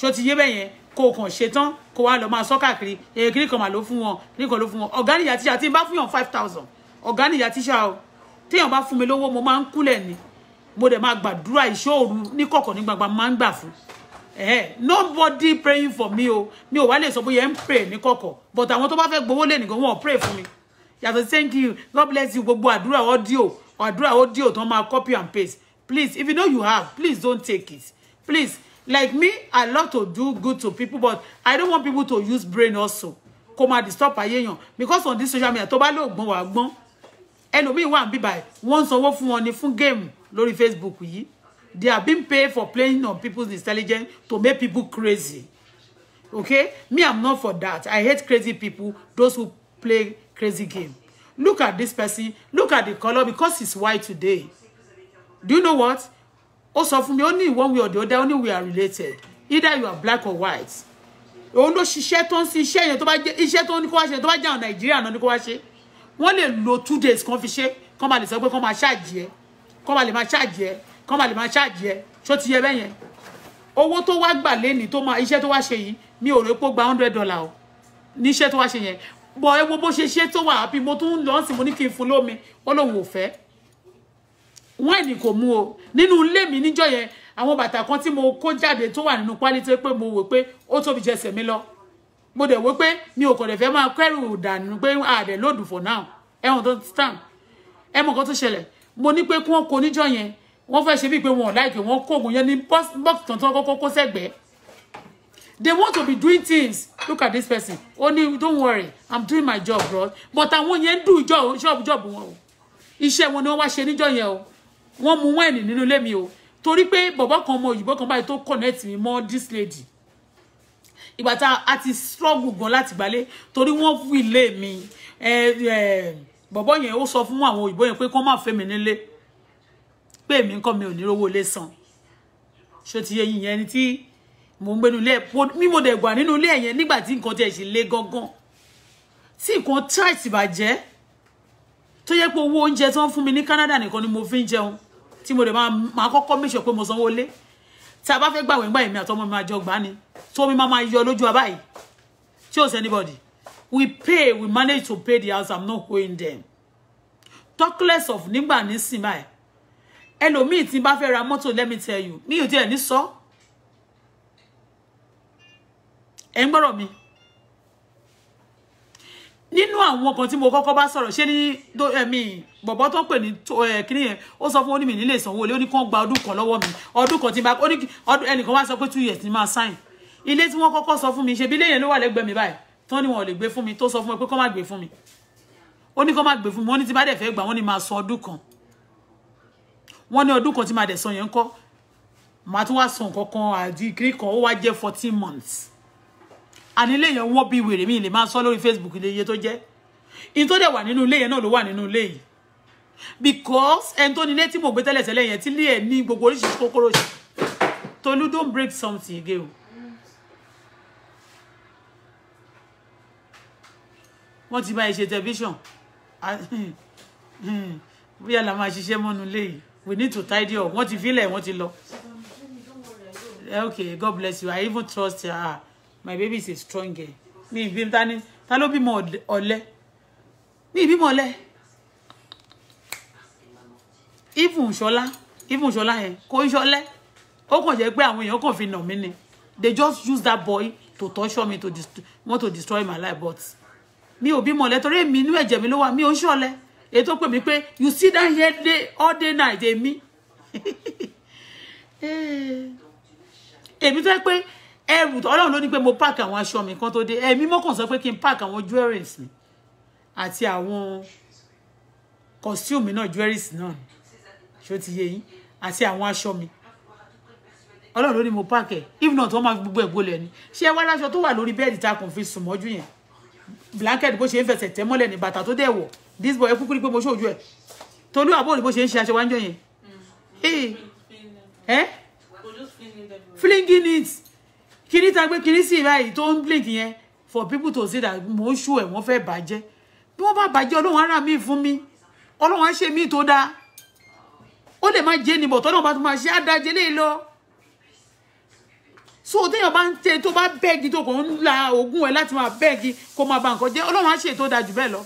ṣó ti yé bẹ́yẹn kó o kàn ṣe tán kó o wá lọ máa sọ káàkiri èyí kiri kan mà ló fún wọn kiri kan ló fún wọn ọ̀gá nìyà tíṣà tí n bá fún yàn five thousand ọ̀gá nìyá tíṣà o téèyàn bá fún mi lówó mo máa ń kúlẹ̀ ni mo dẹ̀ máa gbàdúrà ìṣòro ní kọ̀kọ̀ ní gbangba máa ń gbà fún ẹ nobody praying for me o mi ò wá lè sọ bóyá ń pray ní kọ̀kọ̀ but àwọn tó bá fẹ́ gbowó lè nìkan wọn ò pray fún mi yàtọ̀ sí thank you god bless you gbogbo àdúrà audio àdúrà audio tó máa copy and paste please if you know you have please don't take it please like me i love to do good to people but i don't want people to use brain also kó máa disturb ayé yàn because on this social media tó bá lóògbọ́n wàá gbọ́n ẹlòmíì wà níbí báyìí wọ́n ń sanwó fún wọn ní fún géèmù lórí Facebook yìí they are being paid for playing on people's intelligence to make people crazy okay me i'm not for that i hate crazy people those who play crazy game look at this person look at the color because it's white today do you know what ó sọ fún mi ó one way or the other ó we are related either you are black or white òun ló ṣiṣẹ́ tó ń ṣiṣẹ́ yẹn tó bá jẹ́ iṣẹ́ tó ń kó wá ṣe tó bá jẹ́ àwọn nàìjíríà náà ní kó wá ṣe wọ́n lè lo two days kan fi ṣe kán máa lè sọ pé kán máa ṣáàjì ẹ kán máa lè máa ṣáàjì ẹ kán máa lè máa ṣáàjì ẹ ṣó ti yẹ bẹ́ẹ̀ yẹn owó tó wá gbà lẹ́ni tó máa iṣẹ́ tó wá ṣe yìí mi ò rò pé ó gba hundred dollar o níṣẹ́ tó wá ṣe yẹn bọ̀ ẹ wo bó ṣe ṣe tó wà àbí mo tún lọ sí mo ní kí n fún lómi ó lóun ò fẹ́ wọ́n ẹ̀nì kò mú o nínú ilé mi níjọ́ yẹn àwọn bàtà kan tí mo kó jáde tó wà nínú pálí tó pé mo wò pé ó tóbi jẹsẹ̀ mi lọ mo dẹ̀ wó pé mi ò kò dẹ̀ fẹ́ máa kẹ́rù dànù pé àdẹ̀ lòdù for now ẹ̀wọ̀n tó stand ẹ mọ̀ nǹkan tó ṣẹlẹ̀ mo ní pé kí wọ́n kó níjọ́ yẹn wọ́n fẹ́ ṣe bíi pé wọn ò láìpẹ́ wọ́n kó oògùn yẹn ní box tán tó kọ́kọ́ kó sẹ́gbẹ̀ẹ́ they want to be doing things look at this person ó ní don't worry i'm doing my job bro but àwọn yẹn ń dùn ìjọ job. jọ̀bù wọn o iṣẹ́ wọn ni wọ́n wá ṣe níjọ́ yẹn o wọ́n mu wẹ́ẹ̀nì nínú ilé mi o torí pé bọ̀bọ́ kan ọmọ òyìnbó kan báyìí tó connect me more. this lady ìgbà tá a ti struggle gan láti gbalé torí wọ́n fún ilé mi bọ̀bọ́ yẹn ó sọ fún àwọn òyìnbó yẹn pé kó má fẹ́ mi nílé pé èmi nǹkan mi ò ní rówó ilé san ṣó ti yẹ yìnyẹn ni tí mò ń gbénu ilé mi mo dẹ̀ gbà nínú ilé yẹn nígbà tí nǹkan tiẹ̀ sì lé gángan tí nǹkan tíráìtì bàjẹ́ tó yẹ pé owó oúnjẹ tó ń fún mi ní Canada nìkan ni mo fi ń jẹun tí mo dẹ̀ máa kọ́kọ́ méṣọ̀ pé mo sanwó lé tá a bá fẹ́ gbàwẹ̀ ńgbà èmi àtọmọ mi máa jọ gbà ni tó mi máa máa yọ lójú wa báyìí tí ò anybody we pay we manage to pay the house i'm not going them talk less of nígbà nísìnyí báyìí ẹlòmíì tí n bá fẹ́ ra mọ́tò let me tell you mi ò tiẹ̀ ní sọ ẹ̀ ń gbọ́rọ̀ mi nínú àwọn kan tí mo kọ́kọ́ bá sọ̀rọ̀ ṣé ní ẹ̀mí bọ̀bọ́ tó ń pè ní kíní yẹn ó sọ fún onímì nílé ìsanwó ilé ó ní kí wọ́n gba ọdún kan lọ́wọ́ mi ọdún kan tí n bá ó ní ẹnìkan wá sọ pé two years ni máa sign ilé tí wọ́n kọ́kọ́ sọ fún mi ṣe bí ilé yẹn ló wà lẹ́gbẹ̀ẹ́ mi báyìí tán ni wọn ò lè gbé fún mi tó sọ fún mi pé kọ́ má gbé fún mi ó ní kọ́ má gbé fún mi wọ́n ní tí bá dẹ̀ fẹ́ gbà wọ́n ní máa sọ ọdún kan wọ́n ní ọdún kan tí máa dẹ̀ sọ yẹn ń kọ́ màá tún wá sọ nǹkan kan àdìgírí kan ó wá jẹ́ fourteen months àní ilé yẹn wọ́n bí wèrè mi lè máa sọ lórí Facebook ilé iye tó jẹ́ in tó dẹ̀ wà nínú ilé yẹn náà ló wà nínú ilé yìí because ẹni tó nílé tí mo gbé tẹ́lẹ̀ tẹ́lẹ̀ yẹn tí ilé ẹ̀ ní gbogbo oríṣiríṣi kókóró ṣe Tolu don't break something again o. wọ́n ti bá ẹ ṣe tẹlifíṣàn bóyá la máa ṣiṣẹ́ mọ́nu ilé yìí we need to tidy up wọ́n ti fílẹ̀ wọ́n ti lọ. okay God bless you I even trust her. Ah, my baby is a strong girl mi bí ta ni ta ló bímọ ọ̀lẹ mi bímọ ọ̀lẹ even ṣọlá even ṣọlá yẹn kò ń ṣọlẹ ó kàn jẹ́ pé àwọn èèyàn kàn fi nà mí ni they just use that boy to torture me to want to destroy my life but mi ò bímọ ọ̀lẹ torí mi inú ẹ̀jẹ̀ mi ló wà mi ò ń ṣọ̀lẹ èyí tó pè mí pé you sit down here day all day night èmi eh. èmi tó yẹ pé ẹrù ọlọ́run ló ní pé mo pack àwọn aṣọ mi kan tó dé ẹ̀mí mọ́kàn sọ pé kí n pack àwọn jewelries mi àti àwọn costume mi náà jewelries náà ṣó ti yé yín àti àwọn aṣọ mi ọlọ́run ló ní mo pack ẹ̀ if not wọ́n máa fi gbogbo ẹ̀ gbólẹ̀ ni ṣé ẹ wá láṣọ tó wà lórí bẹ́ẹ̀dì tá a kàn fi sùn mọ́jú yẹn blanket bó ṣe ń fẹsẹ̀ tẹ́ mọ́lẹ̀ ní bàtà tó dẹ̀ wọ̀ this boy ẹ kúkú rí pé mo ṣojú ẹ̀ tolú àbọ̀ òní bó ṣe ń ṣe aṣọ wájú yẹn ẹ mm. eh? flinging it kíní ta gbé kíní sí ìbáyìí tó ń blink yẹn for people to see that mo ń ṣù ẹ̀ wọ́n fẹ́ bàjẹ́ bí wọ́n bá bàjẹ́ ọlọ́run á rà mí fún mi ọlọ́run á ṣe mí tó dáa ó lè má jẹ́ nìbọ̀ tọ́lọ́run bá máa ṣe á dájẹ́ lọ so téèyàn bá ń tẹ tó bá bẹ́ẹ̀gì tó kò ń la oògùn ẹ̀ láti máa bẹ́ẹ̀gì kó máa ba nǹkan jẹ́ ọlọ́run á ṣe tó dáa jù bẹ́ẹ̀ lọ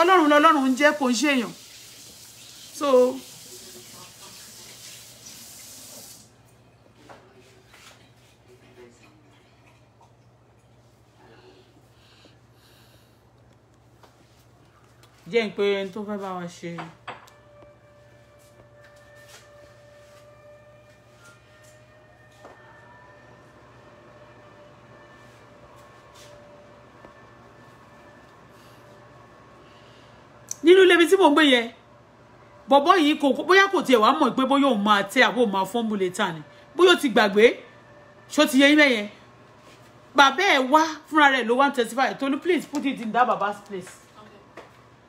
ọlọ́run lọ́lọ́run ń jẹ́ kò ń ṣèyàn so. jẹ́ ń pé ẹni tó fẹ́ bá wa ṣe. nínú ilé mi tí mò ń gbé yẹn bọ̀bọ́ yìí kò bóyá kò tiẹ̀ wá mọ̀ pé bóyá òun máa tẹ àbó máa fọ́nbùlé tà ní bóyá ó ti gbàgbé ṣó ti yẹ ibẹ̀ yẹn bàbá ẹ̀ wá fúnra rẹ̀ ló wá ń testify Tolu please put it in that baba's place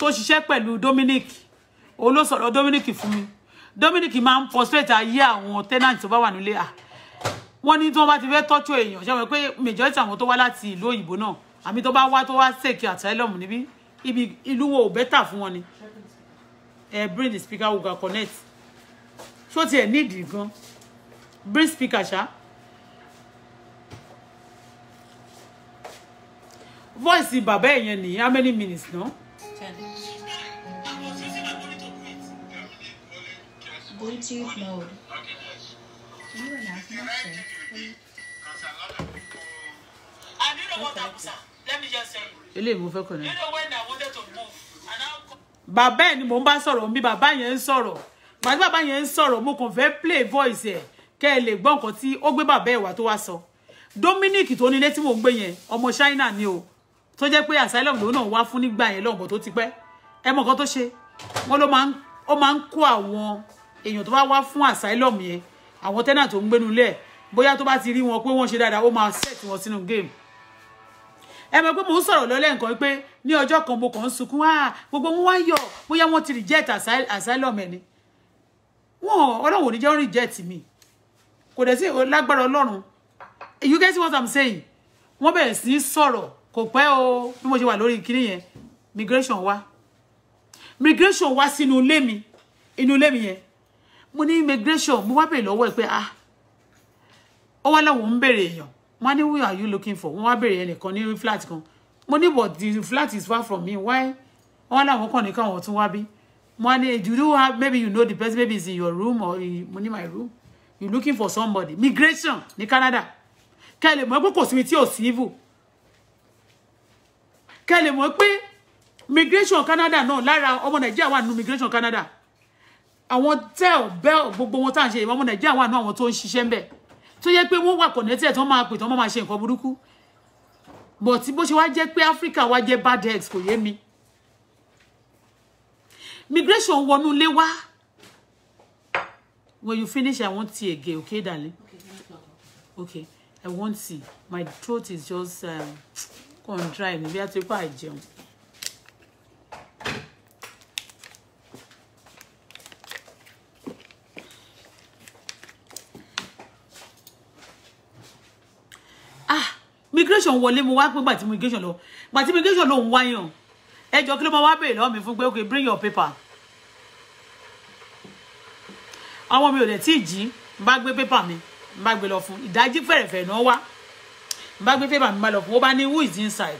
tó ṣiṣẹ́ pẹ̀lú Dominic òun ló sọ̀rọ̀ Dominic fún mi Dominic máa ń frustrate ayé àwọn tenant tó bá wà nílé à ah, wọ́n ní tí wọ́n bá ti fẹ́ tọ́jú èèyàn ṣe wọ́n pé majority àwọn tó wá láti ìlú òyìnbó náà àmì tó bá wá tó wá sèkì asylum níbí ibi ìlú wo ò bẹ́tà fún wọn ni ẹ eh, bring the speaker we connect ṣó tiẹ̀ nídìí gan bring speaker ṣá. voice bàbá ẹ̀yẹn nìyí how many minutes náà. No? Bluetooth mode. You are now connected. I know what happened, sir. Let me just say. You know when I wanted to move. Bàbá ẹ̀ ni mò ń soro. sọ̀rọ̀ mi bàbá yẹn soro, sọ̀rọ̀ màá tí bàbá mo kàn fẹ́ play voice ẹ̀ kẹ́ le lè gbọ́ nǹkan tí ó gbé bàbá ẹ̀ wá tó wá sọ Dominic tó nílé tí mò ń gbé yẹn ọmọ China ni o tó jẹ́ pé asylum lòun náà wá fún nígbà yẹn lọ́gbọ̀n tó ti pẹ́ ẹ mọ̀ nǹkan tó ṣe wọ́n ló máa ń kó àwọn èèyàn tó bá wá fún asylum yẹn àwọn tẹ́nà tó ń gbénu lẹ̀ bóyá tó bá ti rí wọn pé wọ́n ṣe dáadáa ó máa set wọn sínú game ẹ mọ̀ pé mò ń sọ̀rọ̀ lọ́lẹ́ nǹkan pé ní ọjọ́ kan mo kàn ń sunkún ah gbogbo wọn wá ń yọ bóyá wọ́n ti reject asylum ẹni wọn ọlọ́run ò ní jẹ́ ó reject mi kò dẹ̀ sí lágbára ọlọ́run you get what i'm saying wọ́n bẹ̀rẹ̀ sí sọ̀rọ̀ kò pẹ́ o bí mo ṣe wà lórí kinní yẹn migration wá migration wá sínú ilé mi inú ilé mi yẹn mo ní migration mo wá bèrè lọ́wọ́ ẹ̀ pé ah ó wá láwọn ń bèrè èèyàn wọ́n ní who are you looking for wọ́n wá bèrè ẹnìkan ní flat kan mo ní but the flat is far from me why wọ́n láwọn kàn ní káwọn tún wá bí wọ́n ní do you have maybe you know the person maybe is in your room or in mo ní my room you looking for somebody migration ní Canada kẹ́ ẹ lè mọ̀ pé kò síbi tí ò sí evil kẹ́ lè mọ̀ pé migration Canada náà lára ọmọ Nàìjíríà wà nínú migration Canada àwọn tel bell gbogbo wọn tá à ń ṣe ọmọ Nàìjíríà wà nínú àwọn tó ń ṣiṣẹ́ ń bẹ̀ tó yẹ pé wọ́n wà connected tó máa pè tó máa ṣe nǹkan burúkú bọ̀ tí bó ṣe wá jẹ́ pé Africa wá jẹ́ bad ex kò yé mi migration wọnú ilé wá when you finish I want tea again okay darling okay I want tea my throat is just. Um, kàn dry ní bí a ti pa àìjẹun. Ah, migration Wole mo wá pé gbàtí migration lọ gbàtí migration ló ń wáyàn ẹjọ kí ló máa wá bèèrè lọ́wọ́ mi fún pé okay bring your paper àwọn mi ò dẹ̀ tí ì jí n paper, gbé pépà mi n bá gbé lọ fún ìdájí fẹ̀rẹ̀fẹ̀ náà wá n bá gbé paper mi bá lọ fún ó who is inside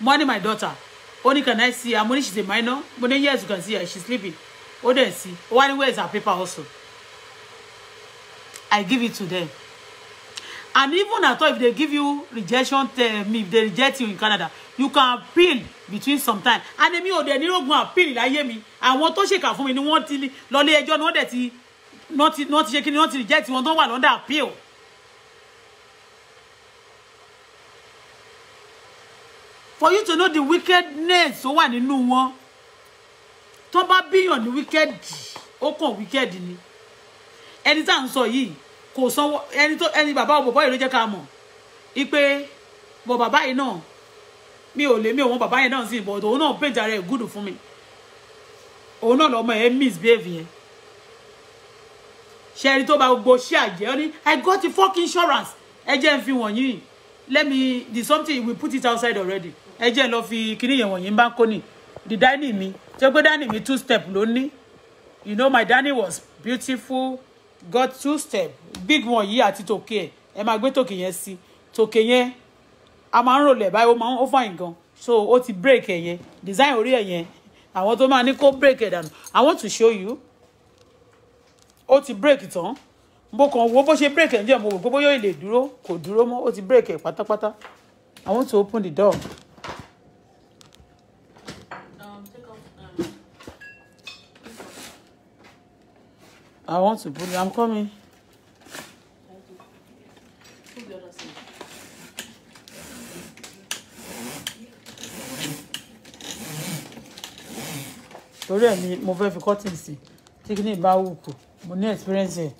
mo my daughter Only can I see her mo she's a minor mo ní yes you can see her she's sleeping What do I see? wá where is her paper also I give it to them and even at all if they give you rejection tell me if they reject you in Canada you can appeal between sometime and èmi ò dẹ̀ ní rògùn appeal I hear me. I want to shake ni wọ́n me. lọ lé ẹjọ́ ni wọ́n dẹ̀ ti wọ́n ti not kí ni wọ́n ti reject wọn tó wà lọ́dà appeal. for you to know the wickedness tó wà nínú wọn tó bá bíyàn ní wicked ó kàn wicked ni ẹni tá à ń sọ yìí kò sanwó ẹni tó ẹni bàbá ò bọ̀bọ̀ yìí ló jẹ́ ká mọ̀ ipe bọ̀ bàbá yìí náà mi ò lè mi ò wọn bàbá yẹn náà sí ìbọn òun náà péjà rẹ̀ gúdù fún mi òun náà lọ́mọ ẹ̀ misbehave yẹn ṣe ẹni tó bá gbogbo ṣé i got the fuck insurance ẹ jẹ́ ń fi wọ̀nyí let me the something we put it outside already ẹ jẹ́ lọ fi kíní yẹn wọ̀nyí bá kó ni the dining mi ṣé pé dining mi two step ló ní you know my dining was beautiful got two step big one yìí àti tòkè ẹ̀ ẹ máa gbé tòkè yẹn sí tòkè yẹn a máa ń rọlẹ̀ báyìí ó máa ń ó fàyìn gan so ó ti break ẹ̀ yẹn design orí ẹ̀ yẹn àwọn tó máa ní kó break ẹ̀ dànù I want to show you ó ti break tán mo kàn wo bó ṣe break ẹ̀ ń jẹ́ mo wò pé bóyá ilé dúró kò dúró mọ́ ó ti break ẹ̀ pátápátá I want to open the door. I want to put I'm coming. Sorry, ẹ̀ ni mo fẹ́ fi cutting sí tí kìíní bá hùkù experience ẹ̀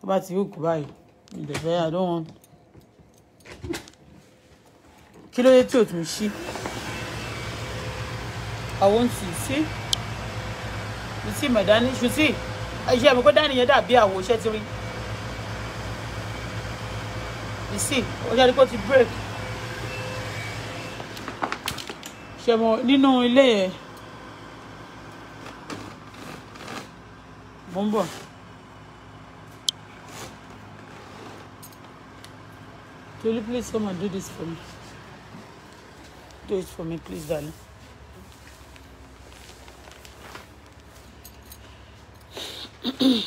tó bá ti hùkù báyìí I don't want. kí ló dé tí I want to see you see my darling you see ẹ̀yẹ́ mi pé dání yẹn dàbí àwọ̀ iṣẹ́ ti rí ìsì ọjọ́ ni kò ti break ṣẹ̀mọ̀ nínú ilé yẹn mo ń bọ̀. Will you please come and do this for me? Do it for me, please, darling. you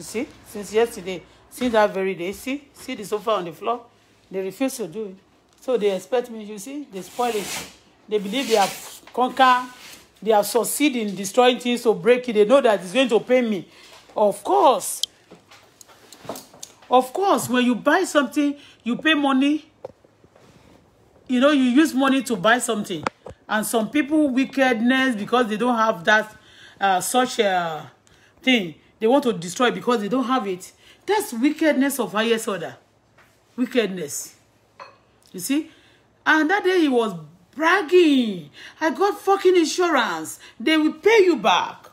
see, since yesterday, since that very day, see, see the sofa on the floor, they refuse to do it. So they expect me, you see, they spoil it. They believe they have conquered, they have succeeded in destroying things to break it. They know that it's going to pay me. Of course. Of course, when you buy something, you pay money. You know, you use money to buy something. And some people, wickedness, because they don't have that, uh, such a... Uh, thing they want to destroy because they don't have it. That's wickedness of highest order. Wickedness. You see? And that day he was bragging. I got fucking insurance. They will pay you back.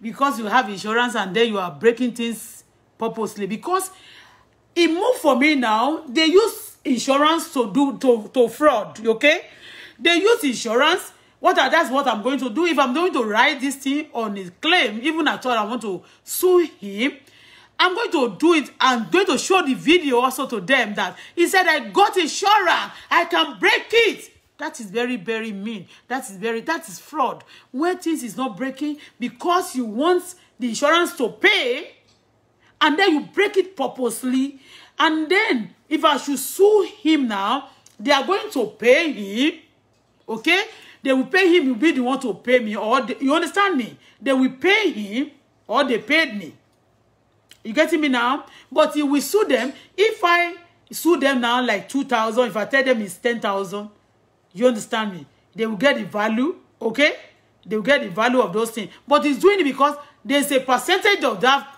Because you have insurance and then you are breaking things purposely. Because it moved for me now. They use insurance to do to, to fraud, okay? They use insurance What are, that's what I'm going to do. If I'm going to write this thing on his claim, even at all, I want to sue him. I'm going to do it. I'm going to show the video also to them that he said, I got insurance. I can break it. That is very, very mean. That is very, that is fraud. When things is not breaking because you want the insurance to pay and then you break it purposely. And then if I should sue him now, they are going to pay him. Okay? They will pay him, will be the one to pay me. Or they, you understand me? They will pay him or they paid me. You getting me now? But he will sue them. If I sue them now like 2,000, if I tell them it's 10,000, you understand me? They will get the value, okay? They will get the value of those things. But he's doing it because there's a percentage of that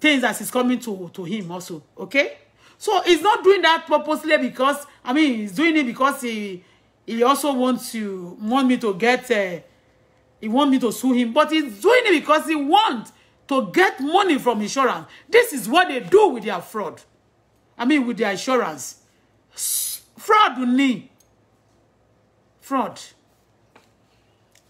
things that is coming to, to him also, okay? So he's not doing that purposely because, I mean, he's doing it because he, he also wants to want me to get uh, he want me to sue him but he's doing it because he wants to get money from insurance this is what they do with their fraud i mean with their insurance fraud ni fraud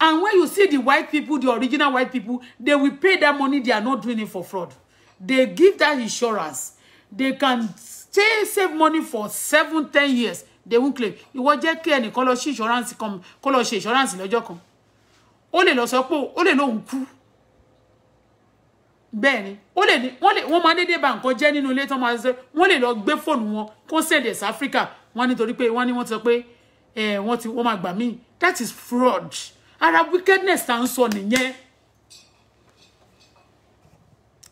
and when you see the white people the original white people they will pay that money they are not doing it for fraud they give that insurance they can stay save money for seven ten years they won't claim ìwọ jẹ́ kí ẹnìkan lọ sí insurance kan kó lọ ṣe insurance lọ́jọ́ kan ó lè lọ sọ pé ó lè lóhùn kú bẹ́ẹ̀ ni ó lè ní wọ́n lè wọ́n máa dédé bà nǹkan jẹ́ nínú ilé tán máa ṣe wọ́n lè lọ gbé fóònù wọn kó sẹ̀dẹ̀ sí Africa wọ́n nítorí pé wọ́n ní wọ́n ti sọ pé ẹ̀ wọ́n ti wọ́n máa gbà míì that is fraud ara wickedness tá à ń sọ nìyẹn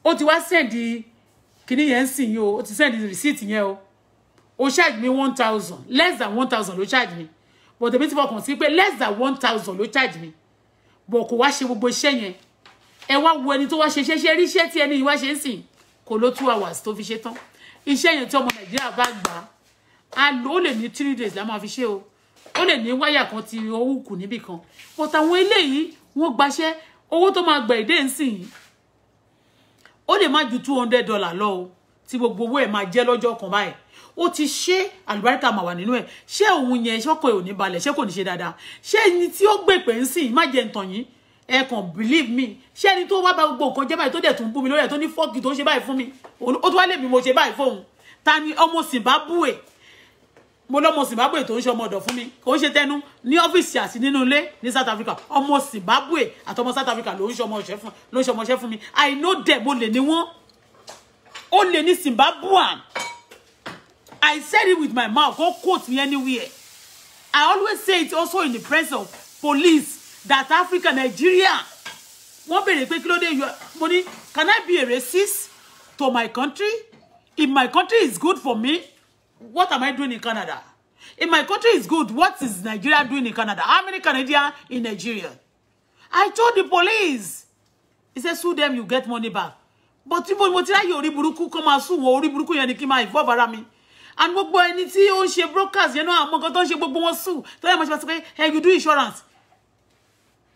ó ti wá sẹ̀dí kìnìyẹn ń sìn yìí o ó ti sẹ̀dí rìsíìtì yẹn o ó charge me one thousand less than one thousand ló charge me. but the ti fọkàn sí pé less than one thousand ló charge me. but kò wá ṣe gbogbo iṣẹ́ yẹn ẹ wá wo ẹni tó wá ṣe ṣe ṣe rí iṣẹ́ tí ẹni yìí wá ṣe ń sìn kò ló two hours tó fi ṣe tán iṣẹ́ yẹn tí ọmọ nàìjíríà bá gbà á lò ó lè ní three days la máa fi ṣe o ó lè ní wáyà kan ti owó kù níbì kan but àwọn eléyìí wọ́n gbaṣẹ́ owó tó máa gbà èdè ń sìn ó lè má ju two hundred dollar lọ o tí gbogbo owó ẹ̀ máa jẹ́ lọ́jọ́ kan báyìí ó ti ṣe àlùbáríkà mà wà nínú ẹ̀ ṣé òun yẹn ṣọ́kọ̀ ò ní balẹ̀ ṣé kò ní ṣe dáadáa ṣé ẹni tí ó gbèpè ń sìn má jẹ́ ntàn yín ẹ kàn believe me ṣé ẹni tó wá bá gbogbo nǹkan jẹ́ báyìí tó dẹ̀ tún bú mi lórí ẹ̀ tó ní fọ́ọ̀kì tó ń ṣe báyìí fún mi ó tún wá lè mi mo ṣe báyìí fóun ta ni ọmọ Zimbabwe mo lọ́mọ Zimbabwe tó ń ṣe ọmọ ọ̀dọ̀ fún mi kò ń ṣe tẹnu ní ọ́fíìsì àti nínú ilé ní South Africa ọmọ Zimbabwe àtọmọ South Africa ló ń ṣe ọmọ ọ̀ṣẹ́ fún mi I know them ó lè ní wọ́n ó lè ní Zimbabwean I said it with my mouth. Don't quote me anywhere. I always say it also in the presence of police that Africa, Nigeria. won't be pé kí ló dé can I be a racist to my country? If my country is good for me, what am I doing in Canada? If my country is good, what is Nigeria doing in Canada? How many Canadians in Nigeria? I told the police. He said, sue them, you get money back. But people, mo ti ráyè orí burúkú kọ́ máa sùn wọ orí burúkú yẹn ni kí n máa ìfọ́ bára mi and gbogbo ẹni tí ó ń ṣe brokers yẹn náà àmọ́ nǹkan tó ń ṣe gbogbo wọn sùn tó yẹ mọ̀ ṣe pàṣẹ pé hey you do insurance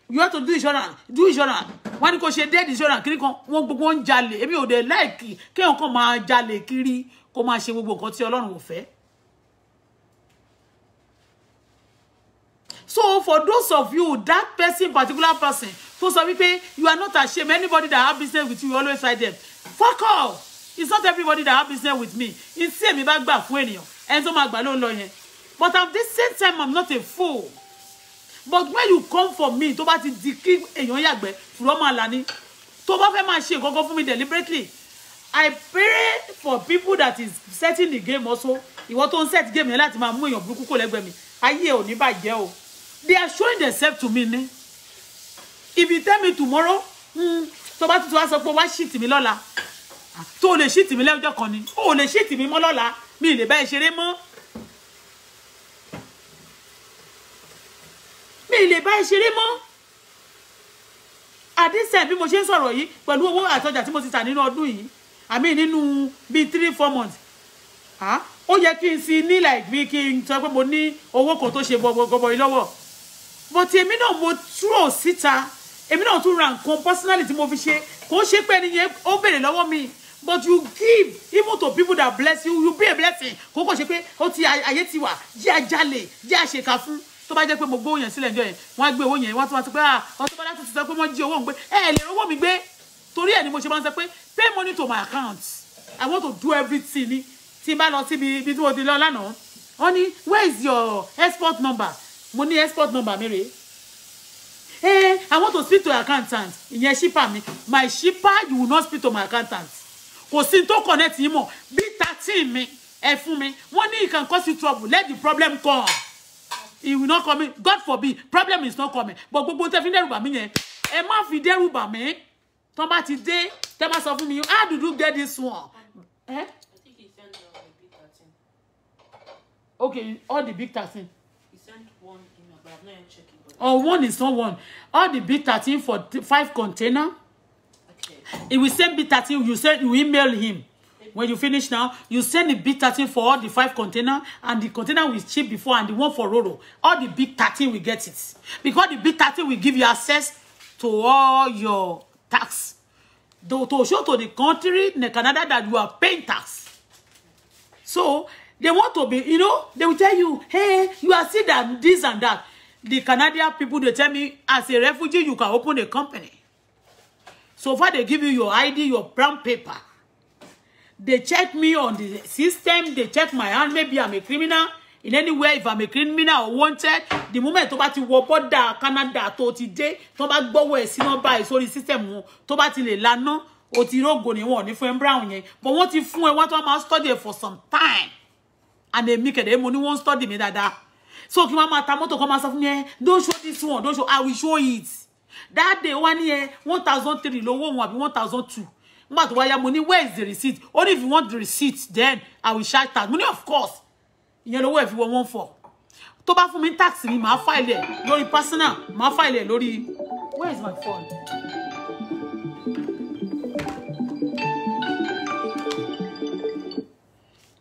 you have to do insurance do insurance wọ́n ní kò ṣe dead insurance kiri kan wọ́n gbogbo ń jalè èmi ò dẹ̀ láìkì kéèyàn kan máa jalè kiri kó máa ṣe gbogbo nǹkan tí Ọlọ́run ò fẹ́. So for those of you, that person, particular person, to some people, you are not ashamed. Anybody that have business with you, you always fight them. Fuck off it's not everybody that have business with me in tí èmi back gbà fún ènìyàn ẹni tó máa gbà ló ń but at the same time i'm not a fool but when you come for me tó bá ti di kí èèyàn yagbe fúrọ́ máa là ní tó bá go go for me deliberately i pray for people that is setting the game also ìwọ tó ń set game yẹn láti máa mú èèyàn burúkú I hear mi ayé ò o they are showing themselves to me ni if you tell me tomorrow hmm, tó bá tuntun wá sọ pé wá ṣìtì mi lola tó o lè ṣí tìmí lẹ́jọ́ kan ni o ò lè ṣí tìmí mọ́ lọ́la mi ì lè bá ẹ ṣeré mọ́ mi ì lè bá ẹ ṣeré mọ́ àdísẹ̀ bí mo ṣe ń sọ̀rọ̀ yìí pẹ̀lú owó àtọjà tí mo ti tà nínú ọdún yìí àmì nínú bíi three four months ó yẹ kí n sí ní like bí kí n sọ pé mo ní owó kan tó ṣe gbọgbọgbọ yìí lọ́wọ́ but èmi náà mo túrò síta èmi náà tún ra nǹkan personally tí mo fi ṣe kò ṣe pé ẹni yẹn ó béèrè lọ́wọ́ mi but you give even to people that bless you you be a blessing kò kò ṣe pé ó ti ayé ti wà jẹ́ àjálè jẹ́ àṣekà fún tó bá jẹ́ pé mo gbó yẹn sílẹ̀ ǹjọ́ yẹn wọ́n á gbé owó yẹn wọ́n tún wá sọ pé ọtún bá láti sọ pé wọ́n jí owó ń gbé ẹ lè rówó mi gbé torí ẹ̀ ni mo ṣe máa ń sọ pé pay money to my account i want to do everything ni tí n bá lọ síbi ibi tí mo ti lọ lánàá wọ́n where is your export number mo ní export number mi rèé eh i want to speak to accountant ìyẹn ṣípà mi my shipper, you will not speak to my accountant kò sí tó connect yín mọ̀ bí thirteen mi ẹ fún mi wọ́n ní ìkàn kọ́ sí trouble let the problem come it will not come in God forbid problem is not coming but gbogbo tẹ́ fi dẹ́rù bà mí yẹn ẹ má fi dẹ́rù bà mí tọ́ bá ti dé tẹ́ bá sọ fún mi how do you get this one. Eh? Okay, all the big 13. He sent one email, but I'm not checking. Oh, one is not one. All the big 13 for five container. It will send B13. You send you email him. When you finish now, you send the B 13 for all the five container and the container will cheap before and the one for Roro. All the big 13 will get it. Because the B 13 will give you access to all your tax. To, to show to the country, the Canada, that you are paying tax. So, they want to be, you know, they will tell you, hey, you are see that, this and that. The Canadian people, they tell me, as a refugee, you can open a company. So far, they give you your ID, your brown paper. They check me on the system. They check my hand. Maybe I'm a criminal. In any way, if I'm a criminal or wanted, the moment tó bá ti wọ Canada tó ti dé, tó bá gbọ́wọ́ ẹ̀ sí nọ́mbà ìsórí system wọn, tó bá ti lè lànà, ó ti rógò ni wọn ò brown ye. But what if fún ẹ wọ́n I máa study for some time. And èmi kẹ̀dẹ̀ mo ní wọ́n study mi dáadáa. So kí wọ́n máa ta mọ́tò kan máa sọ fún eh, don't show this one, don't show, I will show it that day wọ́n ní eh, one thousand three lówó wọn àbí one thousand two nígbà tó wáyà mo where is the receipt Only if you want the receipt then i will charge out money. of course ìyẹn lówó if you want one four To bá fún mi tax mi màá file ẹ̀ lórí personal màá file ẹ̀ lórí where is my phone.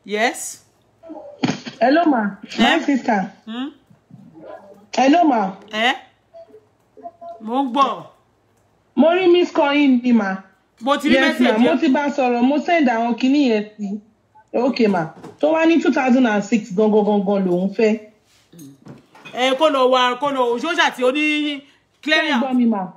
yes. hello ma my eh? sister. Hmm? hello ma. Eh? mo ń gbọ́. mo rí miss coin bí ma. mo ti rí mẹ́sẹ̀jì. mo ti bá sọ̀rọ̀ mo send àwọn kinní yẹn sí ok ma tó wá ní two thousand and six gangan gangan lòún fẹ́. ẹ kó lọ wá kó lọ òṣòṣà tí ó ní clearing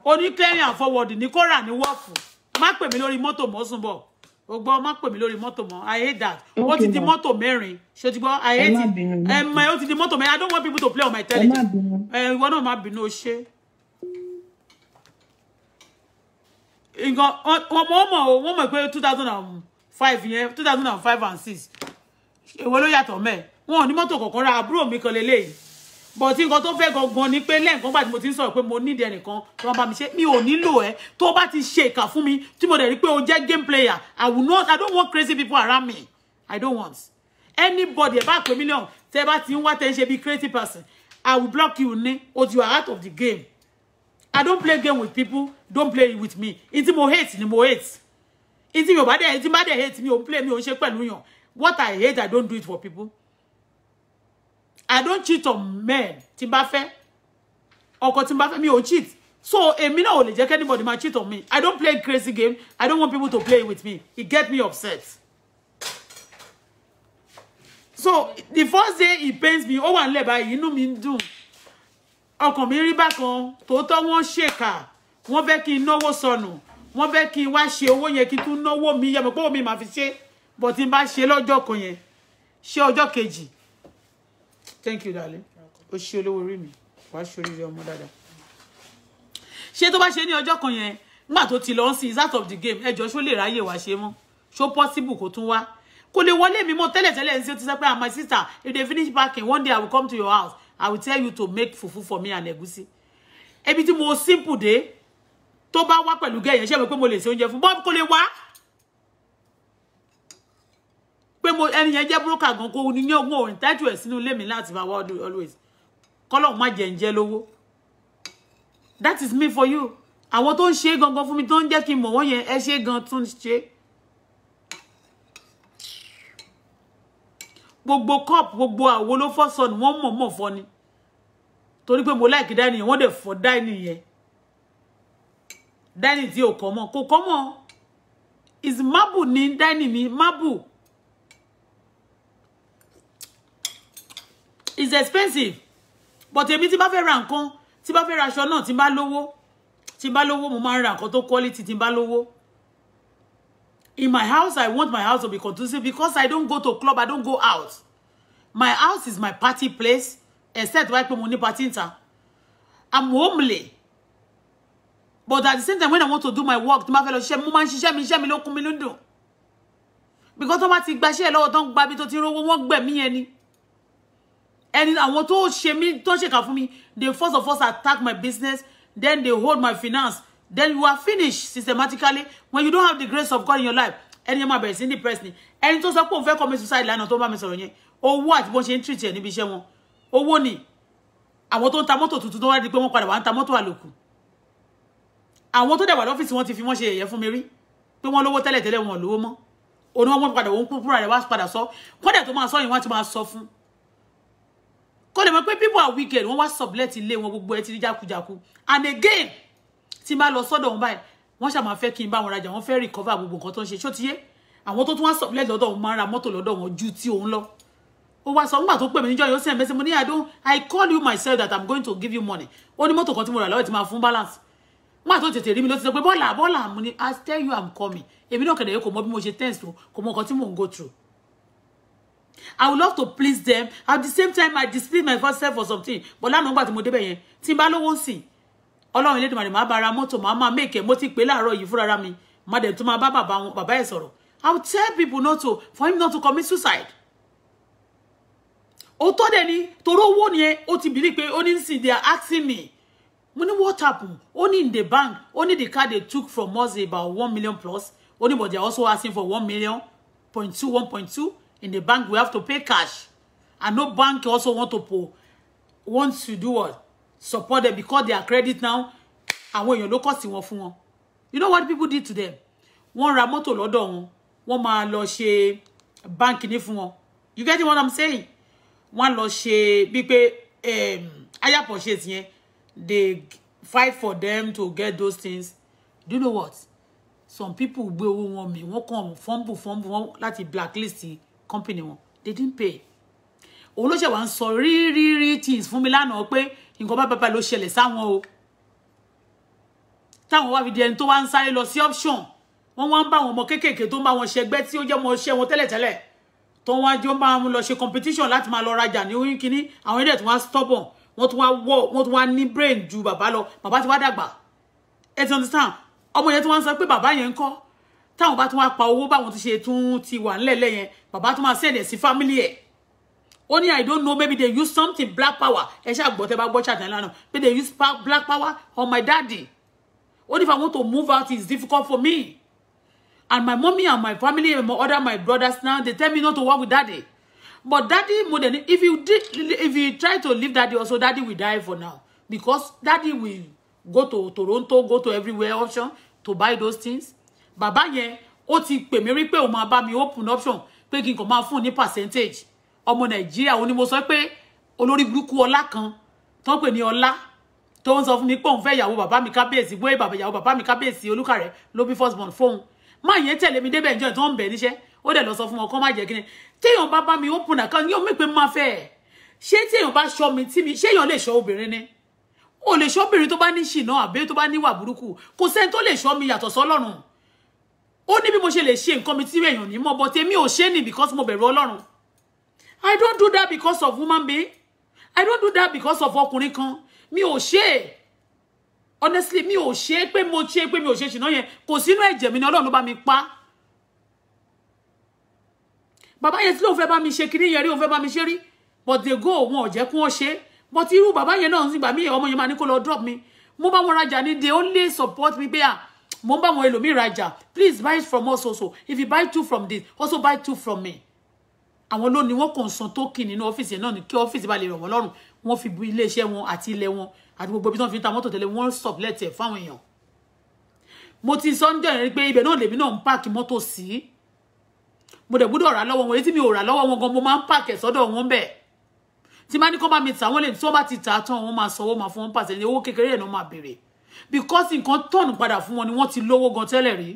ó ní clearing and forward ní kó rà ní wọ́ọ̀fù má pè mí lórí mọ́tò mọ́sùn bọ̀ o gbọ́ má pè mí lórí mọ́tò mọ́ i hate that ó ti di mọ́tò mẹ́rin ṣe ti gbọ́ i hate it ẹ mọ ó ti di mọ́tò mẹ́rin i don't want people to play on my television ẹ ìwọ náà má bínú o ṣe. nǹkan wọ́n mọ̀ o wọ́n mọ̀ pé two thousand and five yẹn two thousand and five and six èwo ló yàtọ̀ mẹ́ẹ̀ wọn ò ní ra àbúrò mi kan lélẹ́yìí But tí nǹkan tó fẹ́ gangan ni pé lẹ́ẹ̀kan gbà tí mo ti ń sọ̀rọ̀ pé mo nídìí ẹnìkan tí To bá mi ṣe mi ò nílò ẹ To bá ti ṣe ìkà fún mi tí mo dẹ̀ rí pé o jẹ́ game player I will not I don't want crazy people around me I don't want anybody ẹ bá million. mílíọ̀nù tẹ bá ti ń wá tẹ crazy person I will block you ní o ti wà out of the game I don't play game with people. Don't play with me. Iti more hate ni more hate. It's mi ba de iti ba hate me. o play me. o shake pẹ̀lú yan. What I hate I don't do it for people. I don't cheat on men. Timbafe n bá fẹ́. Ọkọ tí cheat. So a náà only. lè anybody ma cheat on me. I don't play crazy game. I don't want people to play with me. It get me upset. So the first day it pains me. Oh, wà nílẹ̀ You know me do ọkàn mi rí bákan tòótọ́ wọ́n ṣèkà wọ́n fẹ́ kí n náwó sọnù wọ́n fẹ́ kí n wá ṣe owó yẹn kí n tún náwó mi yẹ pé omi màá fi ṣe bọ̀ tí n bá ṣe lọ́jọ́ kan yẹn ṣe ọjọ́ kejì thank you darling o ṣe olówó orí mi wàá ṣe oríire ọmọ dáadáa ṣé tó bá ṣe ní ọjọ́ kan yẹn nígbà tó ti lọ ń is out of the game ẹjọ́ ṣó lè ráyè wá ṣe mọ́ ṣó possible kó tún wá kò lè wọlé mi mọ́ tẹ́lẹ̀tẹ́lẹ̀ ń sí ti sọ pé my sister if they finish packing one day i will come to your house I will tell you to make fufu for me and egusi. Ebi tí mo simple dé tó bá wá pẹ̀lú gẹ̀yẹn ṣé mo pé mo lè ṣe oúnjẹ fún bọ́ọ̀mù kò lè wá. Pé mo ẹni yẹn jẹ́ búrókà gan kó ní yẹn ogún òrìn tájú ẹ̀ sínú ilé mi láti máa wá always. Kọ́lọ́hún má jẹ ǹjẹ́ lówó. That is me for you. Àwọn to ń ṣe gangan fún mi tó ń jẹ́ kí n mọ̀ wọ́n yẹn ẹ ṣe gan tún ṣe. Gbogbo cup gbogbo àwo ló fọ́ sọnù wọ́n mọ̀ọ́mọ̀ fọ́ ni torí pé mo like dining yẹn wọ́n dẹ̀ fọ́ dining yẹn dining tí ò kọ́ mọ́ kò kọ́ mọ́ is marble ní dining mi marble is expensive but èmi tí bá fẹ́ ra nǹkan tí bá fẹ́ ra aṣọ náà tí bá lówó tí bá lówó mo máa ń ra nǹkan tó quality tí bá lówó in my house i want my house to be conducive because i don't go to club i don't go out my house is my party place except wáyé pé mo ní party níta i'm homely but at the same time when i want to do my work tí n bá fẹ́ lọ ṣiṣẹ́ mo máa ń ṣiṣẹ́ mi iṣẹ́ mi ló kún mi lódùn because tó bá ti gbaṣẹ́ lọ́wọ́ tó ń gba bí tó ti rówó wọ́n gbẹ̀mí ẹni ẹni àwọn tó ṣe mí tó ṣèkà fún mi they first of all attack my business then they hold my finance then you are finished systematically when you don't have the grace of God in your life ẹni yẹn máa bẹ̀rẹ̀ sí ní depress ni ẹni tó sọ pé òun fẹ́ commit suicide lánàá tó bá mi sọ̀rọ̀ yẹn owó àti bó ṣe ń treat ẹ̀ níbi iṣẹ́ wọn owó ni àwọn tó ń ta mọ́tò tuntun tó wá di pé wọ́n padà wá ń ta mọ́tò àlòkù àwọn tó dẹ̀wà lọ́fíìsì wọn ti fi wọ́n ṣe èyẹ fún mi rí pé wọ́n lówó tẹ́lẹ̀ tẹ́lẹ̀ wọn lówó mọ́ òun wọn padà wọn kúrò rẹ̀ wá padà sọ kọ́dà tó máa sọ yìí wọ́n ti máa sọ fún kọ́ lè mọ̀ pé people are wicked wọ́n wá sublet ilé wọn gbogbo ẹ ti rí jákujáku and again tí n bá lọ sọ́dọ̀ wọn báyìí wọ́n ṣà máa fẹ́ kí n bá wọn rajà wọ́n fẹ́ recover gbogbo nǹkan tó ń ṣe ṣó ti yé àwọn tó tún wá sublet lọ́dọ̀ wọn máa ra mọ́tò lọ́dọ̀ wọn ju ti òun lọ ó wá sọ nígbà tó pè mí níjọ́ yóò send message mo ní i don't i call you myself that i'm going to give you money ó ní mọ́tò kan tí mo rà lọ́wọ́ ti máa fún balance nígbà tó tètè rí mi ló ti sọ pé bọ́là bọ́là mo ní i tell you i'm coming èmi náà kẹ̀dẹ̀ yìí kò mọ bí mo ṣe tense o kò mọ nǹkan tí mò ń go through i would love to please them at the same time i display my first self for something but lánàá nígbà tí mo débẹ̀ yẹn tí n bá lówó ń sìn ọlọ́run ilé ìdìmọ̀ máa bá ara mọ́tò máa máa mẹ́kẹ́ mo ti pè láàárọ̀ yìí fúnra mi má dẹ̀ tún máa bá bàbá ẹ̀ sọ̀rọ̀ i will tell people not to for him not to commit suicide òótọ́ dẹ̀ ni torí owó yẹn ó ti bìlí pé ó ní sìn they are asking me mo ní what happen ó ní in the bank ó ní the card they took from us about one million plus ó ní but they are also asking for one million point two one point two in the bank we have to pay cash and no bank also want to po want to do what support them because they are credit now àwọn èèyàn ló kọ̀ sí wọn fún wọn you know what people did to them wọ́n ra mọ́tò lọ́dọ̀ wọn wọ́n máa lọ ṣe báńkì ní fún wọn you get what i'm saying wọ́n lọ ṣe bíi pé higher purchase yẹn they fight for them to get those things do you know what some people gbé owó wọn mi wọ́n kàn fumble fumble wọn láti blacklist company wọn they didn't pay òun ló ṣe wá ń sọ rírírí things fún mi lánàá pé nǹkan bá bàbá ló ṣẹlẹ̀ sáwọn o táwọn wá fi di ẹni tó wá ń sáré lọ sí option wọ́n wá ń bá àwọn ọmọ kéékèèké tó ń bá wọn ṣẹgbẹ́ tí ó jẹ́ ọmọ iṣẹ́ wọn tẹ́lẹ̀tẹ́lẹ̀ tó ń wá jọ máa ń lọ ṣe competition láti máa lọ rajà ní orí kínní àwọn ilé tí wọ́n stubborn wọ́n tún wá wọ́ wọ́n tún wá ní brain ju bàbá lọ bàbá ti wá dàgbà ẹ ti understand ọmọ yẹn tí wọ́n ń sọ pé bàbá yẹn ń kọ́ táwọn bá tún wá pa owó báwọn ti ṣe tún ti wà ńlẹ̀lẹ̀ yẹn bàbá tún máa send ẹ̀ sí family ẹ̀ ó ní i don't know maybe they use something black power ẹ ṣáà gbọ́ tẹ́ bá gbọ́ ṣàtẹ̀ lánàá maybe they use black power on my daddy ó ní if i want to move out it's difficult for me and my mommy and my family and my other my brothers now they tell me not to work with daddy but daddy more than if you did if you try to leave daddy also daddy will die for now because daddy will go to Toronto go to everywhere option to buy those things bàbá yẹn ó ti pè mí rí pé ó máa bá mi open option pé kí n kàn máa fún ní percentage ọmọ Nàìjíríà ó ní mo sọ pe olórí burúkú ọlá kan tó ń ni ní tons of mi pé òun fẹ́ ìyàwó bàbá mi kábíyèsí wé bàbá ìyàwó bàbá mi kábíyèsí olúkàrẹ ló bí first born phone má yẹn tẹ̀lé mi débẹ̀ ìjọ tó ń bẹ̀ níṣẹ́ ó dẹ̀ lọ sọ fún wọn kó má jẹ́ kí ni téèyàn bá mi open account yóò mí pé má fẹ́ ẹ̀ ṣé téèyàn bá ṣọ mi tí mi ṣé èèyàn lè ṣọ obìnrin ni o lè ṣọ obìnrin tó bá ní ṣìnà àbí tó bá níwà burúkú kò sẹ́ni tó lè ṣọ mi yàtọ̀ sọ́lọ́run ó ní bí mo ṣe lè ṣe nǹkan mi tí èèyàn ní mọ́ bọ́ tèmi ò ṣe ni because mo be bẹ̀rù ọlọ́run I don't do that because of woman being I don't do that because of ọkùnrin kan mi ò ṣe honestly mi ò ṣe pé mo ṣe pé mi ò ṣe ṣìnà yẹn kò sínú ẹ̀jẹ̀ mi ni Ọlọ́run ló bá mi pa bàbá yẹn tí ló fẹ́ bá mi ṣe kinní yẹn rí òun fẹ́ bá mi ṣe rí but they go wọn ò jẹ́ kí wọ́n ṣe but irú bàbá yẹn náà nígbà míì ọmọ yẹn máa ní kó lọ drop mi mo bá wọn rajà ni they only support me pé à ah, mo ń bá wọn ẹlòmíì rajà please buy it from us also if you buy two from this also buy two from me àwọn ló ni wọn kàn san token nínú ọ́fíìsì náà ni kí ọ́fíìsì bá lè rọ̀ wọ́n lọ́rùn wọ́n fi bu iléeṣẹ́ wọn àti ilé wọn àti gbogbo ibi tí wọ́n fi ń ta mọ́tò tẹ́lẹ̀ wọ́n stop lẹ́tẹ̀ fáwọn èèyàn mo ti sọ ń jẹ́ rí pé ibẹ̀ náà lèmi náà ń páàkì mọ́tò sí mo dẹ̀ gbọ́dọ̀ rà lọ́wọ́ wọn èyí tí mi ò rà lọ́wọ́ wọn gan mo máa ń páàkì ẹ̀ sọ́dọ̀ wọn bẹ̀ tí má ní kó bá mi tà wọ́n lè tí wọ́n bá ti tà á tán wọ́n máa sanwó máa fún wọn pàṣẹ ní owó kékeré ẹ̀ náà máa béèrè because nǹkan tọ̀nù padà fún wọn ni wọ́n ti lówó gan tẹ́lẹ̀ rí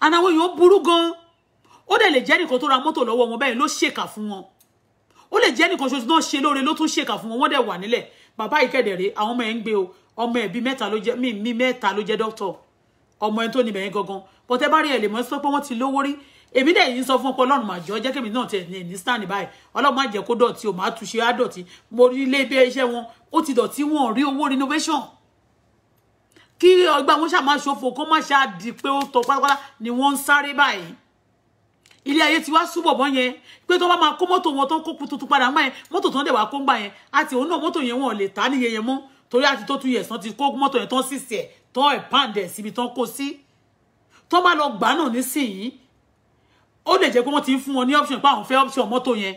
and àwọn èèyàn burú gan ó dẹ̀ lè jẹ́ nìkan tó ra mọ́tò lọ́wọ́ wọn bẹ́ẹ̀ ló ṣèkà fún wọn ó lè jẹ́ nìkan ṣoṣo náà ṣe lóore ló tún ṣèkà fún wọn wọ́n dẹ̀ wà nílẹ̀ bàbá ìkẹ́dẹ̀rẹ́ àwọn ọmọ ẹ̀ ń gbé o ọmọ ẹ̀ bíi mẹ́ta ló jẹ́ mí mí mẹ́ta ló jẹ́ dókítọ̀ ọmọ ẹ̀ tó níbẹ̀ yẹn gangan bọ́tẹ́ bá rí ẹ̀ lè mọ́ sọ pé wọ́n ti lówó rí èmi dẹ̀ yìí ń sọ fún ọpọ ọlọ́run màjọ jẹ́ kẹ́mi náà tẹ̀ ní stand by ọlọ́run má kó dọ̀tí o máa túṣe á dọ̀tí mo rí ilé ibi iṣẹ́ wọn ó ti dọ̀tí wọn rí owó renovation kí ọgbà wọn ṣáà máa ṣòfò kó má ṣáà di pé ó tọ pátápátá ni wọ́n ń sáré báyìí ilé ayé ti wá súbọ̀ bọ́ yẹn pé tó bá máa kó mọ́tò wọn tó ń kó tuntun padà mọ́ yẹn mọ́tò tó ń dẹ̀ wá kó ń gbà yẹn àti òun náà mọ́tò yẹn wọn ò lè ta níye yẹn mọ́ torí àti tó tún yẹ̀ sàn ti kó mọ́tò yẹn tán sísì ẹ̀ tán ẹ̀ pàǹdẹ̀ síbi tán kó sí tó bá lọ gbà náà nísìnyí ó lè jẹ́ pé wọ́n ti ń fún wọn ní option pé àwọn fẹ́ option mọ́tò yẹn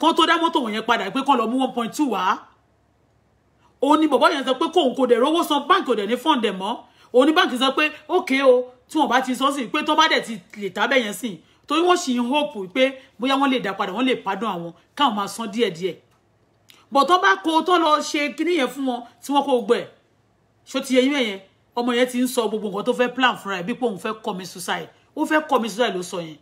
kán tó dá mọ́tò wọn yẹn padà pé kán lọ mú one point two wá òun ni bọ̀bọ́ yẹn sọ pé kóun kò dẹ̀ rówó san báńkì ò dẹ̀ ní fọ́ǹdẹ̀ mọ́ òun ni báńkì sọ pé ókè o tí wọn bá ti sọ sí pé tó bá dẹ̀ ti lè tábẹ̀ yẹn sìn torí wọ́n sì ń hope pé bóyá wọ́n lè dá padà wọ́n lè pardon àwọn káwọn máa san díẹ̀díẹ̀ bọ̀ tó bá kó tó lọ ṣe kíní yẹn fún wọn tí wọ́n kó gbọ́ ẹ̀ ṣó ti yẹyún ẹ̀yẹn ọmọ yẹn ti ń sọ gbogbo nǹkan tó fẹ́ plan fúnra ẹ̀ bí pé òun fẹ́ commit suicide ó fẹ́ commit suicide ló sọ yẹn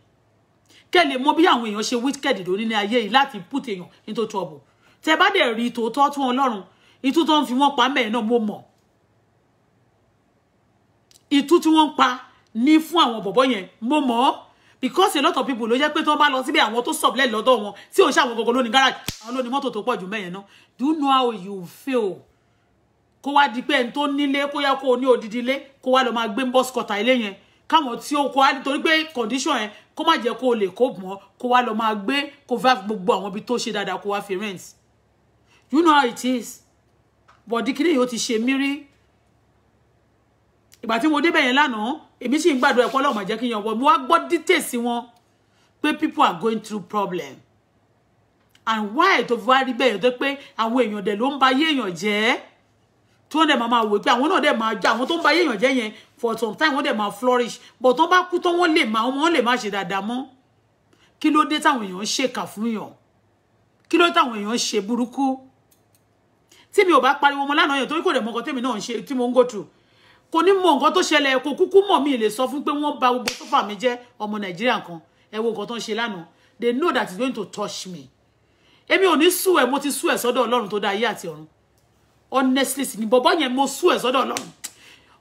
kẹ́ lè mọ bí àwọn èèyàn ṣe wicked lórí ní ayé yìí láti put èèyàn into trouble tẹ bá dẹ̀ rí tòótọ́ tún ọlọ́run ìtú tó ń fi wọ́n pa mẹ́ẹ̀ náà mo mọ̀ ìtú tí wọ́n pa ní fún àwọn bọ̀bọ́ yẹn mo mọ̀ ọ́ because a lot of people ló jẹ́ pé tó bá lọ síbi àwọn tó sublet lọ́dọ̀ wọn tí ò ń ṣe àwọn gọ́gọ́ ló ní garage àwọn ló ní mọ́tò tó pọ̀ jù mẹ́yẹn náà do you know how you feel kó wá di pé ẹni tó nílé kó yá kó o ní odidi ilé kó wá lọ máa gbé bus kọta ilé yẹn káwọn tí ó kó wá nítorí condition yẹn kó má jẹ́ kó o lè kó mọ́ kó wá lọ máa gbé kó fẹ́ gbogbo àwọn ibi tó ṣe dáadáa kó wá fi rent you know how it is bọ̀dí kí ni yóò ti ṣe mí rí ìgbà tí mo débẹ̀ yẹn lánàá èmi sì ń gbàdúrà ẹ̀kọ́ ọlọ́mọ jẹ́ kí yan wọ mo wá gbọ́ details wọn pé people are going through problem and why tó fi wá rí bẹ́ẹ̀ tó pé àwọn èèyàn dẹ̀ ló ń ba ayé èèyàn jẹ́ tí wọ́n dẹ̀ máa máa wò pé àwọn náà dẹ̀ máa já àwọn tó ń ba ayé èèyàn jẹ́ for some time wọ́n dẹ̀ máa flourish but tó bá kú tó wọ́n lè máa wọ́n lè máa ṣe dáadáa mọ́ kí ló dé táwọn èèyàn ń ṣèkà fún yàn kí ló dé táwọn èèyàn ń ṣe burúkú tí mi ò bá pariwo mọ́ lánàá yàn torí kò dẹ̀ mọ́kàn tèmi náà ń ṣe tí mo ń go through kò ní mọ nǹkan tó ṣẹlẹ̀ kò kúkú mọ̀ mí lè sọ fún pé wọ́n bà gbogbo sọ́fà mi jẹ́ ọmọ nàìjíríà kan ẹ wo nǹkan tó ń ṣe lánàá they know that it's going to touch me èmi ò ní sú ẹ mo ti sú ẹ sọ́dọ̀ ọlọ́run tó dá ayé àti ọ̀run honestly sì ni bọ̀bọ́ yẹn mo sú ẹ sọ́dọ̀ ọlọ́run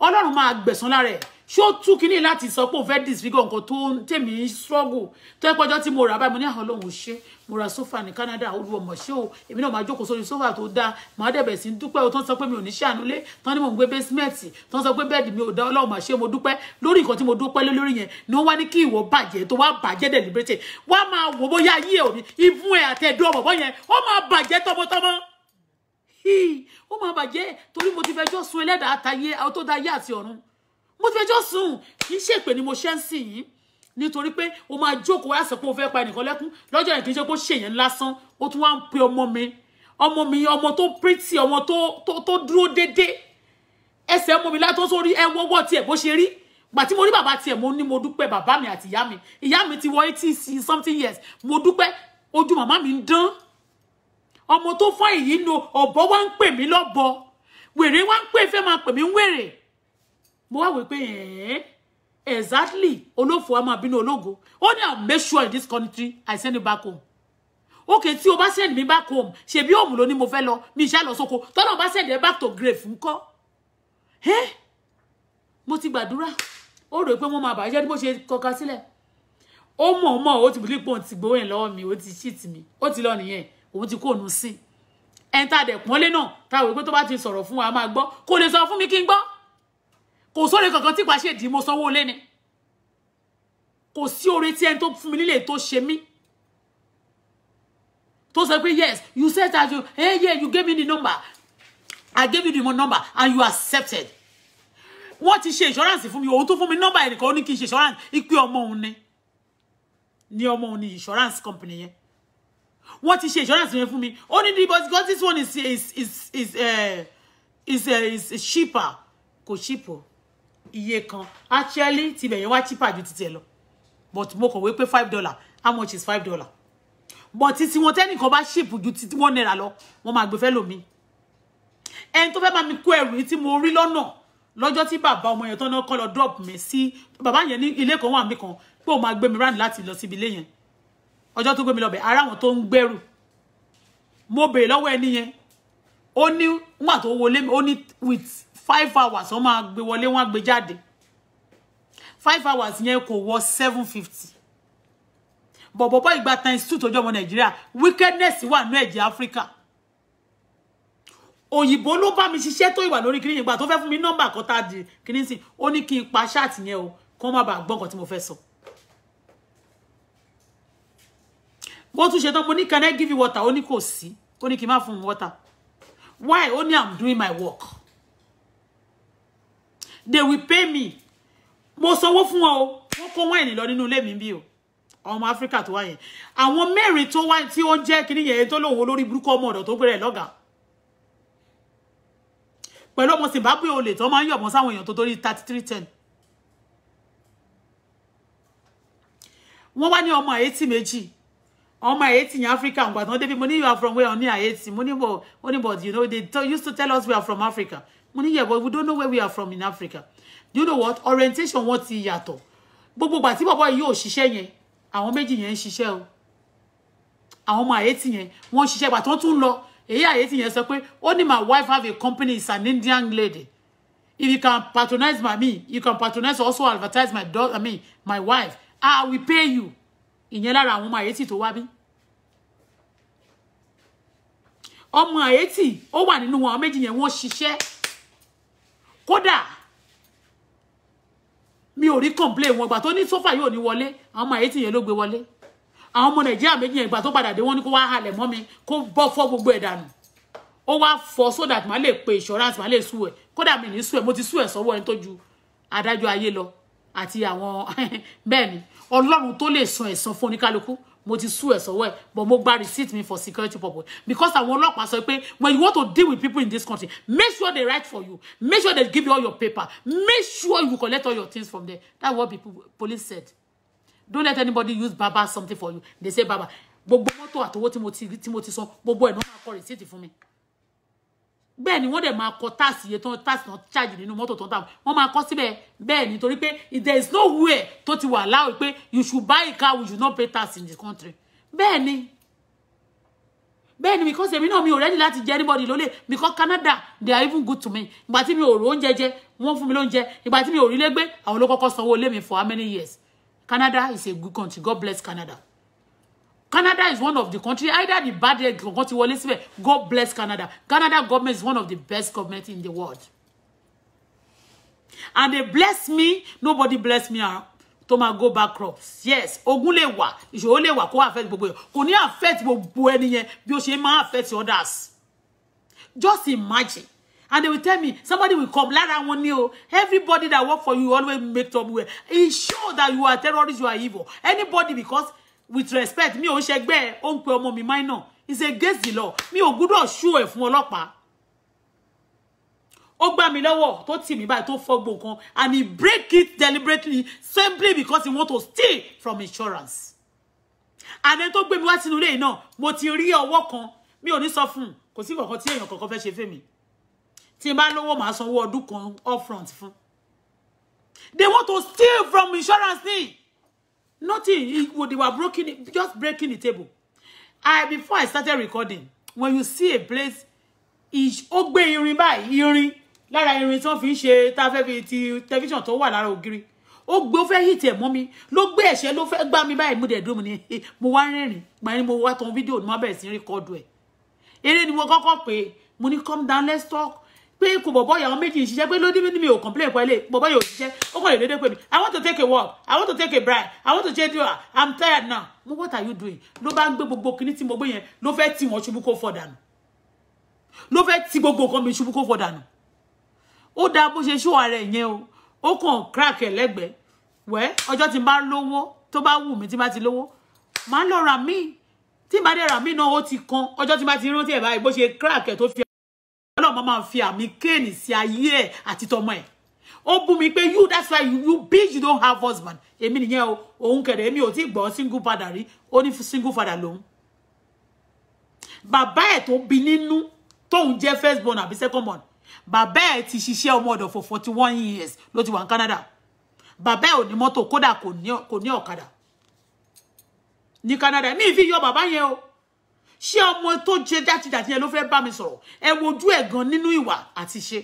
ọlọ́run máa gbẹ̀san lára ẹ̀ ṣé ó tú kínní láti sọ pé òun fẹ́ disfigure nǹkan tó ń tèmi struggle tó ẹ pọ́jọ́ tí mo rà báyìí mo ní àwọn ah, ọlọ́run ṣe mo ra sofa ní Canada olùwọ̀mọ̀ ṣé o èmi náà máa jókòó sórí sofa tó dáa màá dẹ̀bẹ̀ sí dúpẹ́ o tó ń sọ pé mi ò ní ṣàánúlé tó ń ní mò ń gbé basement tó sọ pé bẹ́ẹ̀dì mi ò dá ọlọ́run mà ṣe mo dúpẹ́ lórí nǹkan tí mo dúpẹ́ lé lórí yẹn ni wọ́n wá ní kí ìwọ bàjẹ́ tó wá bàjẹ́ deliberate wá máa wò bóyá ayé ẹ̀ òní ìfún ẹ̀ àtẹ̀dọ́ bọ̀bọ̀ yẹn ó máa bàjẹ́ tọmọtọmọ ó máa bàjẹ́ torí mo ti fẹjọ́ sun ẹlẹ́dàá àtayé àwọn tó dá ayé àti ọ̀run mo ti fẹjọ́ sùn kì í ṣèpè ni mo ṣe ń sìn yín nítorí pé o máa jókòó wá sọ pé o fẹ́ pa ẹnìkan lẹ́kún lọ́jọ́ yẹn kì í ṣe pé ó ṣèyẹn lásán ó tún wá ń pe ọmọ mi ọmọ mi ọmọ tó pretty ọmọ tó dúró déédéé ẹsẹ̀ ọmọ mi látọ́ sórí ẹwọ́wọ́ tiẹ̀ bó ṣe rí gbà tí mo rí bàbá tiẹ̀ mo ní mo dúpẹ́ bàbá mi àti ìyá mi ìyá mi ti wọ eighty something years mo dúpẹ́ ojú màmá mi ń dán ọmọ tó fọ́ èyí no ọ̀bọ wá ń pè mí lọ́bọ wèrè wá ń pè fẹ́ máa pè mí ń wèrè mo wá wí pé exactly olófò a máa bínú ológo ó ní àwọn make sure in this country i send you back home okay tí o bá send me back home ṣebí òun ló ní mo fẹ́ lọ mi ìṣá lọ sóko tọ́lọ́ bá send me back to grave ńkọ́ ẹ́ mo ti gbàdúrà ó rò pé wọ́n máa bàjẹ́ bí mo ṣe kọka sílẹ̀ ó mọ̀ ọ́ mọ̀ ó ti bìlí pọ̀ ti gbowó yẹn lọ́wọ́ mi ó ti shit mi ó ti lọ nìyẹn òun ti kó òun sí ẹ̀ńtà dẹ̀kúnlé náà táwọn ìpé tó bá ti sọ̀rọ̀ fún wa máa gbọ́ kò lè sọ fún mi kí n gbọ́ kò sóore kankan tí ìpàṣẹ ìdí mo sanwó lé ni kò sí oore tí ẹni tó fún mi nílé tó ṣe mí tó sọ pé yes you said that you hey eh, yeah you gave me the number i gave you the number and you accepted wọ́n ti ṣe insurance fún mi òun tó fún mi nọ́mbà ẹnìkan ó ní kí n ṣe insurance ìpè ọmọ òun ni ní ọmọ òun ni insurance company yẹn wọ́n ti ṣe insurance yẹn fún mi ó ní the because this one is is is is uh, is, uh, eh, is, is cheaper kò cheaper iye kan actually ti bẹ̀yẹn wá cheaper ju titi ẹ̀ lọ but mo kàn wé pé five dollar how much is five dollar but titi wọn tẹ́nìkan bá ship ju titi one naira lọ wọ́n máa gbé fẹ́ lómi ẹni tó fẹ́ máa mi kó ẹrù tí mo rí lọ́nà lọ́jọ́ tí bàbá ọmọ yẹn tó náà kọ́ lọ drop mi sí bàbá yẹn ní ilé kan wà mí kan pé ó máa gbé mi ráàdì láti lọ síbi ilé yẹn ọjọ́ tó gbé mi lọ́bẹ̀ ara àwọn tó ń gbẹ́rù mo béèrè lọ́wọ́ ẹni yẹn ó ní wà tó mi ó ní with five hours wọ́n máa gbé wọlé wọ́n á gbé five hours yẹn kò wọ seven fifty bọ̀bọ̀bọ̀ ìgbà times two tó jọ ọmọ nàìjíríà wickedness wà ní ẹ̀jẹ̀ áfíríkà òyìnbó ló bá mi ṣiṣẹ́ tó ìwà lórí kìnìún ìgbà tó fẹ́ fún mi nọ́mbà kan tá a di kìnìún sí ó ní kí pa ṣáàtì yẹn o kó má bàa gbọ́ nǹkan tí mo fe so. bó tún ṣe tán mo ní can I give you water ó ní kò sí ó ní kí n má water why ó ní I'm doing my work they will pay me mo sanwó fún wọn o wọ́n kó wáìnì lọ nínú ilé mi bí o ọmọ áfíríkà tó wá yẹn àwọn mẹ́rin tó wá tí ó jẹ́ kíní yẹn tó lòun olórí burúkú ọmọ ọ̀dọ̀ tó gbé rẹ̀ lọ́gàá pẹ̀lú ọmọ zimbabwe olè tó máa ń yọ̀bọ̀n sáwọn èèyàn tó torí thirty three ten wọ́n wá ní ọmọ àyètì méjì ọmọ àyètì ní áfíríkà ǹgbà tán débi mo ní you are from where on ní àyètì mo ní bọ̀ ó ní but you know they used to tell us we are from Africa mo yeah but we don't know where we are from in Africa do you know what orientation wọn ti yato? gbogbo ìgbà tí bàbá yìí ò ṣiṣẹ́ yẹn àwọn méjì yẹn ń ṣiṣẹ́ o àwọn ọmọ àyètì yẹn wọ́n ń ṣiṣẹ́ ìgbà tó tún lọ èyí àyètì yẹn sọ pé my wife have a company is an Indian lady if you can patronize my me you can patronize also advertise my daughter I mean my wife I will pay you ìyẹn lára àwọn ọmọ àyètì tó wá bí ọmọ àyètì ó wà nínú wọn àwọn méjì yẹn wọ́n ṣiṣẹ́ kódà mi ò rí complain wọn gbà tó ní sofa yóò ní wọlé àwọn ọmọ àyètì yẹn ló gbé wọlé àwọn ọmọ nàìjíríà méjì yẹn gbà tó padà dé wọn ní kó wá halẹ̀ mọ́ mi kó bọ́ fọ́ gbogbo ẹ̀ dànù ó wá fọ́ so that màá lè pe insurance màá lè sú ẹ kódà mi ní sú ẹ mo ti sú ẹ sọ́wọ́ ẹni tó ju adájọ́ ayé lọ àti àwọn bẹ́ẹ̀ ni ọlọ́run tó lè san ẹ̀san fún oníkálukú mo ti sue ẹ̀ sọ́wọ́ ẹ̀ but mo gba receipt mi for security purpose because àwọn ọlọ́pàá sọ pé when you want to deal with people in this country make sure they write for you make sure they give you all your paper make sure you collect all your things from there that's what people, police said don't let anybody use baba something for you they say baba gbogbo mọ́tò àtowó tí mo ti san gbogbo ẹ̀ náà máa kọ receipt fún mi bẹ́ẹ̀ ni wọ́n dẹ̀ máa kọ táàsì iye tán táàsì náà ṣáàjì nínú mọ́tò tó ń tà wọ́n máa kọ síbẹ̀ bẹ́ẹ̀ ni torí pé there is no way tó ti wà láwọ̀ pé you should buy a car you should not pay tax in this country bẹ́ẹ̀ ni bẹ́ẹ̀ ni because èmi náà mi ò rẹ́dí láti jẹ anybody lólè because Canada they are even good to me ìgbà tí mi ò rò oúnjẹ jẹ wọ́n fún mi lóúnjẹ ìgbà tí mi ò rí lé gbé àwọn ló kọ́kọ́ sanwó lé mi for how many years Canada is a good country God bless Canada. Canada is one of the country either the bad day kan ti wọlé síbẹ̀ God bless Canada Canada government is one of the best government in the world and they bless me nobody bless me ah tó máa go bankrupt yes ogun lè wà ìṣòro lè wà affect gbogbo èèyàn kò affect gbogbo ẹni yẹn bí ó ma máa affect others just imagine and they will tell me somebody will come lára wọn ni o everybody that work for you always make trouble well show that you are terrorist you are evil anybody because with respect mi o ń ṣẹgbẹ́ ó ń pe ọmọ mi minor is against the law mi o gbúdọ̀ show ẹ̀ fún ọlọ́pàá ó gbá mi lọ́wọ́ tó tì mí báyìí tó fọ́gbó kan and he break it deliberately simply because he want to steal from insurance and then tó gbé mi wa sínú ilé yìí náà mo ti rí ọwọ́ kan mi ò ní sọ fún un kò sí kankan tí èèyàn kankan fẹ́ ṣe fẹ́mi tí n bá lówó màá sanwó ọdún kan upfront fún they want to steal from insurance ni. Nothing. they were breaking it, just breaking the table. I before I started recording, when you see a place, is ó gbé irin báyìí, irin lára irin tí wọ́n fi ń ṣe tá fẹ́ ti television tó wà lára ògiri. Ó gbé ó fẹ́ hit ẹ̀ mọ́ mi, ló gbé ẹ̀ṣẹ́ ló fẹ́ gbá mi báyìí mú dẹ̀ dúró mo eh, eh, wá rẹ́rìn-ín, gbà ni mo wá tan video. ni wọ́n bẹ̀rẹ̀ sí record ẹ̀. Eré ni mo kọ́kọ́ pé mo ní come down let's talk pé kò bọ̀bọ̀ ìyàwó méjì ń ṣiṣẹ́ pé lódì ní mi ò complain pẹ̀lú bọ̀bọ̀ yóò ṣiṣẹ́ ó kàn lè dédé pé mi i want to take a walk i want to take a break i want to change your i'm tired now mo what are you doing ló bá ń gbé gbogbo kinní tí mo gbé yẹn ló fẹ́ tì wọ́n ṣubú kó fọ̀ dànù ló fẹ́ tì gbogbo nǹkan mi ṣubú kó fọ̀ dànù ó dáa bó ṣe ṣú ara ẹ̀ yẹn o ó kàn crack ẹ̀ lẹ́gbẹ̀ẹ́ wẹ́ ọjọ́ tí n bá lówó tó bá wù mí tí n bá ti lówó máa ń lọ rà míì tí n bá dé rà míì náà ó ti kan ọjọ́ tí n bá ti rántí ẹ̀ báyìí bó ṣe crack ẹ̀ tó fi máa máa fi àmì kéènì sí ayé ẹ̀ àti tọmọ ẹ̀ ó bú mi pé you that's why you, you bitch you don't have husband èmi nìyẹn o òun kẹ̀dẹ̀ èmi ò tí gbọ́ single father rí ó ní single father lòun bàbá ẹ̀ tó bí nínú tóun jẹ́ first born àbí second born bàbá ẹ̀ ti ṣiṣẹ́ ọmọ ọ̀dọ̀ for forty one years ló ti wà in Canada bàbá ẹ̀ ò ní mọ́tò kódà kò ní ọ̀kadà ní Canada mi fi yọ bàbá yẹn o ṣé ọmọ tó jẹ dátidàtí yẹn ló fẹ́ bá mi sọ̀rọ̀ ẹ wojú ẹ̀ gan nínú ìwà àti ṣe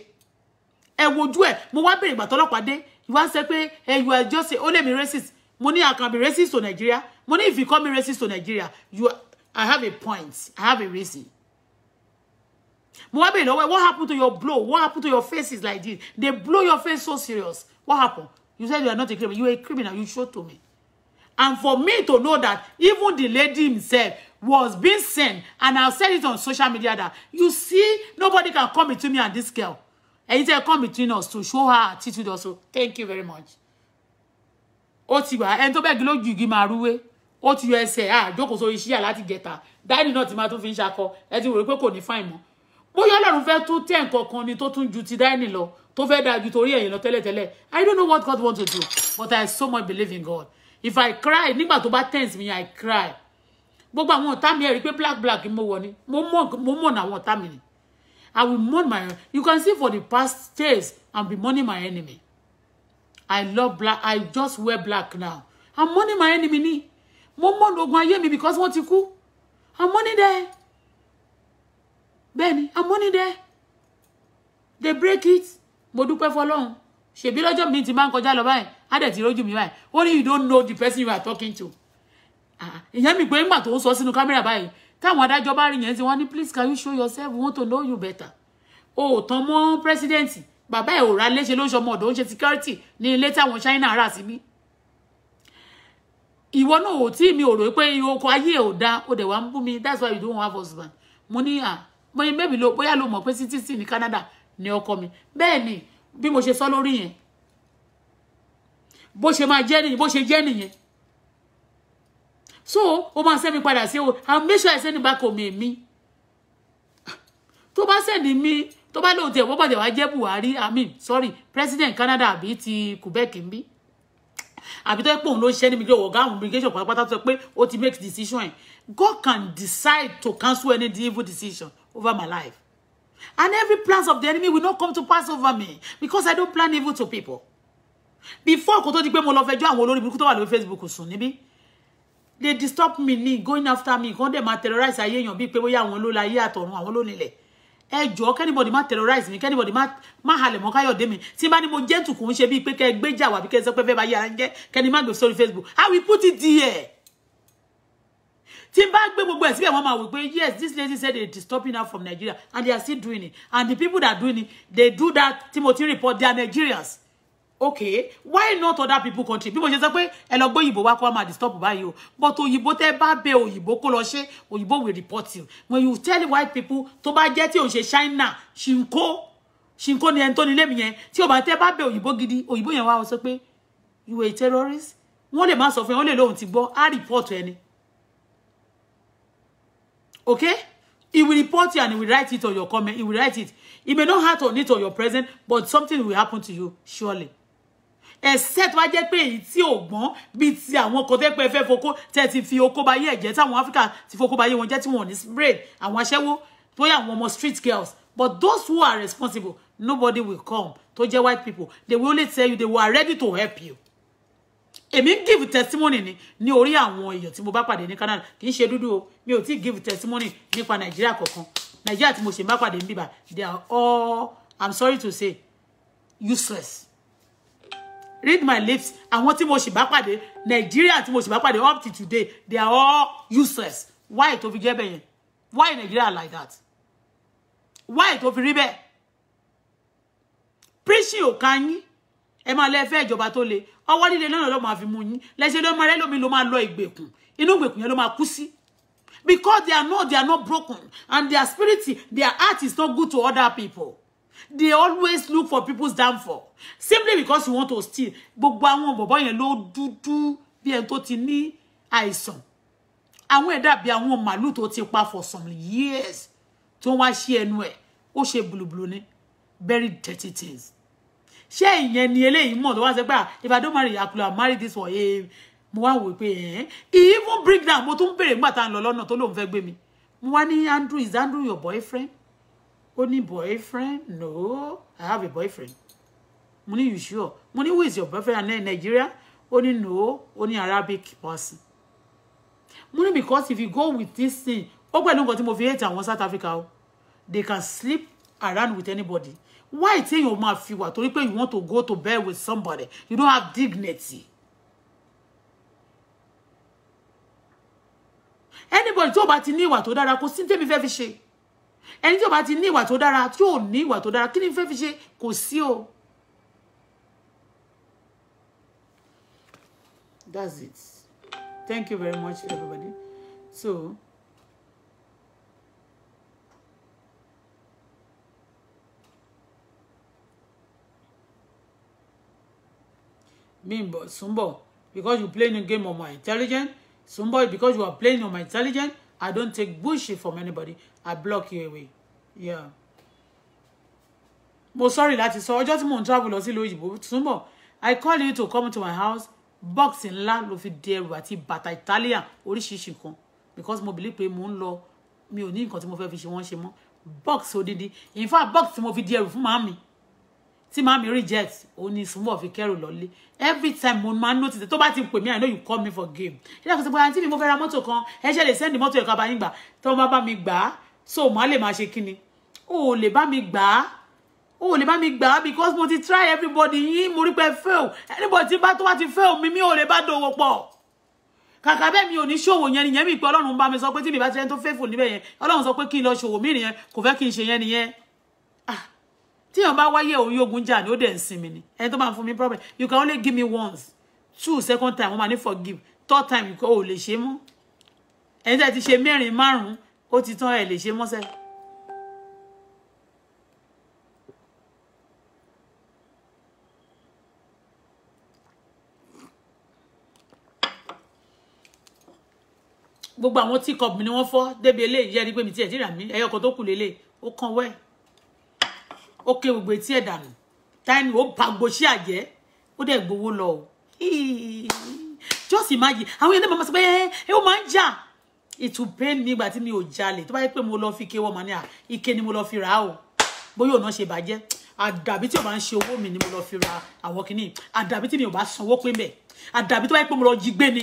ẹ wojú ẹ̀ mo wá bèrè ìgbà tọ́lọ́pàá dé ìwà sẹ pé ẹ you are just ó lè mi racist mo ní I can be racist to Nigeria mo ní if you call me racist to Nigeria you I have a point I have a reason mo wá bèrè lọ́wọ́ what happened to your blow what happened to your face? Is like this they blow your face so serious what happened you said you are not a criminal you are a criminal you show to me and for me to know that even the lady himself was being sent, and I've said it on social media that you see, nobody can come between me and this girl. And it will come between us to show her attitude also. Thank you very much. Ó ti wá, ẹni tó bẹ́ẹ̀ gí lójú igi máa rúwé. Ó ti yọ ẹsẹ̀ á jókòó sórí ṣíyà láti jẹta. Dáìní náà ti máa tún fi ń ṣakọ. Ẹ ti wòrò pé kò ní fáìn mọ́. Bóyá Ọlọ́run fẹ́ tún tẹ̀ nǹkan kan ni tó tún ju ti dáìní lọ. Tó I don't know what God wants to do, but I so much believe in God. If I cry, nígbà tó bá tense me, I cry gbogbo àwọn ọ̀tá mi ẹ̀ rí pé black black mo wọ̀ ni mo mọ̀nà àwọn ọ̀tá mi ni I will mourn my you can see for the past days I'm be mourning my enemy I love black I just wear black now I'm mourning my enemy ni mo mourn ogun ayé mi because wọ́n ti kú I'm mourning there bẹ́ẹ̀ni I'm mourning there they break it mo dúpẹ́ fọ́lọ́run ṣèbí lọ́jọ́ mi ti máa ń kọjá lọ báyìí á dẹ̀ ti rójú mi báyìí only you don't know the person you are talking to. Ah, ah. ìyẹn mi pé ńgbà tó ń sọ sínú kámẹ́rà báyìí táwọn adájọ́ bá rí yẹn tí wọ́n ní please can you show yourself we want to know you better o ò tán mọ́ pírẹsidẹ́ǹtì bàbá ẹ̀ ò ra léṣe lóṣù ọmọ ọ̀dọ́ ń ṣe security ní ilé táwọn China rà sí mi ìwọ náà ò tí mi ò rò pé oko ayé ò da ó dẹ̀ wá ń bú mi that's why you don't have husband mo ní à ah, mo ní bẹ́ẹ̀ mi lo bóyá lo mọ̀ pé sí ní Canada ní ọkọ mi bẹ́ẹ̀ ni bí mo ṣe sọ lórí yẹn bó ṣe máa jẹ́ nìyẹn bó ṣe jẹ́ nìyẹn so o máa send mi padà sí o i make sure i send back omi mi tó bá send mi tó bá lóun tiẹ̀ wọ́pọ̀ tẹ̀wá jẹ́ buhari i mean sorry president canada àbí ti quebec ń bí àbí tó yẹ pé òun ló ń ṣe ní immigration ọ̀gá àwọn immigration pátápátá tó yẹ ti make decision God can decide to cancel any evil decision over my life and every plans of the enemy will not come to pass over me because I don't plan evil to people before kò tó di pé mo lọ fẹjọ́ àwọn olórí burúkú tó wà lórí Facebook sùn níbí they disturb me ní going after me kàn dẹ̀ máa terrorize ayé èèyàn bíi pé bóyá àwọn ló la ayé àtọ̀run àwọn ló nílẹ̀ ẹ jọ̀ọ́ kẹ́nìbọ̀dì má terrorize mi kẹ́nìbọ̀dì má halẹ̀ mọ́ káyọ̀dé mi tí bá ní mo gentle kò ń ṣe bíi pé kẹ́ ẹ gbéjà wàbí kẹ́ ẹ sọ pé fẹ́ bá yára ń jẹ́ kẹ́ni má gbé sórí Facebook How we put it there tí bá gbé gbogbo ẹ̀ síbẹ̀ wọ́n máa wò pé yes this lady said they disturbing her from Nigeria and they are still doing it and the people that doing it they do that Timothy report they are Nigerians okay why not other people country People just say, sọ pé ẹ lọ gbé òyìnbó wá kó disturb báyìí o but òyìnbó tẹ bá be òyìnbó kó lọ ṣe òyìnbó will report you when you tell white people tó bá jẹ́ tí ò ń ṣe China ṣìnkó ṣìnkó ni ẹni tó nílé mi yẹn tí ò bá tẹ bá bẹ òyìnbó gidi òyìnbó yẹn wá sọ pé you were a terrorist wọ́n lè má sọ fún ẹ wọ́n lè lóhun ti gbọ́ á report ẹni okay he will report you and he will write it on your comment he will write it it may not hurt on it or your present but something will happen to you surely ẹ̀sẹ̀ tó bá jẹ́ pé èyí tí ò gbọ́n bíi ti àwọn kan tẹ́ pé fẹ́ foko tẹ́ ti fi oko bayé ẹ̀jẹ̀ táwọn Áfíríkà ti foko bayé wọn jẹ́ tí wọn ò ní brain àwọn aṣẹ́wó tó yà àwọn ọmọ street girls but those who are responsible nobody will come tó jẹ́ white people they will only tell you they were ready to help you èmi ń give testimony ni ní orí àwọn èèyàn tí mo bá pàdé ní Canada kì í ṣe dúdú o mi ò tí give testimony nípa Nàìjíríà kankan Nàìjíríà tí mo ṣe bá pàdé ń bíbà they are all I'm sorry to say useless read my lips àwọn tí mo sì bá pàdé nàìjíríà tí mo sì bá pàdé up till today they are all useless why tó fi jẹ́ bẹ́ẹ̀ why nigeria like that why tó fi rí bẹ́ẹ̀ preaching ò ká yín ẹ máa lẹ fẹ́ ìjọba tó le ọwọ́ líle náà ló máa fi mú yín lẹ́sẹ̀ ló máa rẹ́ lómi ló máa lọ ìgbèkùn inú ìgbèkùn yẹn ló máa kú sí because they are not they are not broken and their spirit their heart is not good to other people they always look for people's downfall simply because you want to steal gbogbo àwọn bọ̀bọ̀ yẹn ló dúdú bí ẹni to ti ní àìsàn àwọn ẹ̀dá bí àwọn malu to ti pa for some years to wá sí ẹnu ẹ̀ ó ṣe bùlùbùlù ní very dirty things ṣé ìyẹn ni eléyìí mọ̀ tó wá sẹ́gbà ah, if I don't marry yakula I marry this for him mo wá wò pé ẹ̀ eh, even break down mo tún béèrè nígbà tá à ń lọ lọ́nà tó lóun fẹ́ mi mo wá ní Andrew is Andrew your boyfriend ó ní boyfriend no i have a boyfriend mo ní you sure mo ní who is your boyfriend And in Nigeria ó ní no ó ní Arabic person mo ní because if you go with this thing ó pẹ̀lú nǹkan tí mo fi hate àwọn South Africa o they can sleep around with anybody why téèyàn máa fi wà torí pé you want to go to bed with somebody you don't have dignity. anybody tó bá ti ní ìwà tó dára kò sí tèmi fẹ́ fi ṣe ẹni tí o bá ti ní ìwà tó dára tí ò ní ìwà tó dára kí ni fẹ́ fi ṣe kò sí o. that's it thank you very much everybody so. Bimbo, Sumbo, because you playing a game on my intelligence. Sumbo, because you are playing on my intelligence. I don't take bullshit from anybody. I block you away yeah mo sorry Lati. So ọjọ́ tí mò ń travel lọ sí ìlú òyìnbó túnbọ̀ I call you to come to my house box ńlá ló fi di ẹrù àti bàtà Italian oríṣiríṣi kan because mo believe pé mo ń lọ mi ò ní nǹkan tí mo fẹ́ fi ṣe wọ́n ṣe mọ́ box odidi in fact box tí mo fi di ẹrù fún màmí tí màmí reject ó ní súnmọ́ fi kẹ́rù lọ́lé every time mo máa notice tó bá ti pè mí I know you call me for game ṣé àkọsí pé àǹtí mi mo fẹ́ ra mọ́tò kan ẹ ṣe lè send mọ́tò ẹ̀ka bá yín gbà tó bá bá mi gbà so màá le máa ṣe kíni o ò lè bá mi gbà o ò lè mi gbà because mo ti try everybody yín mo rí pé fail anybody tí bá tó bá ti fail mi mi ò lè bá dòwò pọ̀ kàkà bẹ́ẹ̀ mi ò ní ṣòwò yẹn nìyẹn mi pé ọlọ́run bá mi sọ pé tí mi bá ti ẹni tó faithful níbẹ̀ yẹn ọlọ́run sọ pé kí n lọ ṣòwò mí nìyẹn kò fẹ́ kí n ṣe yẹn nìyẹn ah, tíyàn bá wáyé òun yógun jà ní ó dẹ̀ ń ni ẹni tó máa ń mi problem you can only give me once two second time wọ́n máa ní forgive third time you ò lè ṣe mọ́ ẹni tí ti ṣe mẹ́rin márùn ó ti tán ẹ lè ṣe mọ́sẹ̀. gbogbo àwọn tí kọpù ni wọ́n fọ́ débi eléyìí ẹni pé mi tiẹ̀ ti rà mí ẹyọ kan tó kù lélẹ̀ ó kàn wẹ ó ké gbogbo etí ẹ̀ dànù táìmù ó bá gbòṣí àjẹ́ ó dẹ̀ gbowó lọ o just imagine àwọn èèyàn náà máa sọ pé ẹ ó máa ń jà it will pain me ìgbà tí mi ò jalè tó bá yẹ pé mo lọ fi ike wọ́n mà ní à ike ni mo lọ fi rà á o bóyá òun náà ṣe bàjẹ́ àdàbí tí o bá ń ṣe owó mi ni mo lọ fi ra àwọn kìíní àdàbí tí mi ò bá sanwó pé mbẹ àdàbí tó bá yẹ pé mo lọ jí gbé ni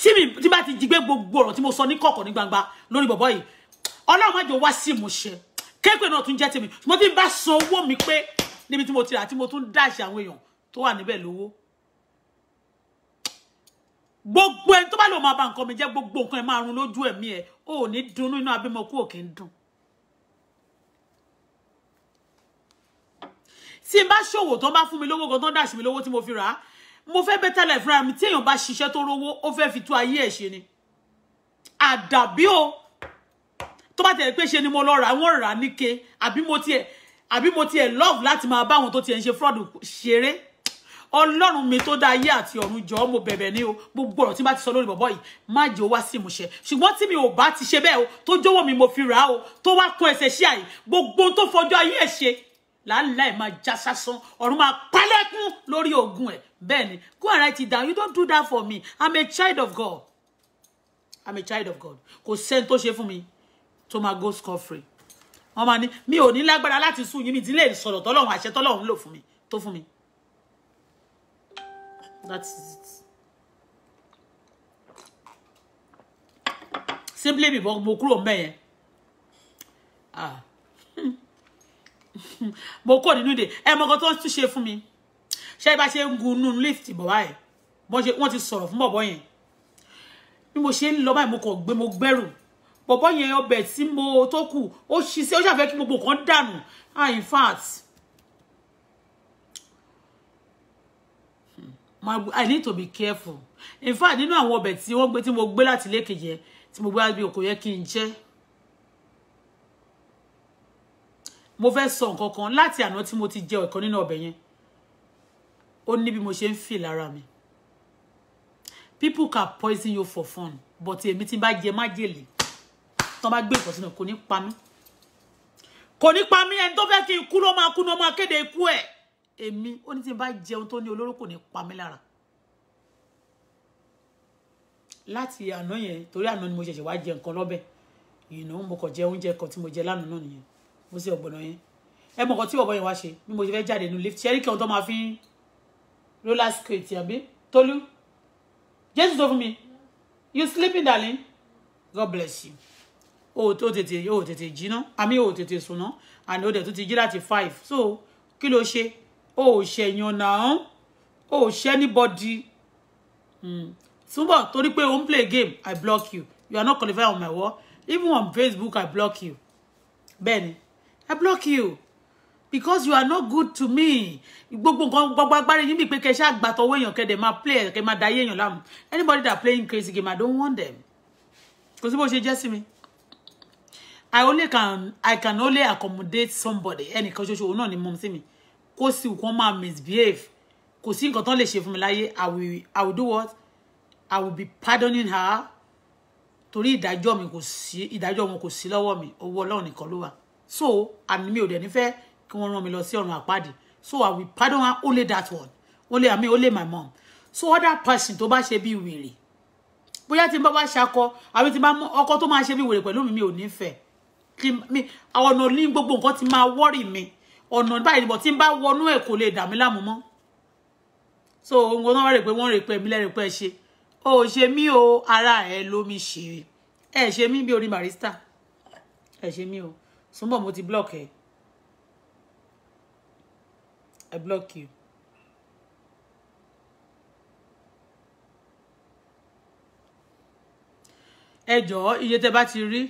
tí mi tí bá ti jí gbogbo ọ̀rọ̀ tí mo sọ ní kọ̀kọ̀ ní gbangba lórí bọ̀bọ̀ yìí ọlọ́run má jẹ́ wá sí ìmúṣẹ kéèpé náà tún jẹ́ tèmi mo ti bá san mi pé níbi tí mo ti rà tí mo tún dáṣe àwọn èèyàn tó wà níbẹ̀ lówó gbogbo ẹni tó bá lò máa ba nǹkan mi jẹ́ gbogbo nǹkan ẹ máa run lójú ẹ̀mí ẹ ò ní dunnú inú abímọ kú òkè ń dùn. tí n bá ṣòwò tó bá fún mi lówó gan tó ń dàṣì mi lówó tí mo fi rà á mo fẹ́ bẹ́ tẹ́lẹ̀ fúnra mi tí èèyàn bá ṣiṣẹ́ tó rówó ó fẹ́ fi tú ayé ẹ̀ ṣe ni àdàbí o tó bá tẹ̀lé pé ṣe ni mo lọ rà wọ́n rà níke àbí mo tiẹ̀ àbí mo tiẹ̀ love láti máa bá àwọn tó tiẹ̀ ń ṣe fraud ṣeré ọlọ́run mi tó dá ayé àti ọ̀run jọ mo bẹ̀bẹ̀ ní o gbogbo ọ̀rọ̀ tí bá ti sọ lórí bọ̀bọ̀ yìí má jẹ́ ó wá sí ìmúṣẹ ṣùgbọ́n tí mi ò bá ti ṣe bẹ́ẹ̀ o tó jọ̀wọ́ mi mo fi rà á o tó wá kún ẹsẹ̀ sí àyè gbogbo tó fọjọ́ ayé ẹ̀ ṣe láàláì máa já sásán ọ̀run máa pálẹ́kún lórí ogun ẹ̀ bẹ́ẹ̀ ni go and write it down you don't do that for me i'm a child of god i'm a child of god kò sẹ́ni tó ṣe fún mi tó máa go score free wọ́n máa ní mi ò ní lágbára láti sùn yín mi ìdílé ìsọ̀rọ̀ tọ́lọ́run àṣẹ tọ́lọ́run lò fún mi tó fún mi That's it. Simply because mo kúrò ńbẹ̀ yẹn. Ah. Mo kúrò nínú de. Ẹ mọ kan tó tún ṣe fún mi. Ṣé bá ṣe ń gun nínú lift bọ̀ báyìí. Bó ṣe wọ́n ti sọ̀rọ̀ fún bọ̀bọ́ yẹn. Bí mo ṣe ń lọ báyìí mo kàn gbé mo gbẹ́rù. Bọ̀bọ́ yẹn ọbẹ̀ tí mo tó kù ó ṣiṣẹ́ ó ṣàfẹ́ Ah in fact I need to be careful in fact nínú àwọn ọbẹ̀ tí wọ́n gbé tí mo gbé láti ilé kejì yẹn tí mo gbé láti ibi kò yẹ kí n jẹ́ mo fẹ́ sọ nǹkan kan láti àná tí mo ti jẹ ọ̀kan nínú ọbẹ̀ yẹn ó ní bí mo ṣe ń fì lára mi people can poison you for fun but èmi tí bá jẹ májèlé tán bá gbé ìkọ̀sínà kò ní pa mí kò ní pa mí ẹni tó fẹ́ kí n kú ló máa kú ló máa kéde ikú ẹ̀ èmi ó ní tí n bá jẹun tó ní olóró kò ní pa mí lára láti àná yẹn torí àná ni mo ṣẹ̀ṣẹ̀ wá jẹ nǹkan lọ́bẹ̀ ìnà mo kàn jẹ oúnjẹ kan tí mo jẹ lánàá náà nìyẹn mo sì ọ̀gbọ̀nà yẹn ẹ mọ̀ kan tí bọ̀bọ̀ yẹn wá ṣe bí mo ṣe fẹ́ jáde nu lift ṣẹ́rí kan tó máa fi roller skate àbí tolú jésù sọ fún mi you sleeping darling god bless you o tó tètè o tètè jí ná àmì o tètè sùn ná and o dẹ̀ tó ti jí láti five so kí ló ṣe Oh, ò ṣèyàn náà Oh, she anybody mm. túbọ̀ Tori pé o ń play game i block you you are not qualified on my wall even on facebook i block you bẹ́ẹ̀ni i block you because you are not good to me gbogbo nǹkan gbogbo agbára yín bíi pé kẹ ṣáà gbàtọ owó èèyàn kẹdẹ máa play kẹ máa da ayé èèyàn anybody that playing crazy game i don't want them kò sí bó ṣe jẹ́ sí i only can i can only accommodate somebody ẹnìkan ṣoṣo òun náà ni mum, sí mi kó sì kó máa misbehave kò sí nǹkan tán lè ṣe fún mi láyé i will i will do what i will be pardoning her torí ìdájọ́ mi kò sí ìdájọ́ wọn kò sí lọ́wọ́ mi ọwọ́ ọlọ́run nìkan ló wà so àmì mi ò dẹ̀ nífẹ̀ẹ́ kí wọ́n rán mi lọ sí ọ̀run àpáàdì so i will pardon her only that one only i only my mom so other person tó bá ṣe bí wèrè bóyá tí n bá wá ṣakọ àbí tí n bá mú ọkọ tó máa ṣe bí wèrè pẹ̀lú mi mi ò nífẹ̀ẹ́ kí mi àwọn ọ̀nà ní gbogbo nǹkan ti máa wọ́rì mi ọ̀nà báyìí bọ̀ tí n bá wọnú ẹ̀ kò lè dà mí láàmú mọ́ so nǹkan náà rè pé wọ́n rè pé mi lẹ́rìí pé ẹ ṣe o ṣe mí o ara ẹ ló mi ṣe ẹ ṣe mí bí orin barista ẹ ṣe mí o súnbọ̀ mo ti block ẹ I block you. ẹ jọ̀ọ́ iye tẹ bá ti rí.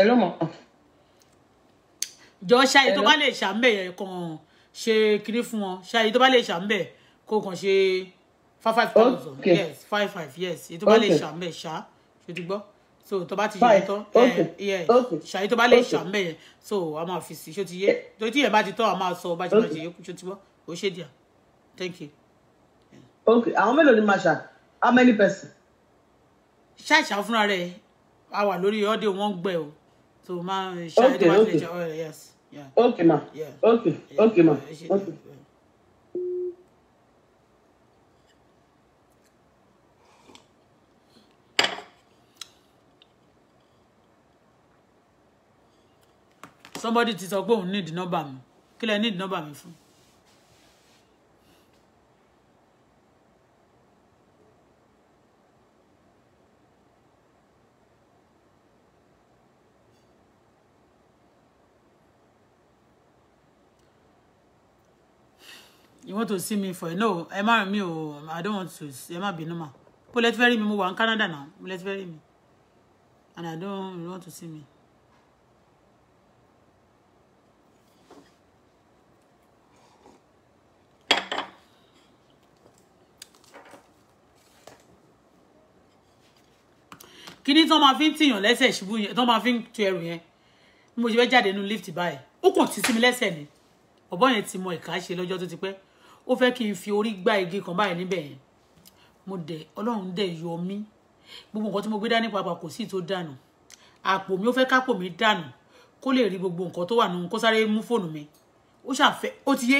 ẹ ló mọ̀. jọ ṣáàyè tó bá lè ṣàǹbẹ̀ yẹn kàn ṣe kiri fún wọn ṣáàyè tó bá lè ṣàǹbẹ̀ kó kàn ṣe five five thousand yes five five yes èyí tó bá lè ṣàǹbẹ̀ ṣá ṣe ti gbọ́ so tó bá ti yẹ tán eh, ṣàyè tó bá lè ṣàǹbẹ̀ yẹn so a máa fi sí ṣó ti yé eh. tó tí yẹn bá ti tán a máa sọ bá ti máa ṣe yẹn ṣó ti gbọ́ ó ṣe díà thank you. ok àwọn mélòó ni máa ṣà how many person. ṣáìṣà fúnra rẹ̀ a wà lórí ọdẹ wọn gbẹ o. So ma, okay, okay. Oil, oh, yes. Yeah. Okay, ma. Yeah. Okay. Yeah. Okay, ma. Okay. okay. Somebody ti sọ pé òun need number mi. Kí lẹ need number me for? you want to see me for no ẹ má rìn mí i don't want to ẹ má bínú mà bó lẹ ti fẹ́ rí mi mo Canada now Let's lẹ me. and i don't you want to see me. kíní tán máa fi ń tìyàn lẹ́sẹ̀ ṣubú yẹn tán máa fi ń tu ẹrù yẹn bí mo ṣe fẹ́ jáde nínú lift báyìí ó kàn ti sí mi lẹ́sẹ̀ ni ọ̀bọ yẹn ti mọ ìka ṣe lọ́jọ́ tó ti pẹ́ ó fẹ́ kí n fi orí gbá igi kan báyìí níbẹ̀ yẹn mo dẹ̀ ọlọ́run dẹ̀ yọ mí gbogbo nǹkan tí mo gbé dání pàápàá kò sí tó dànù àpò mi ó fẹ́ kápò mi dànù kó lè rí gbogbo nǹkan tó wà nínú kó sáré mú fóònù mi ó ṣàfẹ́ ó ti yé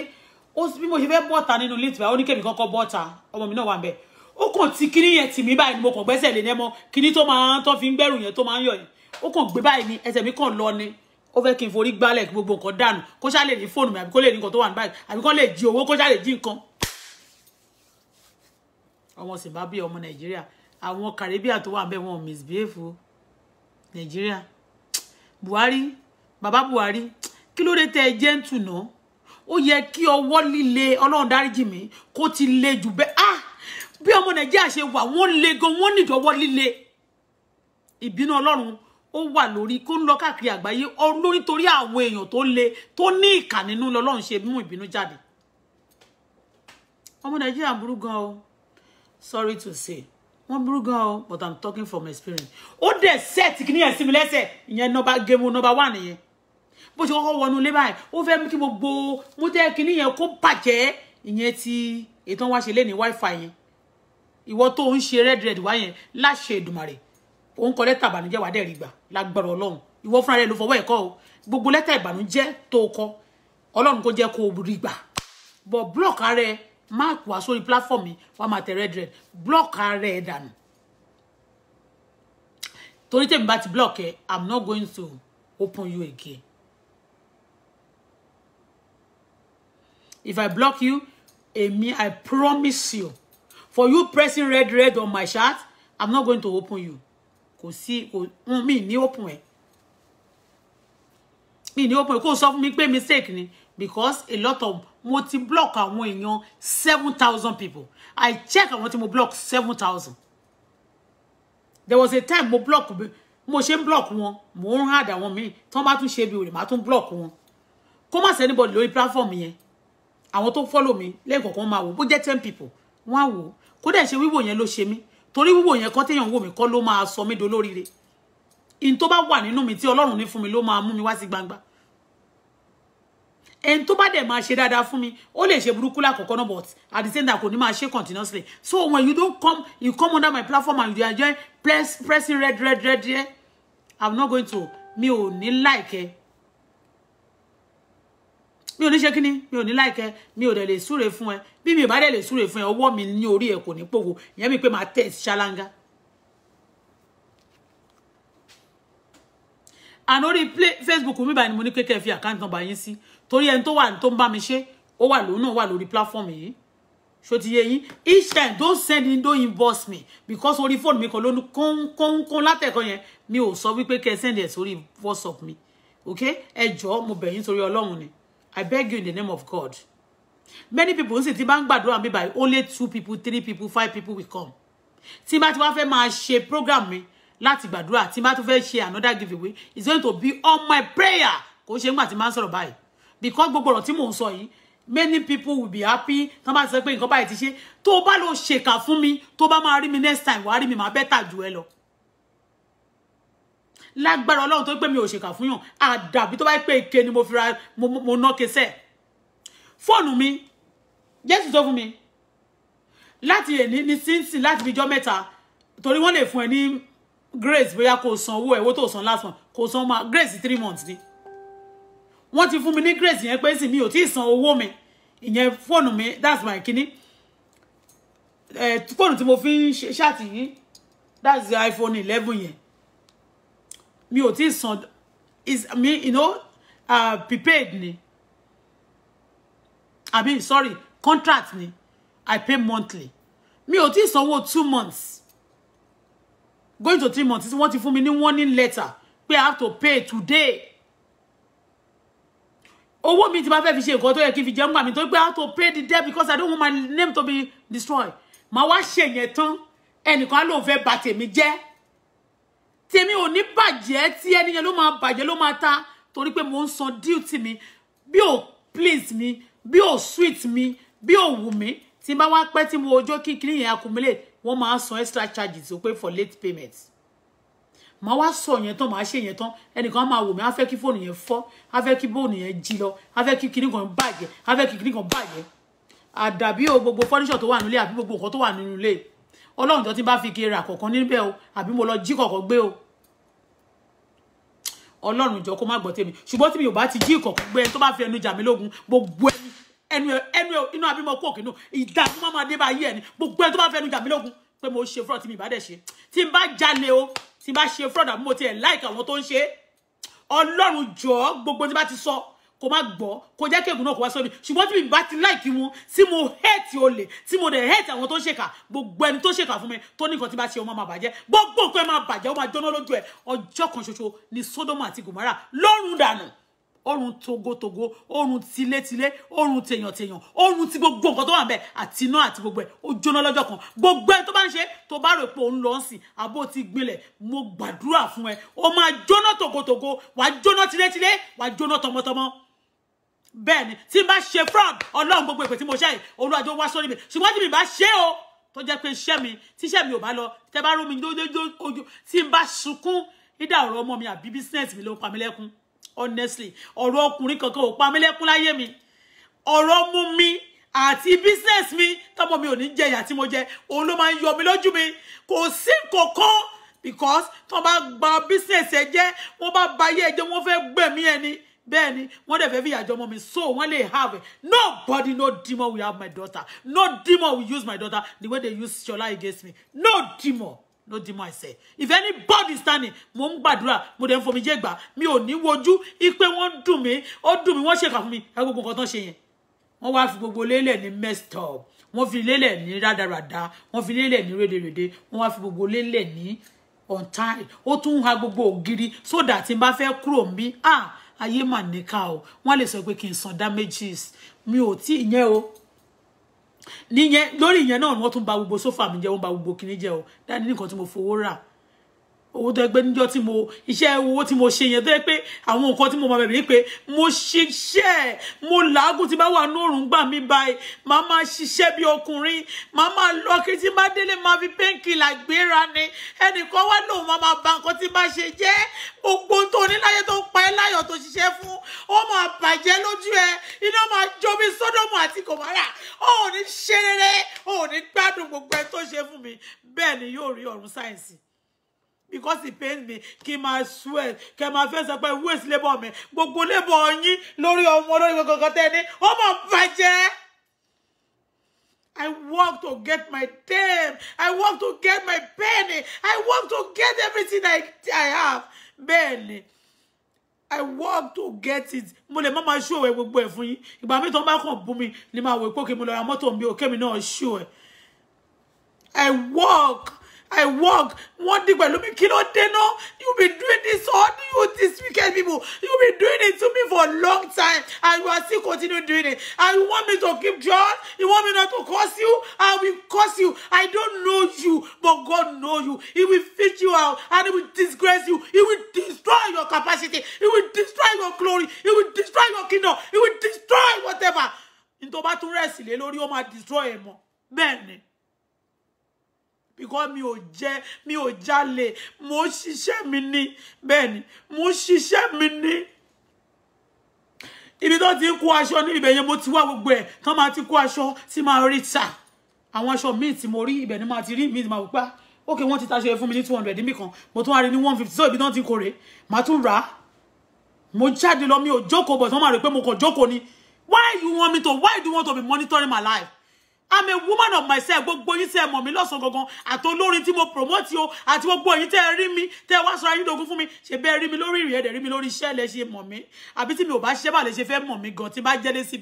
bí mo ṣe fẹ́ bọ́ta nínú ilé ìtura ó ní kèmí kọ́kọ́ bọ́ta ọmọ mi náà wà ń bẹ̀ ó kàn ti kíní yẹn tì mí báyìí ni mo kàn gbẹ́sẹ̀ lé nẹ́mọ́ kíní tó máa ń tọ́ fi ń gbẹ́rù yẹn tó máa ń yọ̀ yẹn ó kàn gbé báyìí ni ẹsẹ̀ mi kàn lọ ni ó fẹ́ kí n forí gbálẹ̀ kí gbogbo nǹkan dànù kó ṣá lè ní fóònù mi àbí kó lè ní nǹkan tó wà ní báyìí àbí kó lè jí owó kó ṣá lè jí nǹkan. ọmọ Zimbabwe ọmọ Nàìjíríà àwọn Caribbean tó wà ń bẹ wọn misbehave o Nàìjíríà Buhari Baba Buhari kí ló dé tẹ ẹ jẹ́ ń tùnà ó yẹ kí ọwọ́ líle Ọlọ́run dáríjì mi kó ti le jù bẹ́ẹ̀ ah bí ọmọ Nàìjíríà ṣe wà wọ́n le gan wọ́n nídọ̀ọ́wọ́ líle ìbínú Ọlọ́run ó wà lórí kó ń lọ káàkiri àgbáyé lórí torí àwọn èèyàn tó le tó ní ìkà nínú lọ́lọ́run ṣe mú ìbínú jáde ọmọ nàìjíríà burú gan o sorry to say wọ́n burú gan o but i'm talking from experience ó dẹ̀ set kí ní ẹ̀sìn mi lẹ́sẹ̀ ìyẹn nọmba gemu nọmba wà nìyẹn bó ṣe kọ́kọ́ wọnú ilé báyìí ó fẹ́ kí gbogbo mú tẹ́ kí níyẹn kó bàjẹ́ ìyẹn ti ètò wa ṣe lé ní wifi yẹn ìwọ tó ń ṣe red red wá yẹn láṣẹ Èdùmàrè òun kọ lẹ́tà ìbànújẹ́ wà dẹ́rì gbà lágbára ọlọ́run ìwọ fúnra rẹ ló fọwọ́ ẹ̀kọ́ o gbogbo lẹ́tà ìbànújẹ́ tó kọ ọlọ́run kò jẹ́ kó o rí gbà bọ̀ block rẹ mark wá sórí platform mi wàá máa tẹ red red block rẹ dànù torí tèmi bá ti block ẹ i'm not going to open you again if i block you èmi i promise you for you pressing red red on my chat i'm not going to open you kò sí kò ń mí ní open ẹ̀ mí ní open ẹ̀ kò sọ fún mi pé mistake ni because a lot of mo ti block àwọn èèyàn seven thousand people I check àwọn tí mo block seven thousand there was a time mo block mo ṣe ń block wọn mo ń hard àwọn míì tí wọ́n bá tún ṣe bí olè má tún block wọn kó má sẹ́ anybody lórí platform yẹn àwọn tó follow mi lẹ́ẹ̀kọ̀ọ̀kan máa wò bó jẹ́ ten people wọ́n á wò kó dẹ̀ ṣe wíwò yẹn ló ṣe mí torí wíwò yẹn kọ́ téèyàn wò mí kọ́ ló máa sọ mí dolóríire in tó bá wà nínú mi tí ọlọ́run ní fún mi ló máa mú mi wá sí gbangba ẹni tó bá dẹ̀ máa ṣe dáadáa fún mi ó lè ṣe burúkú lákọ̀ọ́kọ́ náà but at the same time kò ní máa ṣe continuously so when you don't come you come under my platform and you are just press, pressing red red red red I'm not going to mi ò ní like ẹ mi ò ní ṣe kíní mi ò ní láìkẹ mi ò dẹ̀ lè súre fún ẹ bí mi ò bá dẹ̀ lè súre fún ẹ ọwọ́ mi ní orí ẹ kò ní pòwò ìyẹn mi pé máa tẹ̀ ṣáláńgá. àná orí facebook mi báyìí ni mo ní kékeré fi àkáǹtì nọ́mbà yín sí torí to tó wà tó ń bá mi ṣe ó wà lóun náà wà lórí platform yìí ṣó ti yé yín each time don send in don inbox me because orí fóònù mi kan ló ní kónkónkón látẹ̀kọ́ yẹn mi ò sọ wípé kẹ́ send ẹ̀ sórí whatsapp mi Okay. ẹ jọ̀ọ́ mo bẹ̀ yín torí ọlọ́run ni. I beg you in the name of God. Many people sì ti bá ń gbàdúrà by only two people three people five people will come. Tí bá ti wá fẹ́ máa ṣe program me láti gbàdúrà tí bá tún fẹ́ ṣe another giveaway is going to be on my prayer kò you nígbà tí máa ń sọ̀rọ̀ báyìí because gbogbo ọ̀rọ̀ tí many people will be happy Come on, say pé nǹkan báyìí ti ṣe tó o bá lọ ṣèkà fún mi marry me next time wàá me, my better bẹ́tà lágbára ọlọ́run tó pé mi ò ṣèkà fún yàn àdàbí tó bá pé ike ni mo fi ra mo ná kesẹ̀ fóònù mi jésù tó fún mi láti èní ní sínsìn láti fi jọ́ mẹ́ta torí wọ́n lè fún ẹ ní grace bóyá kò san owó ẹ̀wọ́ tó san last month kò san ma grace three months ni wọ́n ti fún mi ní grace yẹn pé sì mi ò tí ì san owó mi ìyẹn fóònù mi that's my kínní fóònù tí mo fi ń ṣe that's the iPhone eleven yẹn mi ò tí san is mi you know uh, prepaid ni i mean sorry contract ni i pay monthly mi ò tí sanwó two months going to three months wọ́n ti fún mi ní warning letter pé i have to pay today owó mi ti bá fẹ́ fi ṣe nǹkan tó yẹ kí n fi jẹun gbà mí tó pé i have to pay the debt because i don't want my name to be destroyed màá wá ṣèyẹn tán ẹnìkan á lóun fẹ́ bà tèmi jẹ́ tèmi ò ní bàjẹ́ tí ẹni yẹn ló máa bàjẹ́ ló máa ta torí pé mo ń duty mi bí ò please mi bí ò sweet mi bí ò wù mí tí n bá wá pẹ́ tí mo ọjọ́ kíkiri yẹn accumulate wọ́n máa san extra charges O pé for late payment Ma wa so yẹn tán màá ṣe yẹn tán ẹnìkan máa wò mí á fẹ́ kí fóònù yẹn fọ́ á fẹ́ kí bóònù yẹn jí lọ á fẹ́ kí kinní kan bàjẹ́ á fẹ́ kí kinní kan bàjẹ́ àdàbí o gbogbo fọ́níṣọ̀ tó wà nílé àbí gbogbo nǹkan tó wà nínú ilé ọlọ́run jọ tí bá fi kí ra kọ̀ọ̀kan níbẹ̀ o àbí mo lọ jí kọ̀ọ̀kan gbé o ọlọ́run jọ kó má gbọ́ tèmi ṣùgbọ́n tí mi ò bá ti jí kọ̀ọ̀kan gbé tó bá fi ẹnu jà mí lógun gbogbo ẹnu ẹnu inú abímọ kó òkè náà ìdààmú má máa dé bá yí ẹni gbogbo ẹni tó bá fi ẹnu jà mí lógun pé mo ṣe fraud tí mi bá dẹ̀ ṣe tí n bá jalè o tí n bá ṣe fraud àbí mo tiẹ̀ like àwọn tó ń ṣe ọlọ́run jọ gbogbo tí bá ti sọ kò má ko kò jẹ́ kébù náà kò wá sọ́bi ṣùgbọ́n tí mi bá ti láìkí wọn tí mo hẹ́ẹ̀tì olè tí mo hate hẹ́ẹ̀tì àwọn tó ṣèkà gbogbo ẹni tó ṣèkà fún mi tó ní nǹkan tí bá ṣe ọmọ máa bàjẹ́ gbogbo ko ẹ baje bàjẹ́ ó máa jóná lójú ẹ ọjọ́ kan ṣoṣo ni Sódómù àti togo togo dànù ọrùn togotogo ọrùn tilétilé ọrùn tèèyàn-tèèyàn ọrùn ti gbogbo nǹkan tó wà bẹ́ẹ̀ àti iná àti gbogbo ẹ̀ ó jóná lọ́jọ́ kan gbogbo ẹ̀ tó bá ń ṣe tó bá rò pé òun lọ sí ti gbilẹ̀ mo gbàdúrà fún ẹ ó máa jóná togotogo wàá jóná wa wàá jóná tọmọtọmọ bẹ́ẹ̀ ni tí n bá ṣe fraud ọlọ́run gbogbo èpè tí mo ṣe yìí olùwàjò wá sórí mi ṣùgbọ́n tí mi bá ṣe o tó jẹ́ pé iṣẹ́ mi tíṣẹ́ mi ò bá lọ tẹ́ bá rú mi lójó ojú tí n bá sunkún nídà ọ̀rọ̀ ọmọ mi àbí business mi ló ń pa mí lẹ́kún honestly ọ̀rọ̀ ọkùnrin kankan ò pa mí lẹ́kún láyé mi ọ̀rọ̀ mú mi àti business mi tọ́mọ mi ò ní jẹ ìyà tí mo jẹ òun ló máa ń yọ mi lójú mi kò sí kankan because tó bá gba business ẹ jẹ́ wọ́n bá bayé ẹ jẹ́ wọ́n fẹ́ gbẹ̀mí ẹni Benny, ni wọ́n dẹ̀ fẹ́ fi ìyàjọ́ so when they have it nobody no demon will have my daughter no demon will use my daughter the way they use Shola against me no demon no demon I say if anybody standing mo ń gbàdúrà mo dẹ̀ ń fomi jẹ́ gbà mi ò ní wojú ipe wọ́n dùn mí ó dùn mí wọ́n ṣèkà go go ẹ gbogbo nǹkan tán ṣe yẹn wọ́n wá fi gbogbo lélẹ̀ messed up wọ́n fi ni rada rada. wọ́n fi ni ní rédèrèdè wọ́n wá fi gbogbo lélẹ̀ ní on time ó tún ha gbogbo ògiri so that n bá fẹ́ kúrò ń ah ayé mà níkà o wọ́n lè sọ pé kí n san damages mi ò tí ìyẹn o níyẹn lórí ìyẹn náà wọ́n tún bà gbogbo sófà mi jẹ́ wọ́n bà gbogbo kinní jẹ́ o dáadé nìkan tí mo fowó rà owó tó gbé níjọ́ tí mo iṣẹ́ owó tí mo ṣe yẹn tó yẹ pé àwọn nǹkan tí mo máa bẹ̀rẹ̀ pé mo ṣiṣẹ́ mo làágùn tí bá wà ní òrùn gbà mí báyìí màá máa ṣiṣẹ́ bí ọkùnrin màá máa lọ kí tí bá délé máa fi painkiller gbéra ni ẹnìkan wá lòun máa máa ba nǹkan tí bá ṣe jẹ́ gbogbo tó ní láyé tó pa ẹ́ láyọ̀ tó ṣiṣẹ́ fún ó máa bàjẹ́ lójú ẹ iná máa jó bí sódòmù àti kòmárà ó ní ṣerere ó ní gbádùn gbogbo ẹ tó ṣe fún mi bẹ́ẹ̀ ni yóò rí ọ̀run sáyẹ̀nsì because he pains me kí n máa sweat kí n máa fẹ́ sọ pé waste labour mi gbogbo labour yín lórí ọmọ lórí gbogbo kan tẹ́ ní ó mọ̀ bàjẹ́. I work to get my damn. I work to get my penny. I work to get everything I, I have. Bẹ́ẹ̀ni, I work to get it. Mo lè má máa ṣó ẹ gbogbo ẹ̀ fún yín. Ìgbà mi tó ń bá kàn bú mi ni máa wò pé kí mo lọ ra mọ́tò mi ò kémi náà ṣó ẹ. I work. I work. One day, pẹ̀lú mi, kí ló dé náà. You been doing this all you this weekend, people. You been doing it to me for a long time, and you are still continuing doing it. And you want me to keep John? You want me not to curse you? I will curse you. I don't know you, but God knows you. He will fit you out, and he will disgrace you. He will destroy your capacity. He will destroy your glory. He will destroy your kingdom. He will destroy whatever. Nítorí bá Rest, rẹ̀ You lórí, destroy him mọ́. Bẹ́ẹ̀ because mi ò jẹ mi ò jalè mo ṣiṣẹ́ mi ni bẹ́ẹ̀ ni mo ṣiṣẹ́ mi ni ibi tó ti ń kó aṣọ ní ibẹ̀ yẹn mo ti wá gbogbo ẹ̀ tán máa ti kó aṣọ tí máa rí tà àwọn aṣọ míì tí mo rí ibẹ̀ ni máa ti rí míì tí máa wò pé ok ti taṣọ yẹn fún mi ní two hundred níbì kan mo tún wá rí ní one fifty so ibi tán ti ń kórè màá tún rà á mo jáde lọ mi ò jókòó bọ̀ tán máa rò pé mo kàn jókòó ni why you want me to why do you want to be monitoring my life i'm a woman of myself gbogbo yín tẹ́ mọ̀ mí lọ́sàn gangan àti olórin tí mo promote o àti gbogbo yín tẹ́ rí mi tẹ́ wá sọ ayé dogun fún mi ṣe bẹ́ẹ̀ rí mi lórí ìrìn ẹ̀dẹ̀ rí mi lórí iṣẹ́ lẹ ṣe mọ̀ mí àbí tí mi ò bá ṣẹ́ bà lè ṣe fẹ́ mọ̀ mí gan tí bá jẹ́ lé sí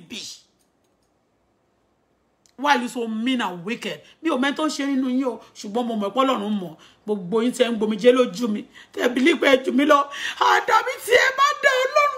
why you so mean and wicked mi ò mẹ́tọ́ ṣe nínú yín o ṣùgbọ́n mo mọ̀ pé Ọlọ́run mọ̀ gbogbo yín tẹ́ ń gbomijé lójú mi tẹ́ believe pé jù mí lọ àdàbí tí ẹ bá dá Ọlọ́run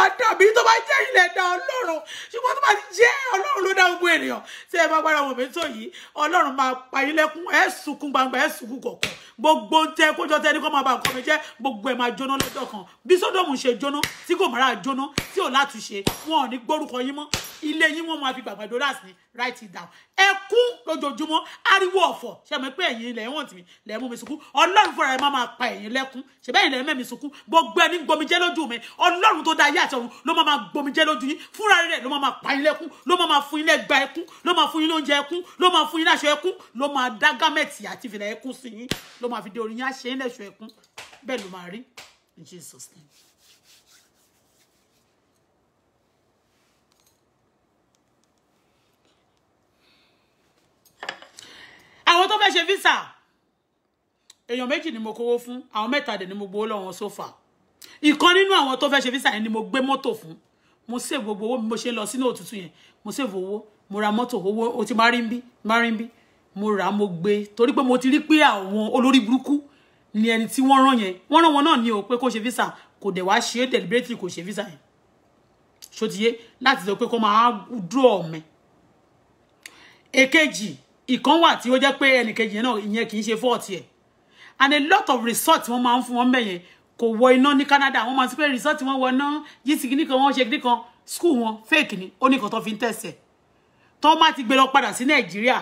àdàbí tó bá jẹ́ ilẹ̀ dá ọlọ́run ṣùgbọ́n tó bá ti jẹ́ ọlọ́run ló dá gbogbo ènìyàn tí ẹ bá gbára wọn mi tó yìí ọlọ́run máa pa yín lẹ́kún ẹ sunkún gbangba ẹ sunkún kọ̀ọ̀kan gbogbo tẹ kójọ tẹ ní kó máa ba nǹkan mi jẹ́ gbogbo ẹ máa jóná lọ́jọ́ kan bí sódòmù ṣe jóná tí kò mara jóná tí ò látúnṣe wọn ò ní gbórúkọ yín mọ́ ilé yín wọn máa fi gbàgbàdo láti write it down ẹkún lójoojúmọ́ ariwo ọ̀fọ̀ ṣe mọ̀ pé ẹ̀yin ilẹ̀ ẹ̀wọ̀n tìmí lẹ̀ mú mi sunkún ọlọ́run fúnra ẹ̀ máa máa pa ẹ̀yin lẹ́kún ṣe bẹ́ẹ̀ ilẹ̀ mẹ́mi sunkún gbogbo ẹni gbomijẹ́ lójú mi ọlọ́run tó dá ayé àti ọ̀run ló máa máa gbomijẹ́ lójú yín fúnra rẹ̀ ló máa máa pa yín lẹ́kún ló máa máa fún yín lẹ́gba ẹkún ló máa fún yín lóúnjẹ ẹkún ló máa fún yín láṣọ ẹkún ló máa dá gámẹ̀tì àti ìfìlà ẹkún sí yín ló máa fi dé orí yín á ṣe é ẹkún bẹ́ẹ̀ ló máa rí in Jesus name. àwọn tó fẹ́ ṣe visa èèyàn méjì ni mo kówó fún àwọn mẹ́ta dẹ̀ ni mo gbowó lọ́wọ́ sófà ìkan nínú àwọn tó fẹ́ ṣe visa yẹn ni mo gbé mọ́tò fún mo save gbogbo owó mi mo ṣe lọ sínú òtútù yẹn mo save owó mo ra mọ́tò owó o ti máa rí ń bí máa rí ń bí mo rà mo gbé torí pé mo ti rí pé àwọn olórí burúkú ni ẹni tí wọ́n rán yẹn wọ́n rán wọn náà ní o pé kó ṣe visa kò dẹ̀ wá ṣe é deliberately kò ṣe visa yẹn ṣòtìyé láti sọ pé kó máa dúró ọ̀mẹ́ èkejì ìkan wà tí ó jẹ́ pé ẹnìkejì náà ìyẹn kì í ṣe fọ́ọ̀tì ẹ̀ and a lot of resort wọ́n máa ń fún wọn bẹ̀yẹn kò wọ iná ní Canada wọ́n máa ń sọ pé resort wọn wọ iná yìí sì kíní kan wọ́n ṣe kíní school wọn fake ni ó ní nǹkan tó fi ń tẹ̀sẹ̀ tó má ti gbé lọ padà sí Nàìjíríà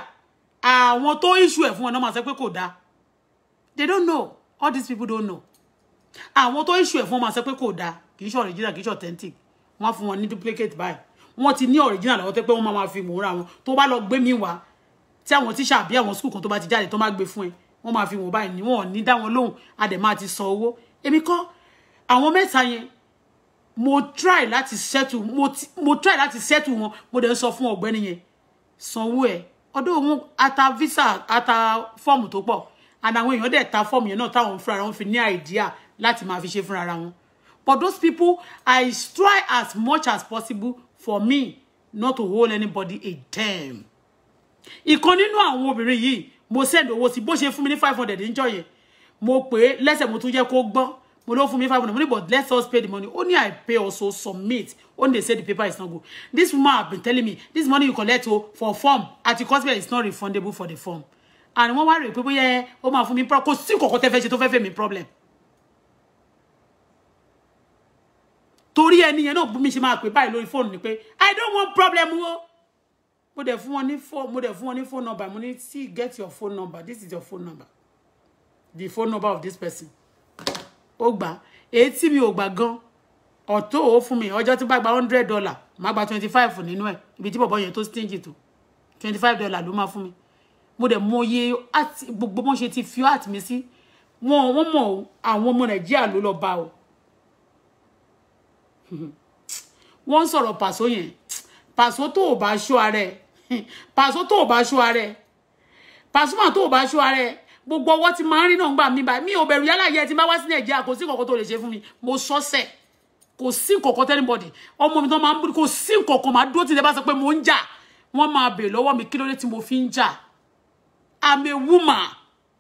àwọn tó issue ẹ̀ fún wọn náà máa sọ pé kò dáa they don't know all these people don't know àwọn tó issue ẹ̀ fún wọn máa sọ pé kò dáa kì í ṣe original kì í ṣe authentic wọ́n á fún wọn ní duplicate báyìí wọ́n ti ní original lọ́wọ́ tó pé wọ́n máa fi mòóra wọn tó bá lọ gbé mi wá tí àwọn tíṣà àbí àwọn skul kan tó bá ti jáde tó máa gbé fún ẹ wọ́n máa fi wọn báyìí ni wọn ní dá wọn lóhùn a dẹ̀ máa ti san owó èmi kọ́ àwọn mẹ́ta yẹn mo try láti settle mo, try láti settle wọn mo dẹ̀ sọ fún ọ̀gbẹ́ni yẹn sanwó ẹ̀ ọdún òun ata visa ata fọ́ọ̀mù tó pọ̀ and àwọn èèyàn dẹ̀ ta fọ́ọ̀mù yẹn náà táwọn fúnra wọn fi ní àìdíà láti máa fi ṣe fúnra wọn but those people I try as much as possible for me not to hold anybody a damn ìkan nínú àwọn obìnrin yìí mo send owó sí bó ṣe fún mi ní five hundred níjọ́ yẹn mo pè é lẹ́sẹ̀ mo tún jẹ́ kó gbọ́n mo ló fún mi five hundred mo but let us pay the money only i pay also submit only they say the paper is not good this woman have been telling me this money you collect oh for form at àti cosme is not refundable for the form and wọ́n worry, rè pé bóyá ó máa fún mi kò sí kọ̀ọ̀kan tẹ́ fẹ́ ṣe tó fẹ́ fẹ́ mi problem. Tori, ẹni yẹn náà bí mi ṣe máa pè báyìí lórí fóònù ni pé i don't want problem Oh mo dẹ̀ fún wọn ní phone mo dẹ̀ fún wọn ní phone number mo ní see get your phone number this is your phone number the phone number of this person ó gbà èyí tí mi ò gbà gan ọ̀tọ̀ ò fún mi ọjọ́ tí bá gba hundred dollar má gba twenty five nínú ẹ̀ ibi tí bọ̀bọ̀ yẹn tó stingy tó twenty five dollar ló máa fún mi mo dẹ̀ mọ iye gbogbo bọ́n ṣe ti fi art mi sí wọn wọn mọ àwọn ọmọ nàìjíríà ló lọ bá o wọ́n sọ̀rọ̀ pàṣọ yẹn pàṣọ tó ò bá ṣọ́ ara ẹ̀ pàṣọ tó ò bá ṣọ́ ara ẹ̀ pàṣọmọ tó ò bá ṣọ́ ara ẹ̀ gbogbo ọwọ́ ti máa ń rí náà gbà mí báyìí mi ò bẹ̀rù yálà yẹ ti máa wá sí nàìjíríà kò sí nǹkan tó lè ṣe fún mi mo sọ́sẹ̀ kò sí nǹkan tẹ́nibọ̀dì ọmọ mi tó máa ń bú kò sí nǹkan máa dúró tí bá sọ pé mo ń jà wọ́n máa bèèrè lọ́wọ́ mi kí ló dé tí mo fi ń jà I'm a woman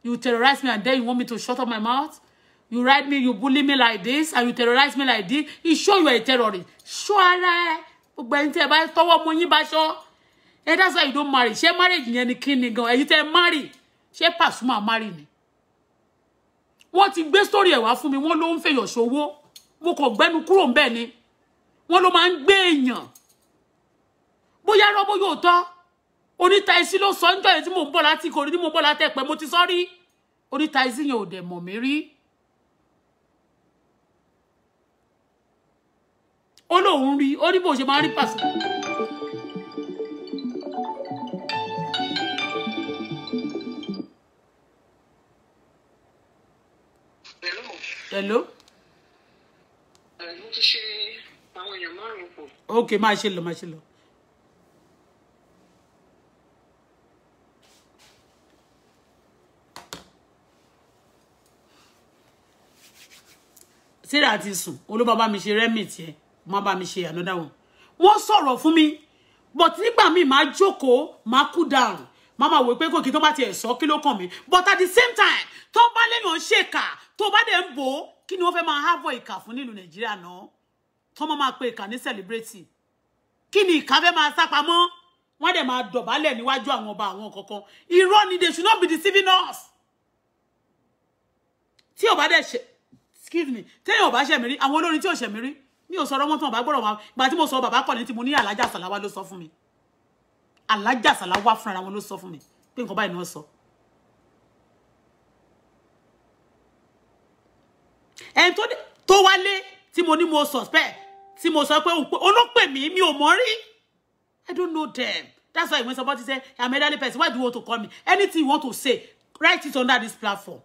you terrorize me and then you want me to shut up my mouth you write me you bully me like this and you terrorize me like this e show you are a terrorist show ara ẹ gbogbo ẹni tí ẹ bá tọwọ́ ọmọ yín bá ẹ that's why you don't marry ṣé marriage yẹn ni kí ni gan ẹ̀yin tẹ́ marry ṣé Pasuma marry ni wọ́n ti gbé story ẹ̀ wá fún mi wọ́n ló ń fèèyàn ṣòwò mo kàn gbẹ́nu kúrò ń bẹ̀ ni wọ́n ló máa ń gbé èèyàn bóyá rọ́bó yóò tọ́ oníta isí ló sọ níjọ́ yẹn tí mò ń bọ̀ láti ìkòrí tí mò ń bọ̀ látẹ̀pẹ́ mo ti sọ rí oníta isí yẹn ò dẹ̀ mọ̀ mí rí ó lóun rí ó ní bó ṣe máa rí pàṣẹ. hello. mo ti ok máa ṣe lọ máa ṣe lọ. Sarah ti sùn olúbàbá mi ṣe rẹ́mìtì ẹ̀ wọ́n bá mi ṣe another one wọ́n sọ̀rọ̀ fún mi but nígbà míì máa jókòó máa cool down máa máa wò pé kòkì tó bá tiẹ̀ sọ kí ló kàn mí but at the same time tó bá léèyàn ṣèkà tó bá dẹ̀ ń bò ó kí ni wọ́n fẹ́ máa hábọ̀ ìkà fún nílùú nàìjíríà náà tó máa máa pe ìkà ní celebrity kí ni ìkà fẹ́ máa sá pamọ́ wọ́n dẹ̀ máa dọ̀bálẹ̀ níwájú àwọn ọba àwọn kankan irọ́ ni they should not be deceiving us tí ò bá dẹ̀ ṣe excuse me téèyàn ò bá ṣẹ̀mí rí àwọn olórin tí ò ṣẹ̀mí rí mi ò sọ̀rọ̀ wọn tí wọn bá gbọ́dọ̀ wọn gba tí mo sọ bàbá kọ́ni tí mo ní alájà sàláwá ló sọ fún mi alájà sàláwá fúnra wọn ló sọ fún mi pé nǹkan báyìí ni wọ́n sọ. ẹni tó wálé tí mo ní mo suspect tí mo sọ pé olópè mi mi o mọ̀ rí I don't know them that's why when somebody say I'm elderly person why do you want to call me anything you want to say write it under this platform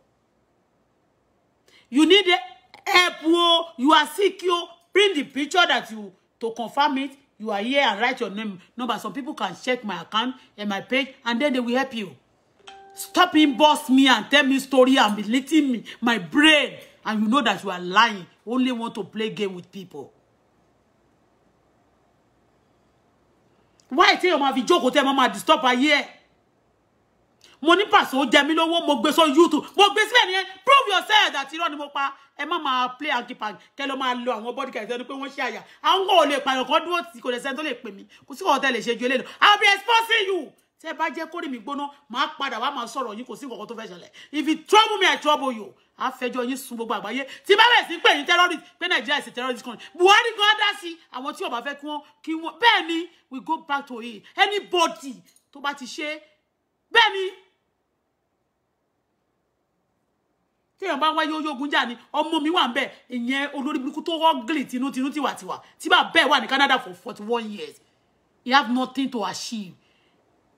you need help o oh. you are sick o oh. Bring the picture that you to confirm it. You are here and write your name number. Some people can check my account and my page, and then they will help you. Stop inbox me and tell me story and belittling me, my brain. And you know that you are lying. Only want to play game with people. Why tell your ma fi jókòó tell mama disturb her here? mo ní pàṣẹ jẹ mí lówó mo gbé sọ youtube mo gbé síbẹ̀ nìyẹn prove yourself that irọ́ ni mo pa ẹ má máa play agipag kẹ lọ máa lo àwọn body care ẹni pé wọ́n ṣe àyà àwọn kò lè pààyàn kan dúró tì kò lè sẹ́ni tó lè pè mí kò sí kọ̀ọ̀tẹ́ lè ṣe ju eléyìí i'll be exposing you tẹ́ bá jẹ́ kórè mi gbóná máa padà wá máa sọ̀rọ̀ yín kò sí nǹkan tó fẹ́ ṣẹlẹ̀ if you trouble me i trouble you àfẹjọ́ yín sun gbogbo àgbáyé tí bá bẹ̀rẹ̀ sí pé yín terrorist pé nàìjíríà ṣe terrorist kan buhari gan dá sí àwọn tí ó bá fẹ́ kí wọ́n kí wọ́n bẹ́ẹ̀ ni we go back to it anybody tó bá ti ṣe bẹ́ẹ̀ ni téèyàn bá wáyé oyógun jà ní ọmọ mi wà ń bẹ ìyẹn olórí burúkú tó ọ́gìlì tinútinú tiwàtiwà tí bá bẹ́ẹ̀ wà ní Canada for forty one years he have nothing to achieve.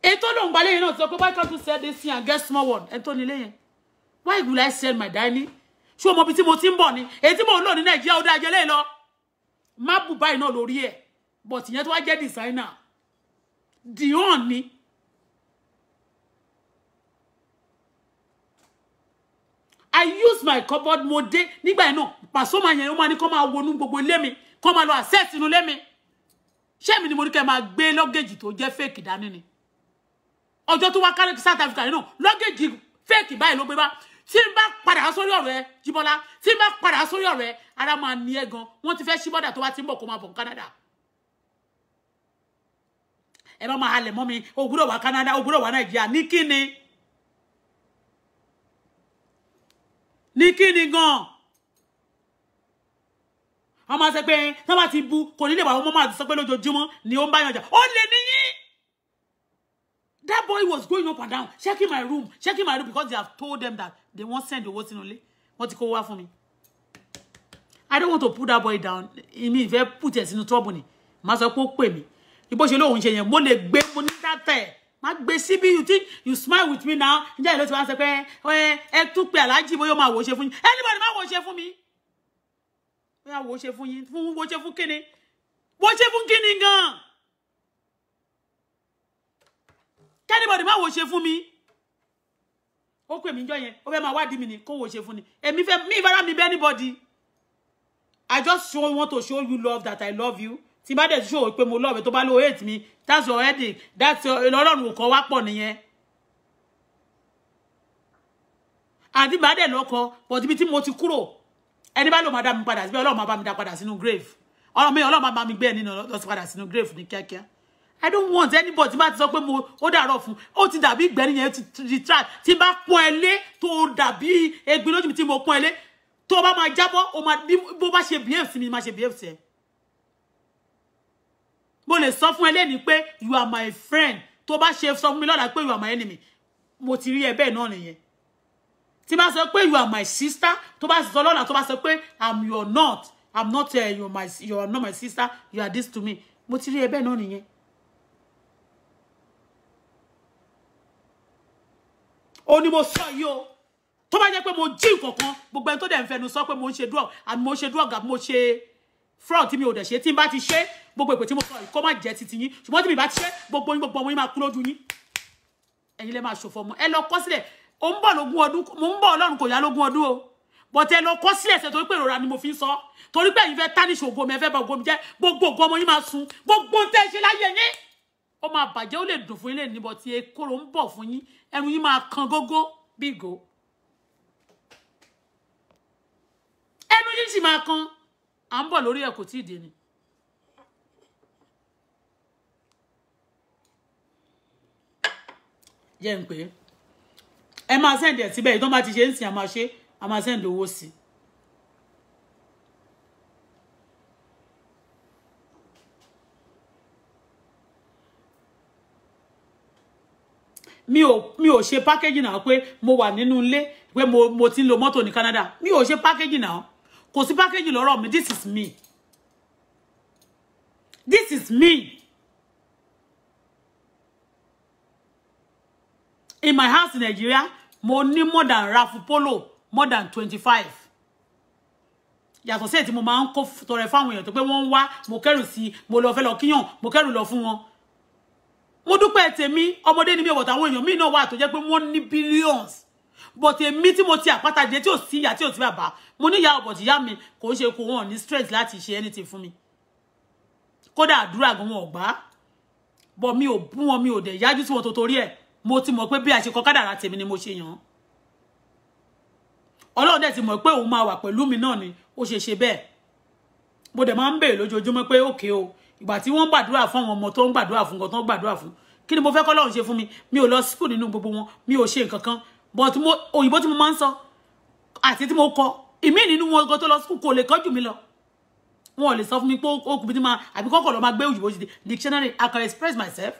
ètò ló ń gbalẹ̀ yẹn náà sọ pé why can't you sell this thing and get small one ẹ̀ tó nílé yẹn why will I sell my dining ṣé o mọ ibi tí mo ti ń bọ̀ ni èyí tí mò ń lò ní Nàìjíríà ó dáa jẹ́ lẹ́yìn lọ má bù báyìí náà lórí ẹ̀ but ìyẹn tó wá jẹ́ designer Dion ni I use my cupboard mo dé nígbà yẹn náà pàṣọmọ yẹn ó máa ní kó máa wọnú gbogbo ilé mi kó máa lọ access inú ilé mi ṣé mi ni mo ní kẹ́ máa gbé lọ́gẹ̀jì tó jẹ́ fake dání ni ọjọ́ to wá kárí South Africa yẹn náà lọ́gẹ̀jì fake báyìí ló gbé bá tí n bá padà sórí ọ̀rọ̀ ẹ Jibola. tí n bá padà sórí ọ̀rọ̀ ẹ ara máa ní ẹ gan wọ́n ti fẹ́ ṣí bọ́dà tó wá ti ń bọ̀ kó máa bọ̀ Canada ẹ bá máa halẹ̀ mọ́ mi ògbúdọ̀ wá Canada ògbúdọ̀ wá Nàìjíríà ní kí ní kí ni gan wọn máa sọ pé tí wọn bá ti bu kò ní lè máa sọ pé lójoojúmọ́ ni ó ń bá yànjà ó lè níyí that boy was going up and down checking my room checking my room because they have told them that they won't send owó sínú ilé wọn ti kó wá fún mi i don't want to put that boy down èmi ìfẹ́ put ẹ̀ sínú trouble ni màá sọ pé ó pè mí ìbó ṣe lóun ṣe yẹn mo lè gbé mo ní dátẹ̀ má gbé síbí you think you smile with me now ǹjẹ́ ìlú ti wá ń sọ pé ẹ ẹ tún pe aláàjì bóyá ó máa wò ó anybody má wò ó ṣe fún mi bóyá wò ó ṣe fún yín fún wò ó ṣe fún kíni wò ó ṣe gan anybody má wò ó ṣe fún mi ó pè mí jọ yẹn ó fẹ́ máa wádìí mi ni kó wò ó ṣe ni èmi fẹ́ mi ìfara mi bẹ́ anybody I just show want to show you love that I love you tí bá dẹ̀ ṣòwò pé mo love ẹ tó bá hate mi that's your headache that's your ọlọ́run kọ́ wá pọ̀ nìyẹn. àbí bá dẹ̀ lọ́kọ but ibi tí mo ti kúrò ẹni bá lò máa dá mi padà síbẹ̀ ọlọ́run mi dá padà sínú grave ọlọ́run mi ọlọ́run máa bá mi gbé ẹni náà lọ sí padà grave ní kíákíá. I don't want anybody tí bá ti sọ pé mo ó dàrọ̀ fún ó ti dàbí ìgbẹ́ni yẹn ti retract tí bá pọ́n ẹ lé tó dàbí egbin lójú mi tí mo pọ́n ẹ lé tó bá máa jábọ́ bó bá ṣe behave sí mi máa ṣe behave sí mo lè sọ fún ẹlẹ́ni pé you are my friend tó bá ṣe sọ fún mi lọ́la pé you are my enemy mo ti rí ẹ bẹ́ẹ̀ náà nìyẹn tí bá sọ pé you are my sister tó bá sọ lọ́la tó bá sọ pé i'm your not i'm not uh, your my your not my sister you are this to me mo ti rí ẹ bẹ́ẹ̀ náà nìyẹn. ó ní mo sọ yìí o tó bá jẹ́ pé mo jí nǹkankan gbogbo ẹni tó dẹ̀ ń fẹnu sọ pé mo ń ṣe drug àbí mo ṣe drug àbí mo ṣe fraud tí mi ò dẹ̀ ṣe tí n bá ti ṣe gbogbo ìpè tí mo sọ yìí kó má jẹ́ titi yín ṣùgbọ́n tí mi bá ti ṣe gbogbo yín gbogbo ọmọ yín máa kú lójú yín ẹ̀yin lè máa ṣòfò ọmọ ẹ lọ kọ́ sílẹ̀ ò ń bọ̀ lógún ọdún mò ń bọ̀ ọlọ́run kò yá lógún ọdún o bọ̀tẹ lọ kọ́ sílẹ̀ ṣe torí pé ìrora ni mo fi ń sọ torí pé ẹ̀yin fẹ́ tánìṣe ògo mi ẹ fẹ́ bà ògo mi jẹ́ gbogbo ògo ọmọ yín máa sun gbogbo tẹ́ ṣe láyé yín ó máa bàjẹ́ ó lè dùn fún yín lè níbọ̀ tí ekoro ń bọ̀ fún yín ẹnu yín máa kan gógó bí ìgò ẹnu yín sì máa kan à ń bọ̀ lórí ẹ̀ kò tí ì dé ni jẹ́ ń pé ẹ máa send ẹ̀ síbẹ̀ ìtàn bá ti ṣe ń sìn a máa ṣe a máa send owó sí mi ò ṣe packaging náà pé mo wà nínú ilé pé mo mo ti ń lo mọ́tò ní Canada mi ò ṣe packaging náà kò sí packaging lọ́rọ̀ mi this is me this is me in my house in Nigeria mo ní more than Ralph Polo more than twenty five yàtọ̀ sí ẹ̀ tí mo máa ń kó tọrẹ fáwọn èèyàn tó pé wọ́n ń wá mo kẹ́rù sí mo lọ fẹ́ lọ kíyàn mo kẹ́rù lọ fún wọn mo dúpẹ́ tèmi ọmọdé ni mi ọ̀bọ̀tà àwọn èèyàn míì náà wà tó jẹ́ pé wọ́n billions but èmi meeting mo ti àpáta jẹ tí ò sí ìyá tí ò sí bàbá mo ní ìyá ọ̀bọ̀tì ìyá mi kò ń ṣe kó wọn strength láti ṣe anything for me. kódà àdúrà gan wọn ò gbà bọ̀ mi ò bú wọn mi ò dẹ̀ yájú sí wọn tó torí ẹ̀ mo ti mọ̀ pé bí a ṣe kọ kádàrá tèmi ni mo ṣe yàn ọlọ́run dẹ̀ ti mọ̀ pé òun máa wà pẹ̀lú mi náà ni ó ṣe ṣe bẹ́ẹ̀ mo dẹ̀ máa ń béèrè lójoojúmọ́ pé o ìgbà tí wọ́n ń gbàdúrà fún àwọn ọmọ tó ń gbàdúrà fún nǹkan tó ń gbàdúrà fún kí ni mo fẹ́ kọ́lọ́run mi mi ò lọ school nínú gbogbo wọn mi ò ṣe nǹkan but mo òyìnbó tí mo máa ń sọ àti mo kọ ìmí nínú wọn gan tó lọ school kò lè kọ́jú mi lọ wọn ò lè sọ mi pé ó kù ti máa àbí kọ́kọ́ lọ máa gbé òyìnbó dictionary I can express myself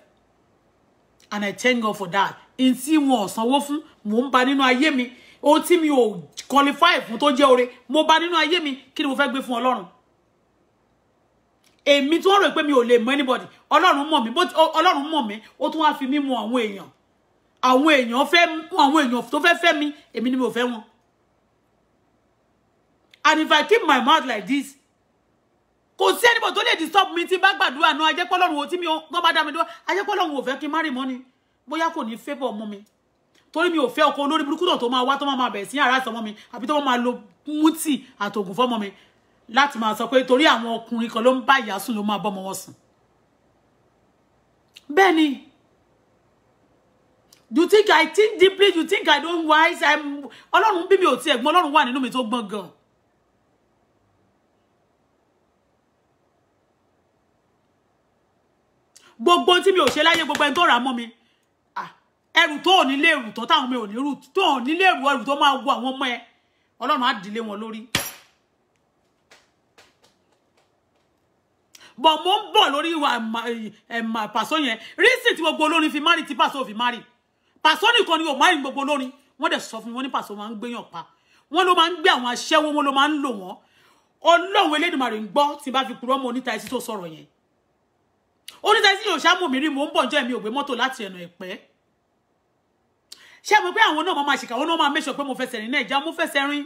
and I thank God for that In tí wọn ò sanwó fún mò ń ba nínú ayé mi ohun tí mi ò qualify fún to jẹ́ oore mo ba nínú aye mi kí ni mo fẹ́ gbé fún Ọlọ́run èmi tí wọ́n rò pé mi ò lè mọ anybody Ọlọ́run mọ̀ mí Ọlọ́run mọ̀ mí ó tún wá fi mí mọ àwọn èèyàn àwọn èèyàn fẹ́ àwọn èèyàn To fẹ́ fẹ́ mi èmi ni mi ò fẹ́ and if I keep my mouth like this kò sí ẹnìbọ̀ tó lè disturb mi tí bá gbàdúrà náà ajẹ́pọ̀ lọ́run wo tí mi tó bá dá mi dúró ajẹ́pọ̀ lọ́run wo fẹ́ kí n má rìn mọ́ ni bóyá kò ní favour mú mi torí mi ò fẹ́ ọkọ olórí burúkú náà tó máa wá tó máa bẹ̀rẹ̀ sí ara sọmọ mi àbí tó máa lo mútì àtògùn fọmọ mi láti máa sọ pé torí àwọn ọkùnrin kan ló ń bá ìyá sùn ló máa bọ́mọ wọn sùn. bẹ́ẹ̀ ni you think I think deeply you think I don't wise ọlọ́run bí mi ò tiẹ̀ gbọ́n ọlọ́run wà nínú mi tó gbọ́n gan-an gbogbo tí mi ò ṣe láyé gbogbo ẹni tó rà mọ́ mi ẹrù tó ò ní lè rù tó táwọn mi ò ní rù tó ò ní lè rù ẹrù tó máa wo àwọn ọmọ ẹ ọlọ́run á dìlé wọn lórí. bọ̀ mo ń bọ̀ lórí ìwà ẹ̀mà pàṣọ yẹn rísì tí gbogbo olórin fi márì tí pàṣọ fi márì pàṣọ nìkan ni ò márì gbogbo olórin wọ́n dẹ̀ sọ fún wọn ní pàṣọ máa ń gbéyàn pa wọ́n ló máa ń gbé àwọn aṣẹ́wó wọn ló máa ń lò wọ́n ọlọ́run elédùnmarè ń gbọ́ tí bá fi purọ́ mọ́ oníta ẹsí tó sọ̀rọ̀ yẹn ó ní tẹ́sí yóò ṣáà mọ̀ mí rí mò ń bọ̀ jẹ́ mi ò gbé mọ́tò láti ẹ̀nà ẹ̀pẹ́ ṣé mo pé àwọn náà máa ṣìkà wọn náà máa mẹ́sọ̀ pé mo fẹsẹ̀ rìn Nàìjíríà mo fẹsẹ̀ rìn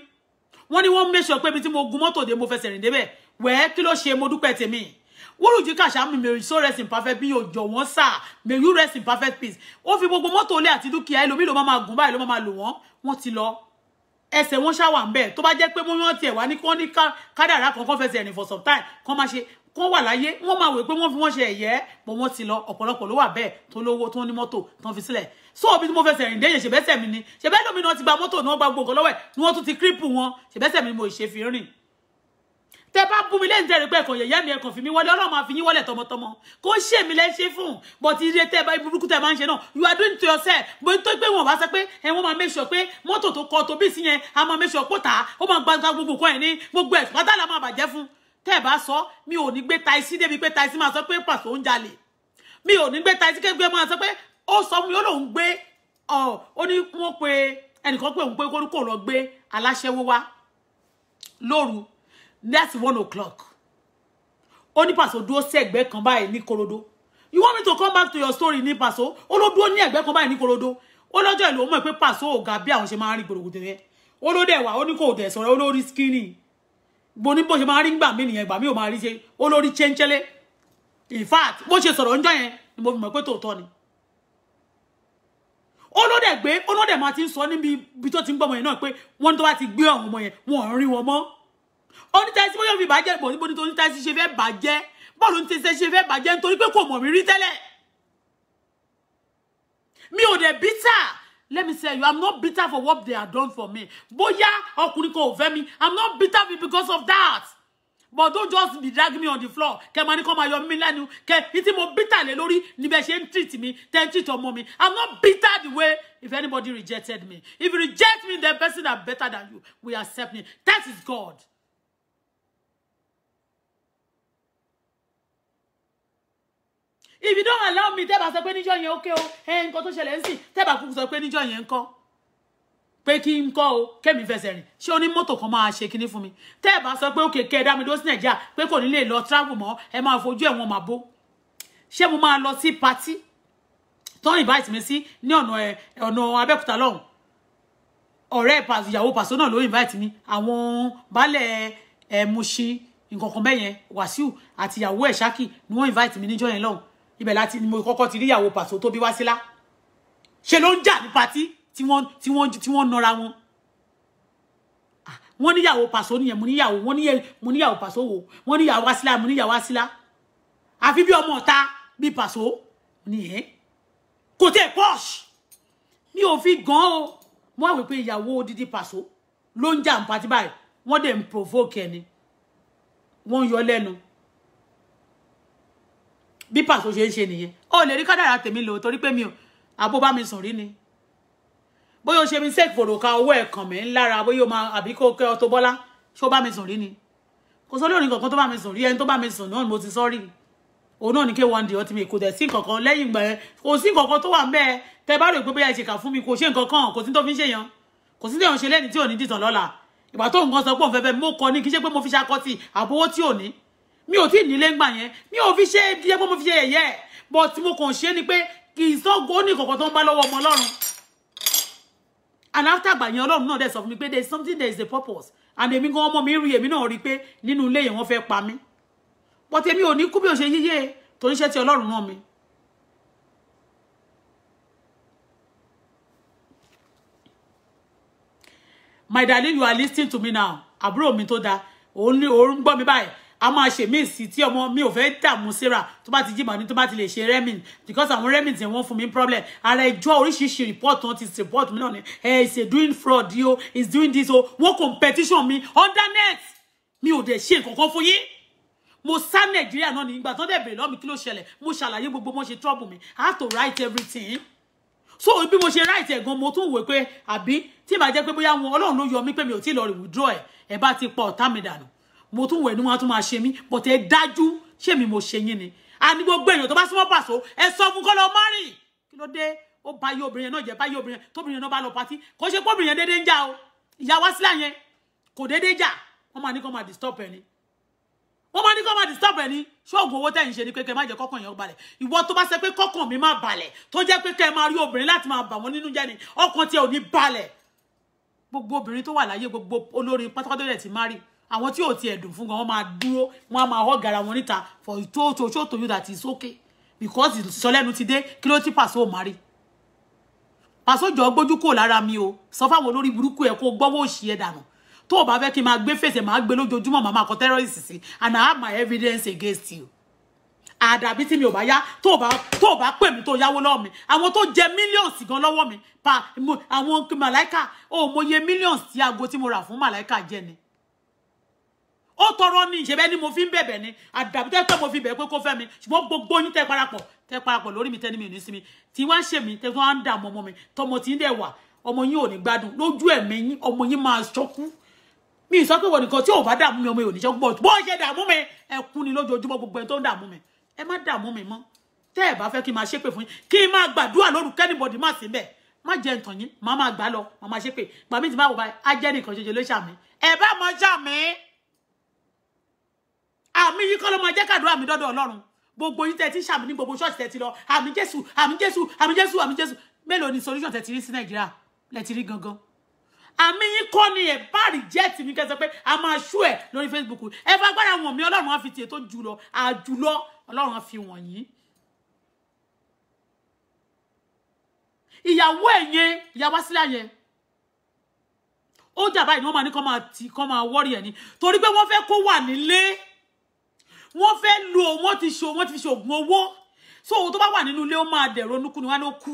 wọ́n ní wọ́n mẹ́sọ̀ pé ibi tí mo gun mọ́tò dé mo fẹsẹ̀ rìn débẹ̀ wẹ́ẹ́ kí ló ṣe mo dúpẹ́ tèmi wúrùjí kàṣámù may you so rest in perfect bí yóò jọ wọ́n sà may you rest in perfect peace ó fi gbogbo mọ́tò olé àti dúkìá ẹlòmíì ló máa gùn báyìí ló máa lò wọ́n wọ́n ti lọ ẹsẹ̀ wọn ṣáwà ń bẹ̀ tó bá jẹ́ pé wọ́n tiẹ̀ wá ní kí wọ́n ní kádàrá kan kan fẹsẹ̀ rìn for some time kan máa ṣe kó wà láyé wọ́n máa wò pé wọ́n fi wọ́n ṣe ẹ̀yẹ́ pé wọ́n ti lọ ọ̀pọ̀lọpọ̀ ló wà bẹ́ẹ̀ tó lówó tó ní mọ́tò tó ń fi sílẹ̀ so òbí tí mo fẹsẹ̀ rìn déyè ṣèbẹ́sẹ̀ mi ni ṣèbẹ́ lómi náà ti gba mọ́tò náà gba gbogbo lọ́wọ́ ẹ̀ ni wọ́n tún ti kírípù wọn ṣèbẹ́sẹ̀ mi ni mo ṣe fi rìn tẹ bá bú mi lẹ́yìn tẹ́ rí pé ẹ̀kọ́ yẹ̀yẹ́ mi ẹ̀kọ́ fi mi wọlé ọlọ́run máa fi yín wọlé tọmọtọmọ kó ṣe mi lẹ́ ṣe fún but ilé tẹ́ bá burúkú tẹ́ máa ń ṣe náà you are doing to yourself bó tó pé wọn bá sọ pé ẹ máa make pé mọ́tò tó kọ tó sí yẹn a máa make sure pọ́tà ó máa gbàgbà gbogbo nǹkan ẹ̀ ní gbogbo ẹ̀ pátá la máa bàjẹ́ fún tẹ́ bá sọ mi ò ní gbé taisí débi pé taisí máa sọ pé pàṣẹ ó ń mi ò ní gbé taisí kégbé máa sọ pé ó sọ mi ó lòún gbé ó ní wọ́n pe ẹnìkan pé òun pé kórúkọ lọ gbé aláṣẹwó wá lóru that's one o'clock ó ní pàṣẹ dúró sí ẹ̀gbẹ́ kan báyìí ní korodo you want me to come back to your story ní pàṣẹ ó ló dúró ní ẹ̀gbẹ́ kan báyìí ní korodo ó lọ́jọ́ ìlú ó mọ̀ pé pàṣẹ ò ga bí àwọn ṣe máa ń rí gbòdògbòdò yẹn ó ló dẹ̀ wá ó ní kò dẹ̀ sọ̀rọ̀ ó lórí skinny bo ní bó ṣe máa rí gbà mí nìyẹn gbà mí ò máa rí ṣe olórí chẹ́ńchẹ́lẹ́ in fact bó ṣe sọ̀rọ̀ ńjọ́ yẹn ni mo fi mọ̀ pé tòótọ́ ni olódẹ̀ gbé olódẹ̀ máa ti ń sọ níbi ibi tó ti ń gbọ́mọ yẹn náà pé wọ́n tó bá ti gbé àwọn ọmọ yẹn wọn ò rí wọn mọ́ onítàísí bóyá fi bàjẹ́ bò níbo nítorí onítàísí ṣe fẹ́ bàjẹ́ bọ́ọ̀lù ní tẹ̀sẹ̀ ṣe fẹ́ bàjẹ́ nítorí pé kò mọ̀ mí rí tẹ́lẹ̀ mi ò dẹ̀ bítà let me say, you i'm not bitter for what they have done for me bóyá ọkùnrin kan ò over me? i'm not bitter because of that but don't just be dragging me on the floor Can máa ní your máa yọ mí lẹ́nu more ìtí mo bitter lé lórí níbẹ̀ ṣe ń treat me, tẹ́ treat your mommy. i'm not bitter the way if anybody rejected me if you reject me the person that better than you will accept me that is God. if you don't allow me tẹ́bà sọ pé níjọ́ yẹn ókè o ẹ nǹkan tó ṣẹlẹ̀ ń sìn tẹ́bà kúkú sọ pé níjọ́ yẹn ń kọ́ pé kí n kọ́ o kẹ́mi fẹsẹ̀ rìn ṣé o ní mọ́tò kan máa ṣe kinní fún mi tẹ́bà sọ pé òkè kẹ́ẹ̀dá mi dó sí nàìjíríà pé kò ní lè lọ travel mọ́ ẹ máa fojú ẹ̀wọ̀n máa bó ṣé mo máa lọ sí patí tó invite mi sí ní ọ̀nà ọ̀nà abẹ́òkúta lọ́hùn ọ̀rẹ́ ìyàwó pàṣẹ náà ló invite mi àwọn baálẹ̀ ẹ̀ Mushin nǹkan kan bẹ́yẹn Wàsíù àti ìyàwó ẹ̀ Ṣákì ni wọ́n invite mi níjọ́ yẹn lọ́hùn ibẹ̀ láti ni mo kọ́kọ́ ti rí ìyàwó pàṣọ tó bí wá sílá ṣe ló ń jà ní patí tí wọ́n tí wọ́n tí wọ́n nọra wọn ah, wọ́n níyàwó pàṣọ nìyẹn mo níyàwó wọ́n níyẹn mo níyàwó pàṣọ wò wọ́n níyàwó wá sílá mo níyàwó wá sílá àfi bí ọmọ ọ̀ta bí pàṣọ nìyẹn kò tẹ̀ pọ́ṣ mi ò fi gan o mo wá wí pé ìyàwó odidi pàṣọ ló ń jà ní patí báyìí wọ́n dẹ̀ ń provoke ẹni wọ́n ń yọ lẹ́nu bí pàṣẹ ṣe ń ṣe nìyẹn ó lè rí kádàrà tèmi lò torí pé mi ò àbó bá mi sùn rí ni bóyá o ṣe mi sẹ́ẹ̀kì fòròkà owó ẹ̀kàn mi ńlára bóyá o máa àbí kó kẹ́ Auto Bola ṣé o bá mi sùn rí ni kò sọ lórí nǹkan tó bá mi sùn rí ẹni tó bá mi sùn náà mo ti sọ rí òun náà ní kí one day ọtí mi kò dẹ̀ sí nǹkan kan lẹ́yìn ìgbà yẹn kò sí nǹkan kan tó wà ńbẹ̀ tẹ bá rò pé bóyá ìṣèkà fún mi kò ṣe nǹkan kan kò sí tó fi ń ṣèyàn kò sí téèyàn ṣe lẹ́ni tí ò ní dìtàn lọ́la ìgbà tó nǹkan sọ pé òun fẹ́ fẹ́ mo kọ ní kí ṣe pé mo fi ṣakọ sí àbówó tí ò ní mi ò tí ì nílé ńgbà yẹn mi ò fi ṣe bí ẹgbẹ́ mo fi ṣe ẹ̀yẹ́ ẹ̀ bọ̀ tí mo kàn ṣe ni pé kì í sọ́gun ó ní ìkọ̀kọ̀ tó ń bá lọ́wọ́ and after gbà yẹn ọlọ́run náà dẹ̀ sọ fún mi pé there is something there is a purpose and èmi gan ọmọ mi rí èmi náà rí pé nínú ilé yẹn wọ́n fẹ́ pa mí but èmi ò ní kú bí ò ṣe yíyé torí iṣẹ́ tí ọlọ́run náà mi my darling you are listening to me now àbúrò mi tó dáa Only ní òun mi báyìí a máa ṣe mí sí tí ọmọ mi ò fẹ́ dààmú síra tó bá ti jí màní tó bá ti lè ṣe remin because àwọn remin ti wọ́n fún mi problem ara ẹjọ́ oríṣiríṣi report wọn ti report mi náà ni ẹ ṣe doing fraud yìí o is doing this o wọ́n competition mi under net mi ò dẹ̀ ṣe nǹkan kan fún yín mo sá nàìjíríà náà ní ìgbà tó dẹ̀ bèrè lọ́mi kí ló ṣẹlẹ̀ mo ṣàlàyé gbogbo mo ṣe trouble mi i have to write everything so bí mo ṣe write ẹ̀ gan mo tún wò pé àbí tí ìbá jẹ́ pé bóyá wọn ọlọ́run ló yọ mí pé mi ò tí ì lọ rè withdraw ẹ̀ ẹ̀ bá ti pọ̀ ọ̀tá dànù mo tún wẹ̀ ní wọn á tún máa ṣe mí but ẹ dájú ṣé mi mo ṣe yín ni àní gbogbo èèyàn tó bá súnmọ́ pàṣọ ẹ sọ fún kọ́ lọ márì kí ló dé ó bá yí obìnrin náà jẹ bá yí obìnrin tóbìnrin náà bá lọ patí kò ṣe pé obìnrin déédéé ń jà o ìyá wá sílẹ̀ yẹn kò déédéé jà wọ́n máa ní kó máa disturb ẹ̀ ni wọ́n máa ní kó máa disturb ẹ̀ ni ṣóògùn owó tẹ̀yìn ṣe ni pé kẹ́ má jẹ́ kọ́kàn yẹn balẹ̀ ìwọ tó bá ṣe pé kọ́kàn mi má balẹ̀ tó jẹ́ pé kẹ́ máa rí obìnrin láti máa bà wọ́n nínú jẹ́ ni ọkàn tiẹ̀ ò ní balẹ̀ gbogbo obìnrin tó wà láyé gbogbo olórin pátápátá rẹ̀ ti má rí àwọn tí ò ti ẹ̀dùn fún gan wọ́n máa dúró wọ́n á máa họ́ gara wọn níta for to to show to you that it's okay because ìsọlẹ́nu ti dé kí ló ti pàṣẹ ò máa rí pàṣẹ jọ gbójú kò lára mi o sọ fáwọn olórí burúkú ẹ kó gbọ́wọ́ òṣì ẹ dànù tó o bá fẹ́ kí n máa gbé fèsì máa gbé lójoojúmọ́ màá máa kọ terrorist sí and I have my evidence against you àdàbí tí mi ò bá yá tó bá tó bá pè mí tó yáwó lọ́wọ́ mi àwọn tó jẹ millions gan lọ́wọ́ mi pa àwọn màláìka ò mọye millions tí aago tí mo rà fún màláìka jẹ ni ó tọrọ ní ìṣẹ́bẹ́ ni mo fi ń bẹ̀bẹ̀ ni àdàbí tẹ́ pé mo fi bẹ̀ pé kó fẹ́ mi ṣùgbọ́n gbogbo yín tẹ́ parapọ̀ tẹ́ parapọ̀ lórí mi tẹ́ni mi ò ní sinmi tí wá ń ṣe mí tẹ́ tó wá ń dààmú ọmọ mi tọmọ tí ń dẹ̀ wà ọmọ yín ò ní gbádùn lójú ẹ̀mí yín ọmọ yín máa ṣọ́kú mi ì sọ pé wọ́n nìkan tí ò bá dààmú mi o yìí ò ní ṣọ́kú bó ṣe dààmú mi ẹkún ni lójoojúmọ́ gbogbo ẹni tó ń dààmú mi ẹ má dààmú mi mo tẹ́ ẹ bá fẹ́ kí n máa ṣépè fún yín kí n máa gbàdúrà lóru kẹ́nìbọ̀dì má sí bẹ́ẹ̀ má jẹ ntàn yín má máa gbà lọ má máa ṣépè gbàmí ti má wò báyìí á jẹ́ nìkan ṣoṣo ló ṣàmì ẹ bá mọ ṣàmì àmì yìí kọ́ ló máa jẹ́ kàdúrà mi dọ́dọ̀ ọlọ́run gbogbo yín tẹ́tí sàmì ní gbogbo ṣọ́ọ̀ṣì tẹ́tí lọ àmì jésù àmì jésù àmì jésù àmì jésù mélòó ni solution tẹ́tí rí sí nàìjíríà lẹ́tí rí gangan àmì yín kọ́ ni ẹ̀ bá reject mi kẹsàn pé a máa ṣú ẹ̀ lórí facebook ẹ bá gbára wọn mi ọlọ́run á fi tiẹ̀ tó jùlọ àjùlọ ọlọ́run á fi wọ̀nyí ìyàwó ẹ̀ yẹn ìyàwó sílẹ̀ yẹn ó jà báyìí ni wọ́n máa ní kọ́ máa ti kọ́ máa wọ́rì ẹ̀ ni torí pé wọ́n fẹ́ kó wà nílé wọ́n fẹ́ lo wọ́n ti ṣe wọ́n ti fi ṣe oògùn owó so owó tó bá wà nínú ilé ó máa dẹ̀rọ onúkú ni wọ́n ló kú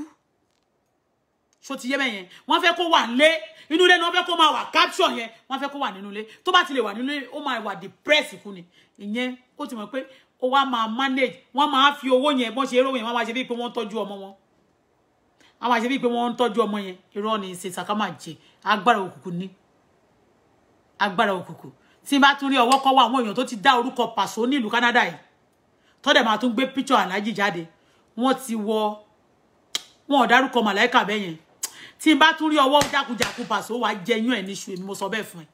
so ti yé mẹ́yẹn wọ́n fẹ́ kó wà nílé inú ilé ni wọ́n fẹ́ kó máa wà capture yẹn wọ́n fẹ́ kó wà nínú ilé tó bá ti lè wà nínú ilé ó máa wà depress kú ni ìyẹn ó ti mọ̀ pé ó wá máa manage wọ́n máa fi owó yẹn bọ́n ṣe eré yẹn wọ́n máa ṣe bíi pé wọ́n ń tọ́jú ọmọ wọn wọ́n máa ṣe bíi pé wọ́n ń tọ́jú ọmọ yẹn irọ́ ni ṣe sàkámà jẹ agbára òkùnkùn ni agbára òkùnkùn tí n bá tún rí ọwọ́ kọ́wọ́ àwọn èèyàn tó ti dá orúkọ pàṣọ nílùú Canada yìí tọ́dẹ̀ máa tún gbé píchọ̀ aláàjì jáde wọ́n ti wọ wọn ò dárúkọ màláìkà bẹ́ẹ̀ yẹn tí n bá tún rí ọwọ́ jákujàku pàṣọ wàá jẹyún ẹ̀ níṣu èmi mo sọ bẹ́ẹ̀ fún ẹ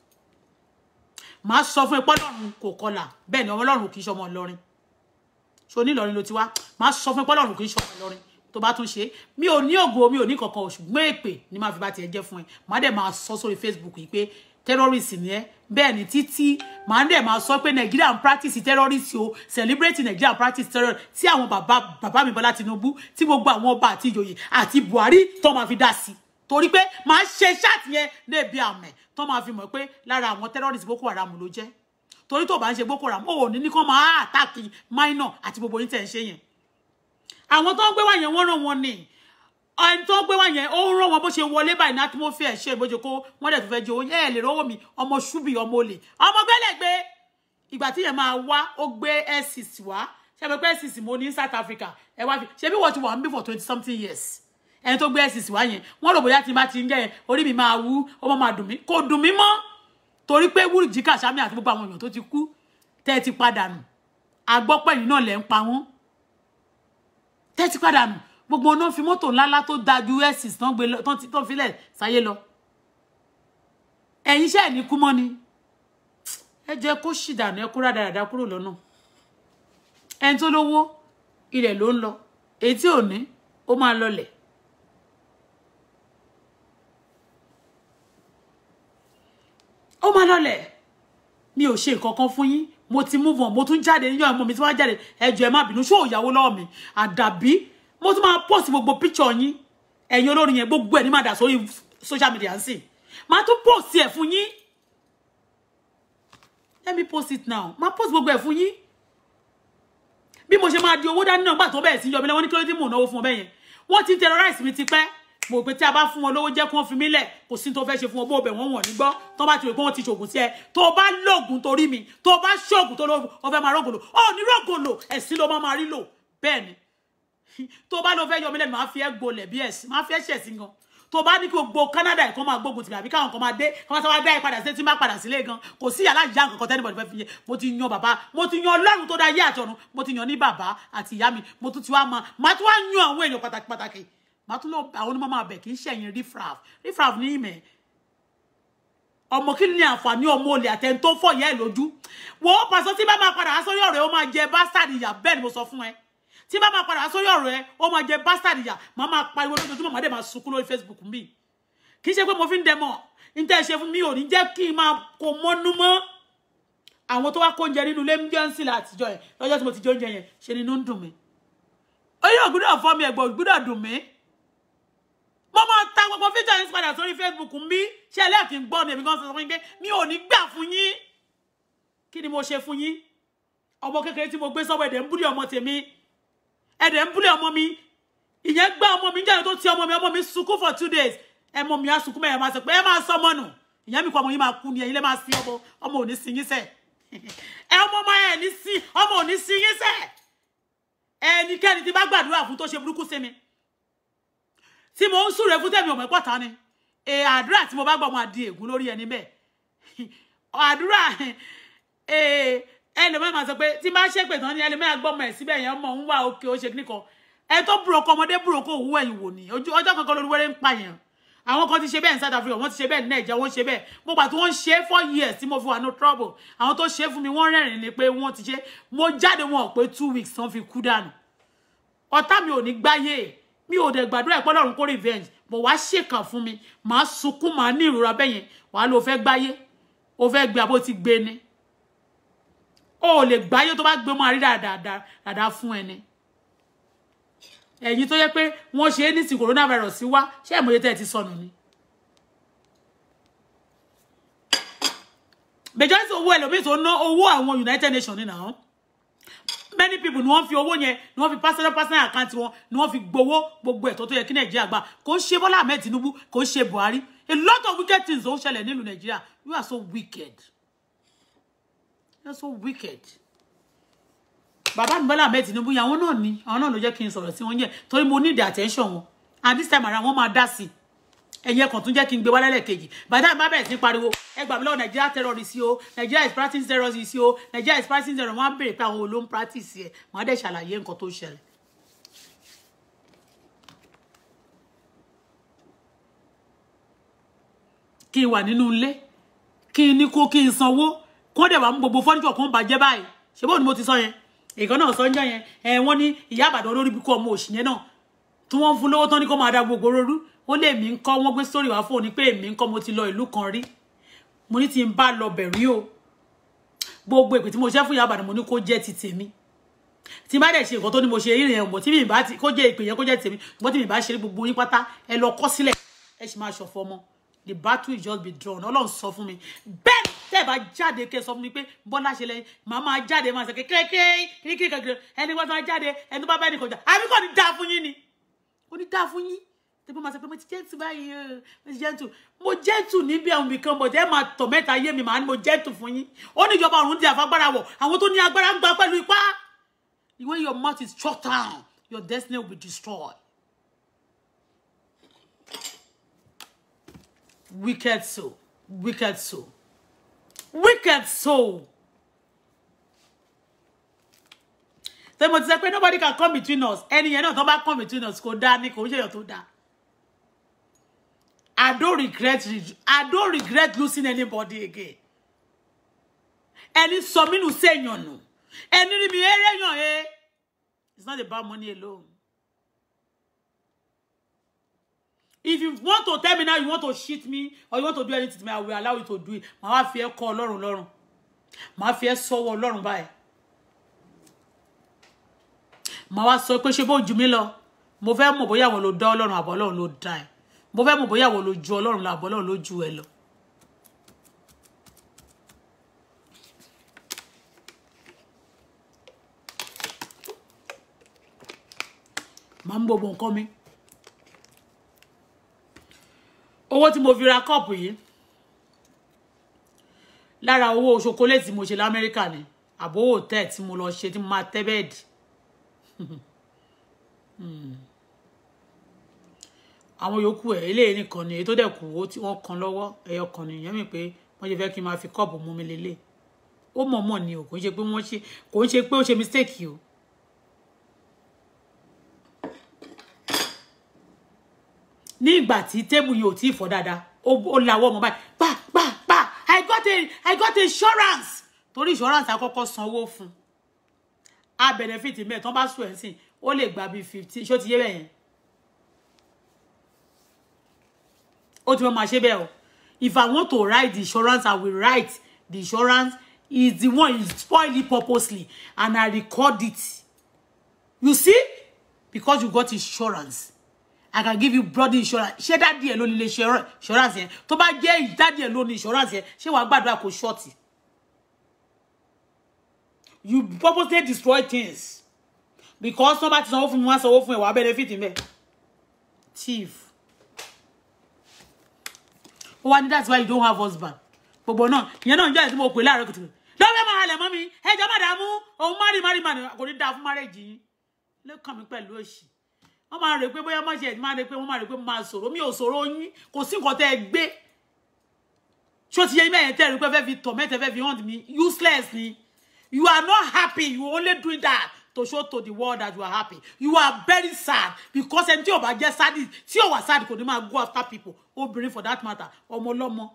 màá sọ fún ẹ pọ́lọ́run kò kọlà bẹ́ẹ̀ ni ọmọ ọlọ́run kì í ṣọmọ Ìlọrin ṣo ní Ìlọrin ló ti wá màá sọ fún ẹ pọ́lọ́run kì í ṣọmọ Ìlọrin tó bá tún ṣe mi ò ní ògo mi ò ní kankan ṣùgbọ́n èpè ni màá fi bá tiẹ̀ jẹ́ fún ẹ màá dẹ̀ máa sọ sórí Facebook yìí pé terrorist ni ẹ bẹ́ẹ̀ ni títí màá dẹ̀ máa sọ pé Nigeria ń practice terrorist o celebrate Nigeria practice terror tí àwọn bàbá bàbá mi Bọ́lá Tinubu tí gbogbo àwọn ọba àti ìjòyè àti Buhari tó máa fi dá sí torí pé màá ṣe ṣáàtì yẹn lébi àmẹ tó máa fi mọ̀ pé lára àwọn terrorist Boko Haram ló jẹ́ torí tó bá ń ṣe Boko Haram ò ní ní kán máa àtàkì minor àti gbogbo oníṣẹ́ ń ṣe yẹn àwọn tó ń gbé wá wọ́n ràn wọ́n nìyí ẹni tó ń gbé wá yẹn ó ń rán wọn bó ṣe wọlé báyìí ní atmosphere ṣe ìbójú kó wọn dẹ̀ tó fẹ́ jẹ oúnjẹ ẹ̀ lè rówó mi ọmọ ṣúbì ọmọ olè ọmọ gbẹ́lẹ̀gbẹ́ ìgbà tí yẹn máa wá ó gbé ẹ́sìs wá ṣe pé ẹ́sìs mo ní South Africa ẹ wá fi ṣe bí wọ́n ti wà ń bí for twenty something years ẹni tó gbé ẹ́sìs wá yẹn wọ́n rò bóyá tí n bá ti ń jẹ́ yẹn orí mi máa wú ó máa dùn mí kò dùn mí mọ́ torí pé wúrìjì kàṣámì àti gbogbo àwọn èèyàn tó ti kú tẹ́ ẹ ti padà nù àgbọ́pẹ̀yìn náà lẹ́ ń pa wọ́n tẹ́ ẹ ti padà nù gbogbo náà fi mọ́tò ńláńlá tó da ju us tán gbé lọ tán filẹ̀ sáyé lọ ẹ̀yin iṣẹ́ ẹ̀ ní kú mọ́ ni ẹ jẹ́ kó ṣì dànù ẹ kó rádaràda kúrò lọ́nà ẹni tó lówó ilẹ̀ ló ń lọ èyí tí ò ní ó máa lọlẹ̀ ó máa lọlẹ̀ mi ò ṣe nǹkan kan fún yín mo ti move on mo tún jáde níyàn ọmọ mi tí wọ́n jáde ẹ jọ̀ọ́ ẹ má bínú ṣó òyàwó lọ́wọ́ mi àdàbí mo tún máa post gbogbo picture yín ẹ̀yin olórin yẹn gbogbo ẹ̀ ní máa dà sórí social media nsìn máa tún post ẹ̀ fún yín let me post it now máa post gbogbo ẹ̀ fún yín bí mo ṣe máa di owó dání náà gbà tó bẹ̀rẹ̀ sí yọ mí lẹ́wọ́ ní kílódé tí mò ń náwó fún ọ bẹ́ẹ̀ yẹn wọ́n ti ń terrorize mi ti pẹ́ mo pé tí a bá fún wọn lówó jẹ́ kí wọ́n fi mí lẹ̀ kò sí tó fẹ́ ṣe fún wọn bó bẹ̀ wọ́n wọ̀n ní gbọ́ tó bá ti rò pé wọ́n ti ṣògùn to ẹ tó bá lògùn to mi tó bá ṣògùn tó lóògùn ọfẹ́ máa rògòlò ó ní rògòlò ẹ̀sìn ló máa máa rí lò bẹ́ẹ̀ ni tó bá lọ fẹ́ yọ mí lẹ́nu máa fi ẹ́ gbolẹ̀ bí ẹ̀sìn máa fi ẹ́ ṣẹ̀ sí gan tó bá ní kí o gbọ́ Canada ẹ̀kọ́ máa gbógun tìbí àbí káwọn kan máa dé káwọn sábà dá ẹ padà sí tí má padà sílé gan kò sí yàrá ìyá nǹkan kan tẹ́nibọ̀dì fẹ́ fi yẹ mo ti yan bàbá mo ti yan ọlọ́run tó dá ayé àti ọ̀run mo ti yan ní bàbá àti ìyá mi mo tún ti wá máa máa tún wá yan àwọn èèyàn pàtàkì pàtàkì máa tún lọ àwọn onímọ̀ máa bẹ̀ kì í ṣẹ̀yìn rifraf rifraf ní ìmẹ̀ ọmọ kí ni àǹfààní ọmọ olè àtẹni tó fọ ìyá wo pàṣọ tí bá máa padà wá sórí ọ̀rẹ́ ó máa jẹ bástàdì ìyá bẹ́ẹ̀ ni mo sọ fún ẹ tí bá máa padà sórí ọ̀rọ̀ ẹ ó máa jẹ bastard ìyà máa máa pariwo lójoojúmọ́ màá dé máa sunkún lórí facebook mi kì í ṣe pé mo fi ń dẹmọ n tẹ́ ṣe fún mi ò ní jẹ́ kí n máa kó mọ́nú mọ́ àwọn tó wá kó oúnjẹ nínú ilé ń jẹ́ ń sìn látijọ́ ẹ̀ lọ́jọ́ tí mo ti jẹ oúnjẹ yẹn ṣe ni inú ń dùn mí orí mi ẹ̀gbọ́n ògbúdọ̀ dùn mí mo máa ta gbogbo fíjọ yín padà sórí facebook mi ṣe ẹlẹ́ẹ̀kì ń gbọ́ ni èmi gan sọ fún yín pé mi ò ní gbà fún yín kí ni mo ṣe fún yín ọmọ kékeré tí mo gbé sọ́wọ́ ẹ̀dẹ̀ ń búrí ọmọ ẹ̀dẹ̀ ń búlẹ̀ ọmọ mi ìyẹn gbá ọmọ mi jáde tó ti ọmọ mi ọmọ mi sunkún for two days ẹ mọ mi á sunkún mẹ́rin máa sọ pé ẹ máa sọ ọmọ nù ìyá mi kọ ọmọ yín máa kú ni ẹ̀yin lẹ́ máa sin ọmọ ọmọ ò ní sin yín sẹ́ ẹ ọmọ ọmọ ẹ ní sin ọmọ ò ní sin yín sẹ́ ẹnikẹ́ni tí bá gbàdúrà fún tó ṣe burúkú sí mi tí mo ń súre fún tẹ̀mí ọmọ ẹ̀pọ̀ta ni àdúrà tí mo bá gbọ́ ọmọ àdí lórí ẹni bẹ́ẹ̀ àdúrà ẹ lè máa sọ pé tí bá ṣépè tán ni ẹ lè máa gbọ́ ọmọ ẹ̀ síbẹ̀ yẹn ọmọ òun wà òkè ó ṣe kíní kan ẹ tó burúkú ọmọdé burúkú òwú ẹ̀yìn wò ní ojú ọjọ́ kankan lórí wẹ́rẹ́ ń pa yẹn àwọn kan ti ṣe bẹ́ẹ̀ ní South Africa wọ́n ti ṣe bẹ́ẹ̀ ní Nàìjíríà wọ́n ṣe bẹ́ẹ̀ mo gbà tí wọ́n ṣe é four years tí mo fi wà no trouble àwọn tó ṣe é fún mi wọ́n rẹ́rìn ni pé wọ́n ti ṣe mo jáde wọn pé two weeks tán fi kú dànù ọ̀tá mi ò ní gbáyé mi ò dẹ̀ gbàdúrà ìpọ́n lọ́run kó revenge mo wá ṣèkà fún mi màá sunkún màá ní ìrora bẹ́yẹn wàá lọ fẹ́ gbáyé o fẹ́ gbé abó ti gbé ni o lè gbáyé tó bá gbé ọmọ àrídà dáadáa fún fun ẹ̀yin tó yẹ pé wọ́n ṣe é ní ti coronavirus wá ṣé ìmọ̀ye tẹ́ ẹ ti sọnù ni. majority owó ẹlòmíì tó ná owó àwọn United Nation? ní nàá many people ni wọ́n fi owó yẹn ni wọ́n fi personal personal account wọn ni wọ́n fi gbowó gbogbo ẹ̀tọ́ to yẹ kí Nàìjíríà gbà kò ń ṣe Bọ́lá Ahmed Tinubu kò ń ṣe Buhari a lot of wicked things ó ń ṣẹlẹ̀ nílùú you are so wicked. You're so wicked. Bàbá mi Bọ́lá Ahmed Tinubu yẹn àwọn on ni àwọn On ló jẹ́ kí n sọ̀rọ̀ sí wọn yẹn mo need attention and this time around one man dá sí ẹ̀yẹ kan tún jẹ́ kí n gbé wá lẹ́lẹ́kejì bàtà mi bá bẹ̀rẹ̀ sí pariwo ẹ is mí Nigeria terrorist o Nigeria is practicing terrorist o Nigeria is practicing terrorist wọ́n á béèrè pé àwọn practice ẹ̀ wọ́n á dẹ̀ ṣàlàyé nǹkan tó ṣẹlẹ̀. kí n wà nínú ilé kí n ní kó kí kó dẹ̀ wá mú gbogbo fọ́nìṣọ̀ kó ń bàjẹ́ báyìí ṣé bóun ni mo ti sọ yẹn ìkan náà sọ ń jẹ́ yẹn ẹ wọ́n ní ìyá àbàdàn olórí bí kò ọmọ òṣì yẹn náà tí wọ́n ń fún lówó tán ní kó máa da gbogbo rorú ó lé èmi ń kọ́ wọ́n gbé sórí wá fún òní pé èmi ń kọ́ mo ti lọ ìlú kan rí mo ní ti ń bá lọ bẹ̀rí o gbogbo ìpè tí mo ṣe fún ìyá àbàdàn mo ní kó jẹ́ ti tèmi tí bá dẹ̀ ṣe nǹkan tó ní mo ṣe ìrìn ẹ̀wọ̀n tí mi bá ti kó jẹ́ ìpè yẹn kó jẹ́ tèmi ṣùgbọ́n tí mi bá ṣe rí gbogbo yín pátá ẹ lọ kọ́ sílẹ̀ ẹ sì máa ṣọ̀fọ̀ ọmọ the battle is just be drawn ọlọ́run sọ fún mi bẹ́ẹ̀ tẹ́ ẹ̀ bá jáde kẹ́ ẹ sọ fún mi pé bọ́lá ṣe lẹ́yìn màá máa jáde máa sọ kékeré kékeré kékeré ẹni wọ́n máa jáde ẹni tó bá bẹ́ẹ̀ nìkan jà àbí kò ní dáa fún yín ni kò ní dáa fún yín tẹ́bí máa sọ pé mo ti jẹ́tù báyìí o mo ti jẹ́tù mo jẹ́tù níbi àwọn nìkan bọ̀dẹ́ máa tọ̀ mẹ́ta yé mi màá ní mo jẹ́tù fún yín ó ní ìjọba ọ̀run di àfagbára wọ̀ àwọn tó ní agbára ń gba pẹ̀lú ipá when your mouth is shut down your destiny will be destroyed. wicked soul wicked soul wicked soul. Ṣé mo ti sọ nobody can come between us. Any, you know, nobody come between us kò dáa ni kò ń ṣèyàn tó I don't regret I don't regret losing anybody again. Any, some men who say nù. Ẹni rí mi eré It's not about money alone. if you want to tell me now you want to shit me or you want to do anything to me i will allow you to do it màá wá fi ẹ́ kọ́ ọlọ́run lọ́rùn màá fi ẹ́ sọ́wọ́ ọlọ́run báyìí màá wá sọ pé ṣe bó jù mí lọ mo fẹ́ mọ̀ bóyá àwọn ló dá ọlọ́run àbọ̀ ọlọ́run ló dá ẹ mo fẹ́ mọ̀ bóyá àwọn ló ju ọlọ́run làbọ̀ ọlọ́run ló ju ẹ lọ. màá ń bọ̀ bọ̀ nǹkan mi. owó tí mo fi ra kọ́ọ̀pù yìí lára owó ṣokoléètì tí mo ṣe lamẹ́ríkà ni àbówò tẹ̀ tí mo lọ ṣe tí mo máa tẹ́ bẹ́ẹ̀dì hmm. àwọn yòókù ẹ̀ eléyìí nìkan ni èyí tó dẹ̀ kù ó tí wọ́n kan lọ́wọ́ ẹ̀yọ kan nìyẹn mi pé wọ́n ṣe fẹ́ kí n máa fi kọ́ọ̀pù mú mi lélẹ̀ ó mọ̀ọ́mọ̀ ni o kò ń ṣe pé wọ́n ṣe kò ń ṣe pé ó ṣe mistake o. ní ìgbà tí tébù yìí ò tí ì fọ́ dáadáa ó lawọ́ ọmọ báyìí pa pa pa i got a i got insurance torí insurance àkọ́kọ́ sanwó fún a benefit mẹ́ẹ̀ tán bá sùn ẹ̀ sìn ó lè gba bíi fifteen ṣó ti yé bẹ́ẹ̀ yẹn ó ti mọ́ máa ṣe bẹ́ẹ̀ o if i want to write the insurance i will write the insurance is the one you spoil it purposely and i record it you see because you got insurance I can give you broad insurance Share that deal only. nílé insurance To buy bá that deal only ló ní insurance yẹn ṣé wàá gbàdúrà kó ṣọ́ọ̀tì you purposely destroy things because somebody is ti sanwó fún mi wá sanwó fún ẹ wàá benefit thief ó that's why you don't have husband But náà ìyẹn náà ń jẹ́ ẹ̀ tí mo pè láàárọ̀ kùtùkùtù lọ́wọ́ máa halẹ̀ mọ́ mi ẹjọ́ má dààmú òun má rí má rí má rí kò ní dáa fún márẹ́jì yín lẹ́kàn mi pẹ̀lú òṣì wọ́n máa rè pé bóyá má ṣe máa rè pé wọ́n máa rè pé máa sọ̀rọ̀ mi ò sọ̀rọ̀ yín kò sí nǹkan tẹ́ ẹ gbé ṣó ti yẹ mẹ́yẹn tẹ́ ẹ rí pé fẹ́ fi tọ̀ mẹ́tẹ́ fẹ́ fi hàn mí useless ni you are not happy you only doing that to show to the world that you are happy you are very sad because ẹni tí ò bá jẹ́ sad tí ò wà sad kò ní máa go after people obìnrin for that matter ọmọ ọlọ́mọ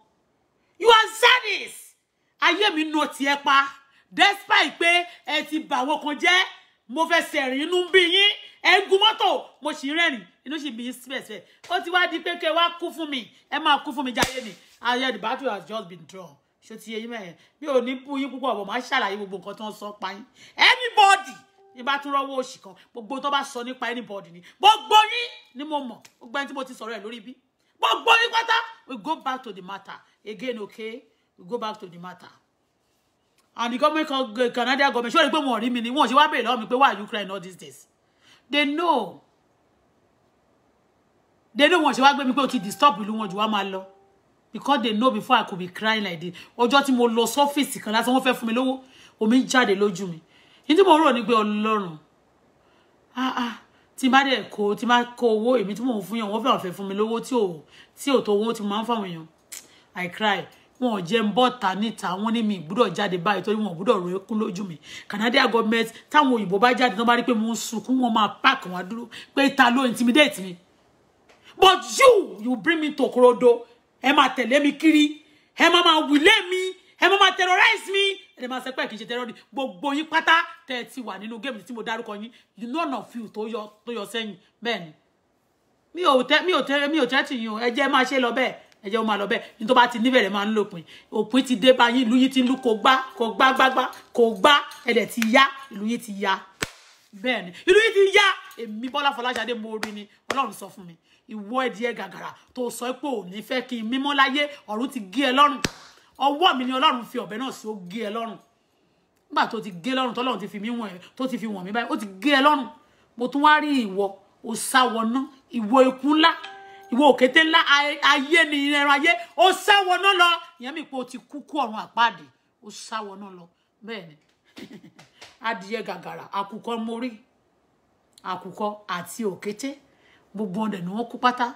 you are sadist ayé mi nà tiẹ̀ pa despite pé ẹ ti bà wọ́n kan jẹ́ mo fẹ́ sẹ̀rìn inú bí yín egun mọ́tò mo sì rẹ́rìn inú sì bí síbẹ̀síbẹ̀ ó ti wá di pé kẹ́ wá kú fún mi ẹ máa kú fún mi jáde ni ayé the battle has just been drawn ṣó ti yẹ yín mẹ́rin bí ò ní bú yín púpọ̀ bọ̀ máa ṣàlàyé gbogbo nǹkan tó ń sọ pa yín anybody ní bá tún rọ́wọ́ òṣì kan gbogbo tó bá sọ nípa anybody ni gbogbo yín ni mo mọ̀ gbogbo ẹni tí mo ti sọ̀rọ̀ ẹ̀ lórí bí gbogbo yín pátá we go back to the matter again okay we go back to the matter and the government Canadian government ṣé o rí pé wọn ò rí mi ni wọn ò ṣe wá bèèrè lọ́wọ́ mi pé why Ukraine all these days they know they know wọn you. wá gbé mi pé o ti disturb ìlú wọn you are, my lọ because they know before i could be crying like this ọjọ́ tí mo lọ sọ́fíìsì kan lásán wọ́n fẹ́ fún mi lówó omi jáde lójú mi nítorí mo rò ní pé ọlọ́run ah ah tí n bá dẹ̀ kó tí n bá kó owó èmi tí mò ń fún yàn wọ́n fẹ́ràn fẹ́ fún mi lówó tí ò i cry wọn ò jẹ́ ń bọ́ ta níta wọ́n ní mi gbúdọ̀ jáde báyìí torí wọn ò gbúdọ̀ ro lójú mi Canadian government táwọn òyìnbó bá jáde tán bá rí pé mo ń sunkún wọn máa pààkì wọn dúró pé ta ló intimidate mi but you you bring me to korodo ẹ máa tẹ̀lé mi kiri ẹ máa máa wílé mi ẹ máa máa terrorize mi ẹ máa sẹ kì í ṣe terrorist gbogbo yín pátá tẹ ẹ ti wà nínú géèmù tí mo dárúkọ yín none of you tó yọ tó yọ sẹ́yìn bẹ́ẹ̀ ni mi ò tẹ mi ò tẹ mi ò tẹ tì yín ẹ jẹ́ máa ṣe lọ bẹ́ẹ̀ ẹ jẹ́ ó máa lọ bẹ́ẹ̀ ní tó bá ti níbẹ̀rẹ̀ máa ń lòpin òpin ti dé báyìí ìlú yìí ti ń lù kò gbá kò gbá gbágbá kò gbá ẹ̀dẹ̀ ti yá ìlú yìí ti yá bẹ́ẹ̀ ni ìlú yìí ti yá èmi Bọ́lá Fọláṣadé mo rí ni Ọlọ́run sọ fún mi ìwọ ẹ̀díẹ̀ gàgàrà tó sọ pé ò ní fẹ́ kí n mímọ́ láyé ọ̀run ti gé ẹ lọ́rùn ọwọ́ mi ni Ọlọ́run fi ọ̀bẹ náà sí ó gé ẹ lọ́rùn nígbà tó ti gé lọ́rùn tọ́lọ́run ti fi mí wọ̀n tó ti fi wọ̀n mí báyìí ó ti gé ẹ lọ́rùn mo tún wá rí ìwọ òsáwọ̀ná ìwọ ikú ńlá ìwọ òkété ńlá ayé ni ẹran ayé ó sáwọná lọ ìyẹn mi pé o ti kúkú ọ̀run àpáàdì ó sáwọná lọ bẹ́ẹ̀ ni adìyẹ gàgàrà àkùkọ mórí àkùkọ àti òkété gbogbo ọdẹ ni wọ́n kú pátá.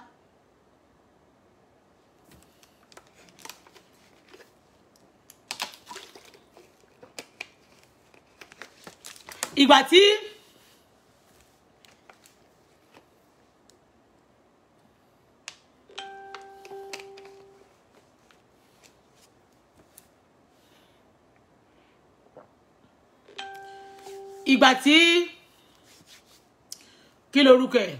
ìgbà tí ìgbà tí kí lorúkọ ẹ̀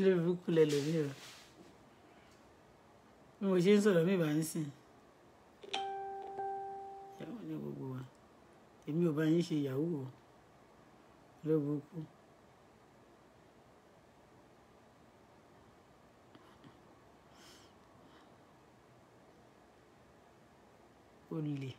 lórí burúkú lẹ lómi rọ bí mo ṣe ń sọ̀rọ̀ mi bá ń sìn ìyàwó ní gbogbo wa èmi ò bá yín ṣe ìyàwó o lórí burúkú. olè.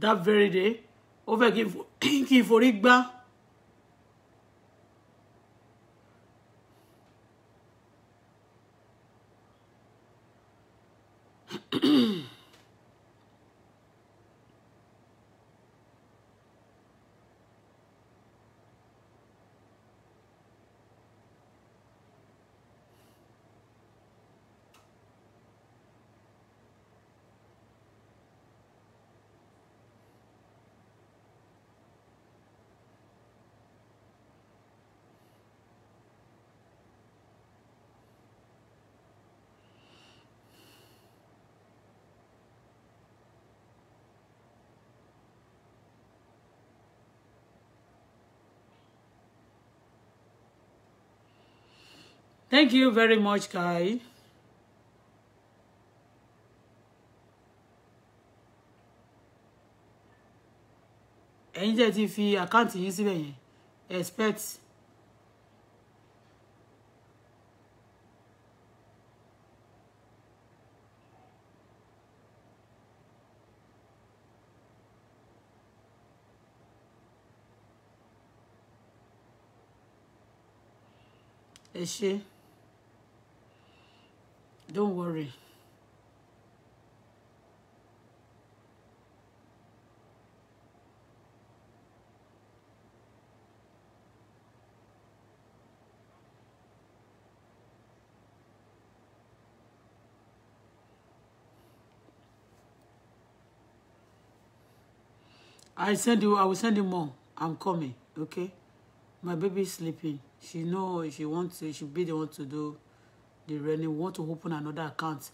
that very day ó fẹ́ kí n forí gbá Thank you very much, Kai. Ẹ̀yin tẹ́ ti fi àkáǹtì yín síbẹ̀ yẹn expect ẹ ṣe. Don't worry. I send you, I will send you more. I'm coming, okay? My baby is sleeping. She know she wants to, she be the one to do the rent want to open another account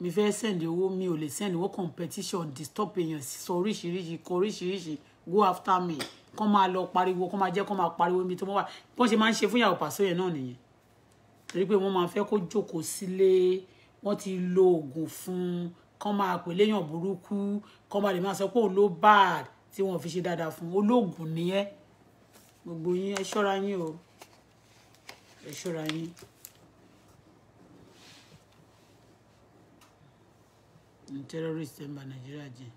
mi fẹ́ send owó mi ò lè send owó competition disturb èèyàn sọ oríṣiríṣi kọ oríṣiríṣi go after me kọ́ máa lọ pariwo kọ́ máa jẹ́ kọ́ máa pariwo ibi tó mọ́ wà bọ́n ṣe máa ń ṣe fún ìyàwó pàṣẹ yẹn náà nìyẹn torí pé wọ́n máa fẹ́ kó jókòó sílé wọ́n ti lo oògùn fún kọ́ máa pè léèyàn burúkú kọ́ máa lè máa sọ pé òun ló bad tí wọ́n fi ṣe dáadáa fún olóògùn nìyẹn gbogbo yín ẹ ṣọ́ra yín o ẹ ṣọ́ra yín ní terrorist ẹ̀ ń ba nàìjíríà jẹ́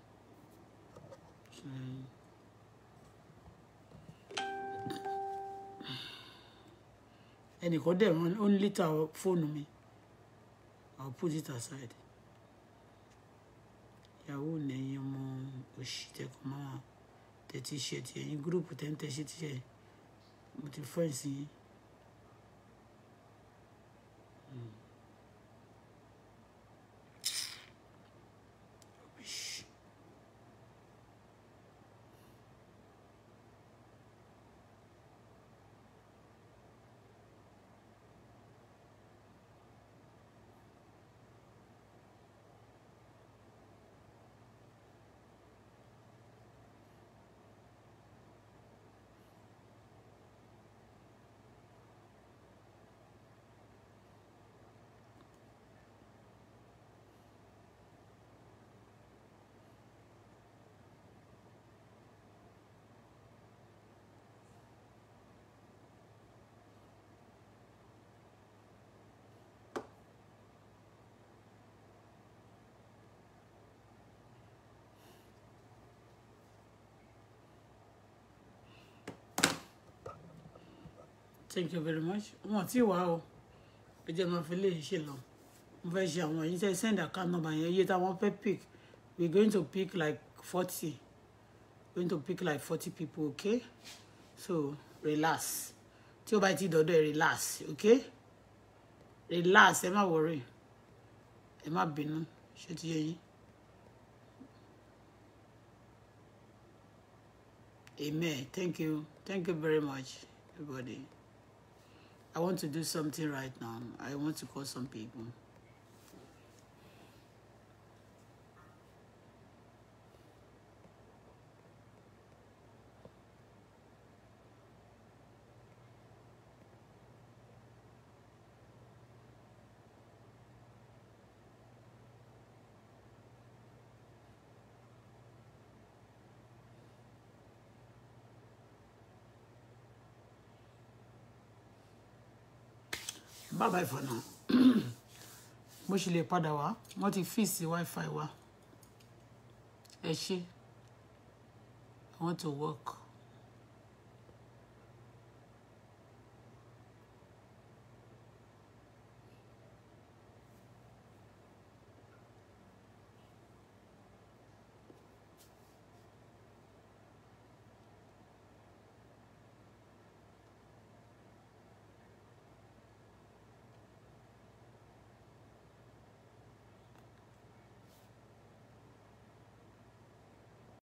ṣọ́ra yín. ẹnìkan dẹ̀ rán ó lítà fóònù mi I'll put it aside ìyàwó nẹ̀yìn ọmọ òṣì tẹkọ̀ máa tẹ̀ tíṣẹ̀tì ẹ̀yìn gúrùpù tẹ̀ ń tẹ̀ ṣe tíṣẹ̀ mo ti fọ́ ẹ̀sìn yìí. thank you very much wọn ti wá o ẹ jẹ́ máa fi lè ṣe lọ mo fẹ́ ṣe àwọn ẹ̀yin tẹ́ send account number yẹn iye táwọn fẹ́ pick we going to pick like forty going to pick like forty people okay so relax tí o bá ti dọ̀dọ̀ ẹ relax okay relax ẹ má worry ẹ má bínú ṣé ti yẹ yín amen thank you thank you very much everybody. I want to do something right now. I want to call some people. bye bye for now mo ṣe lè padà wá wọ́n ti fíìsì wifi wa ẹ ṣé i want to work.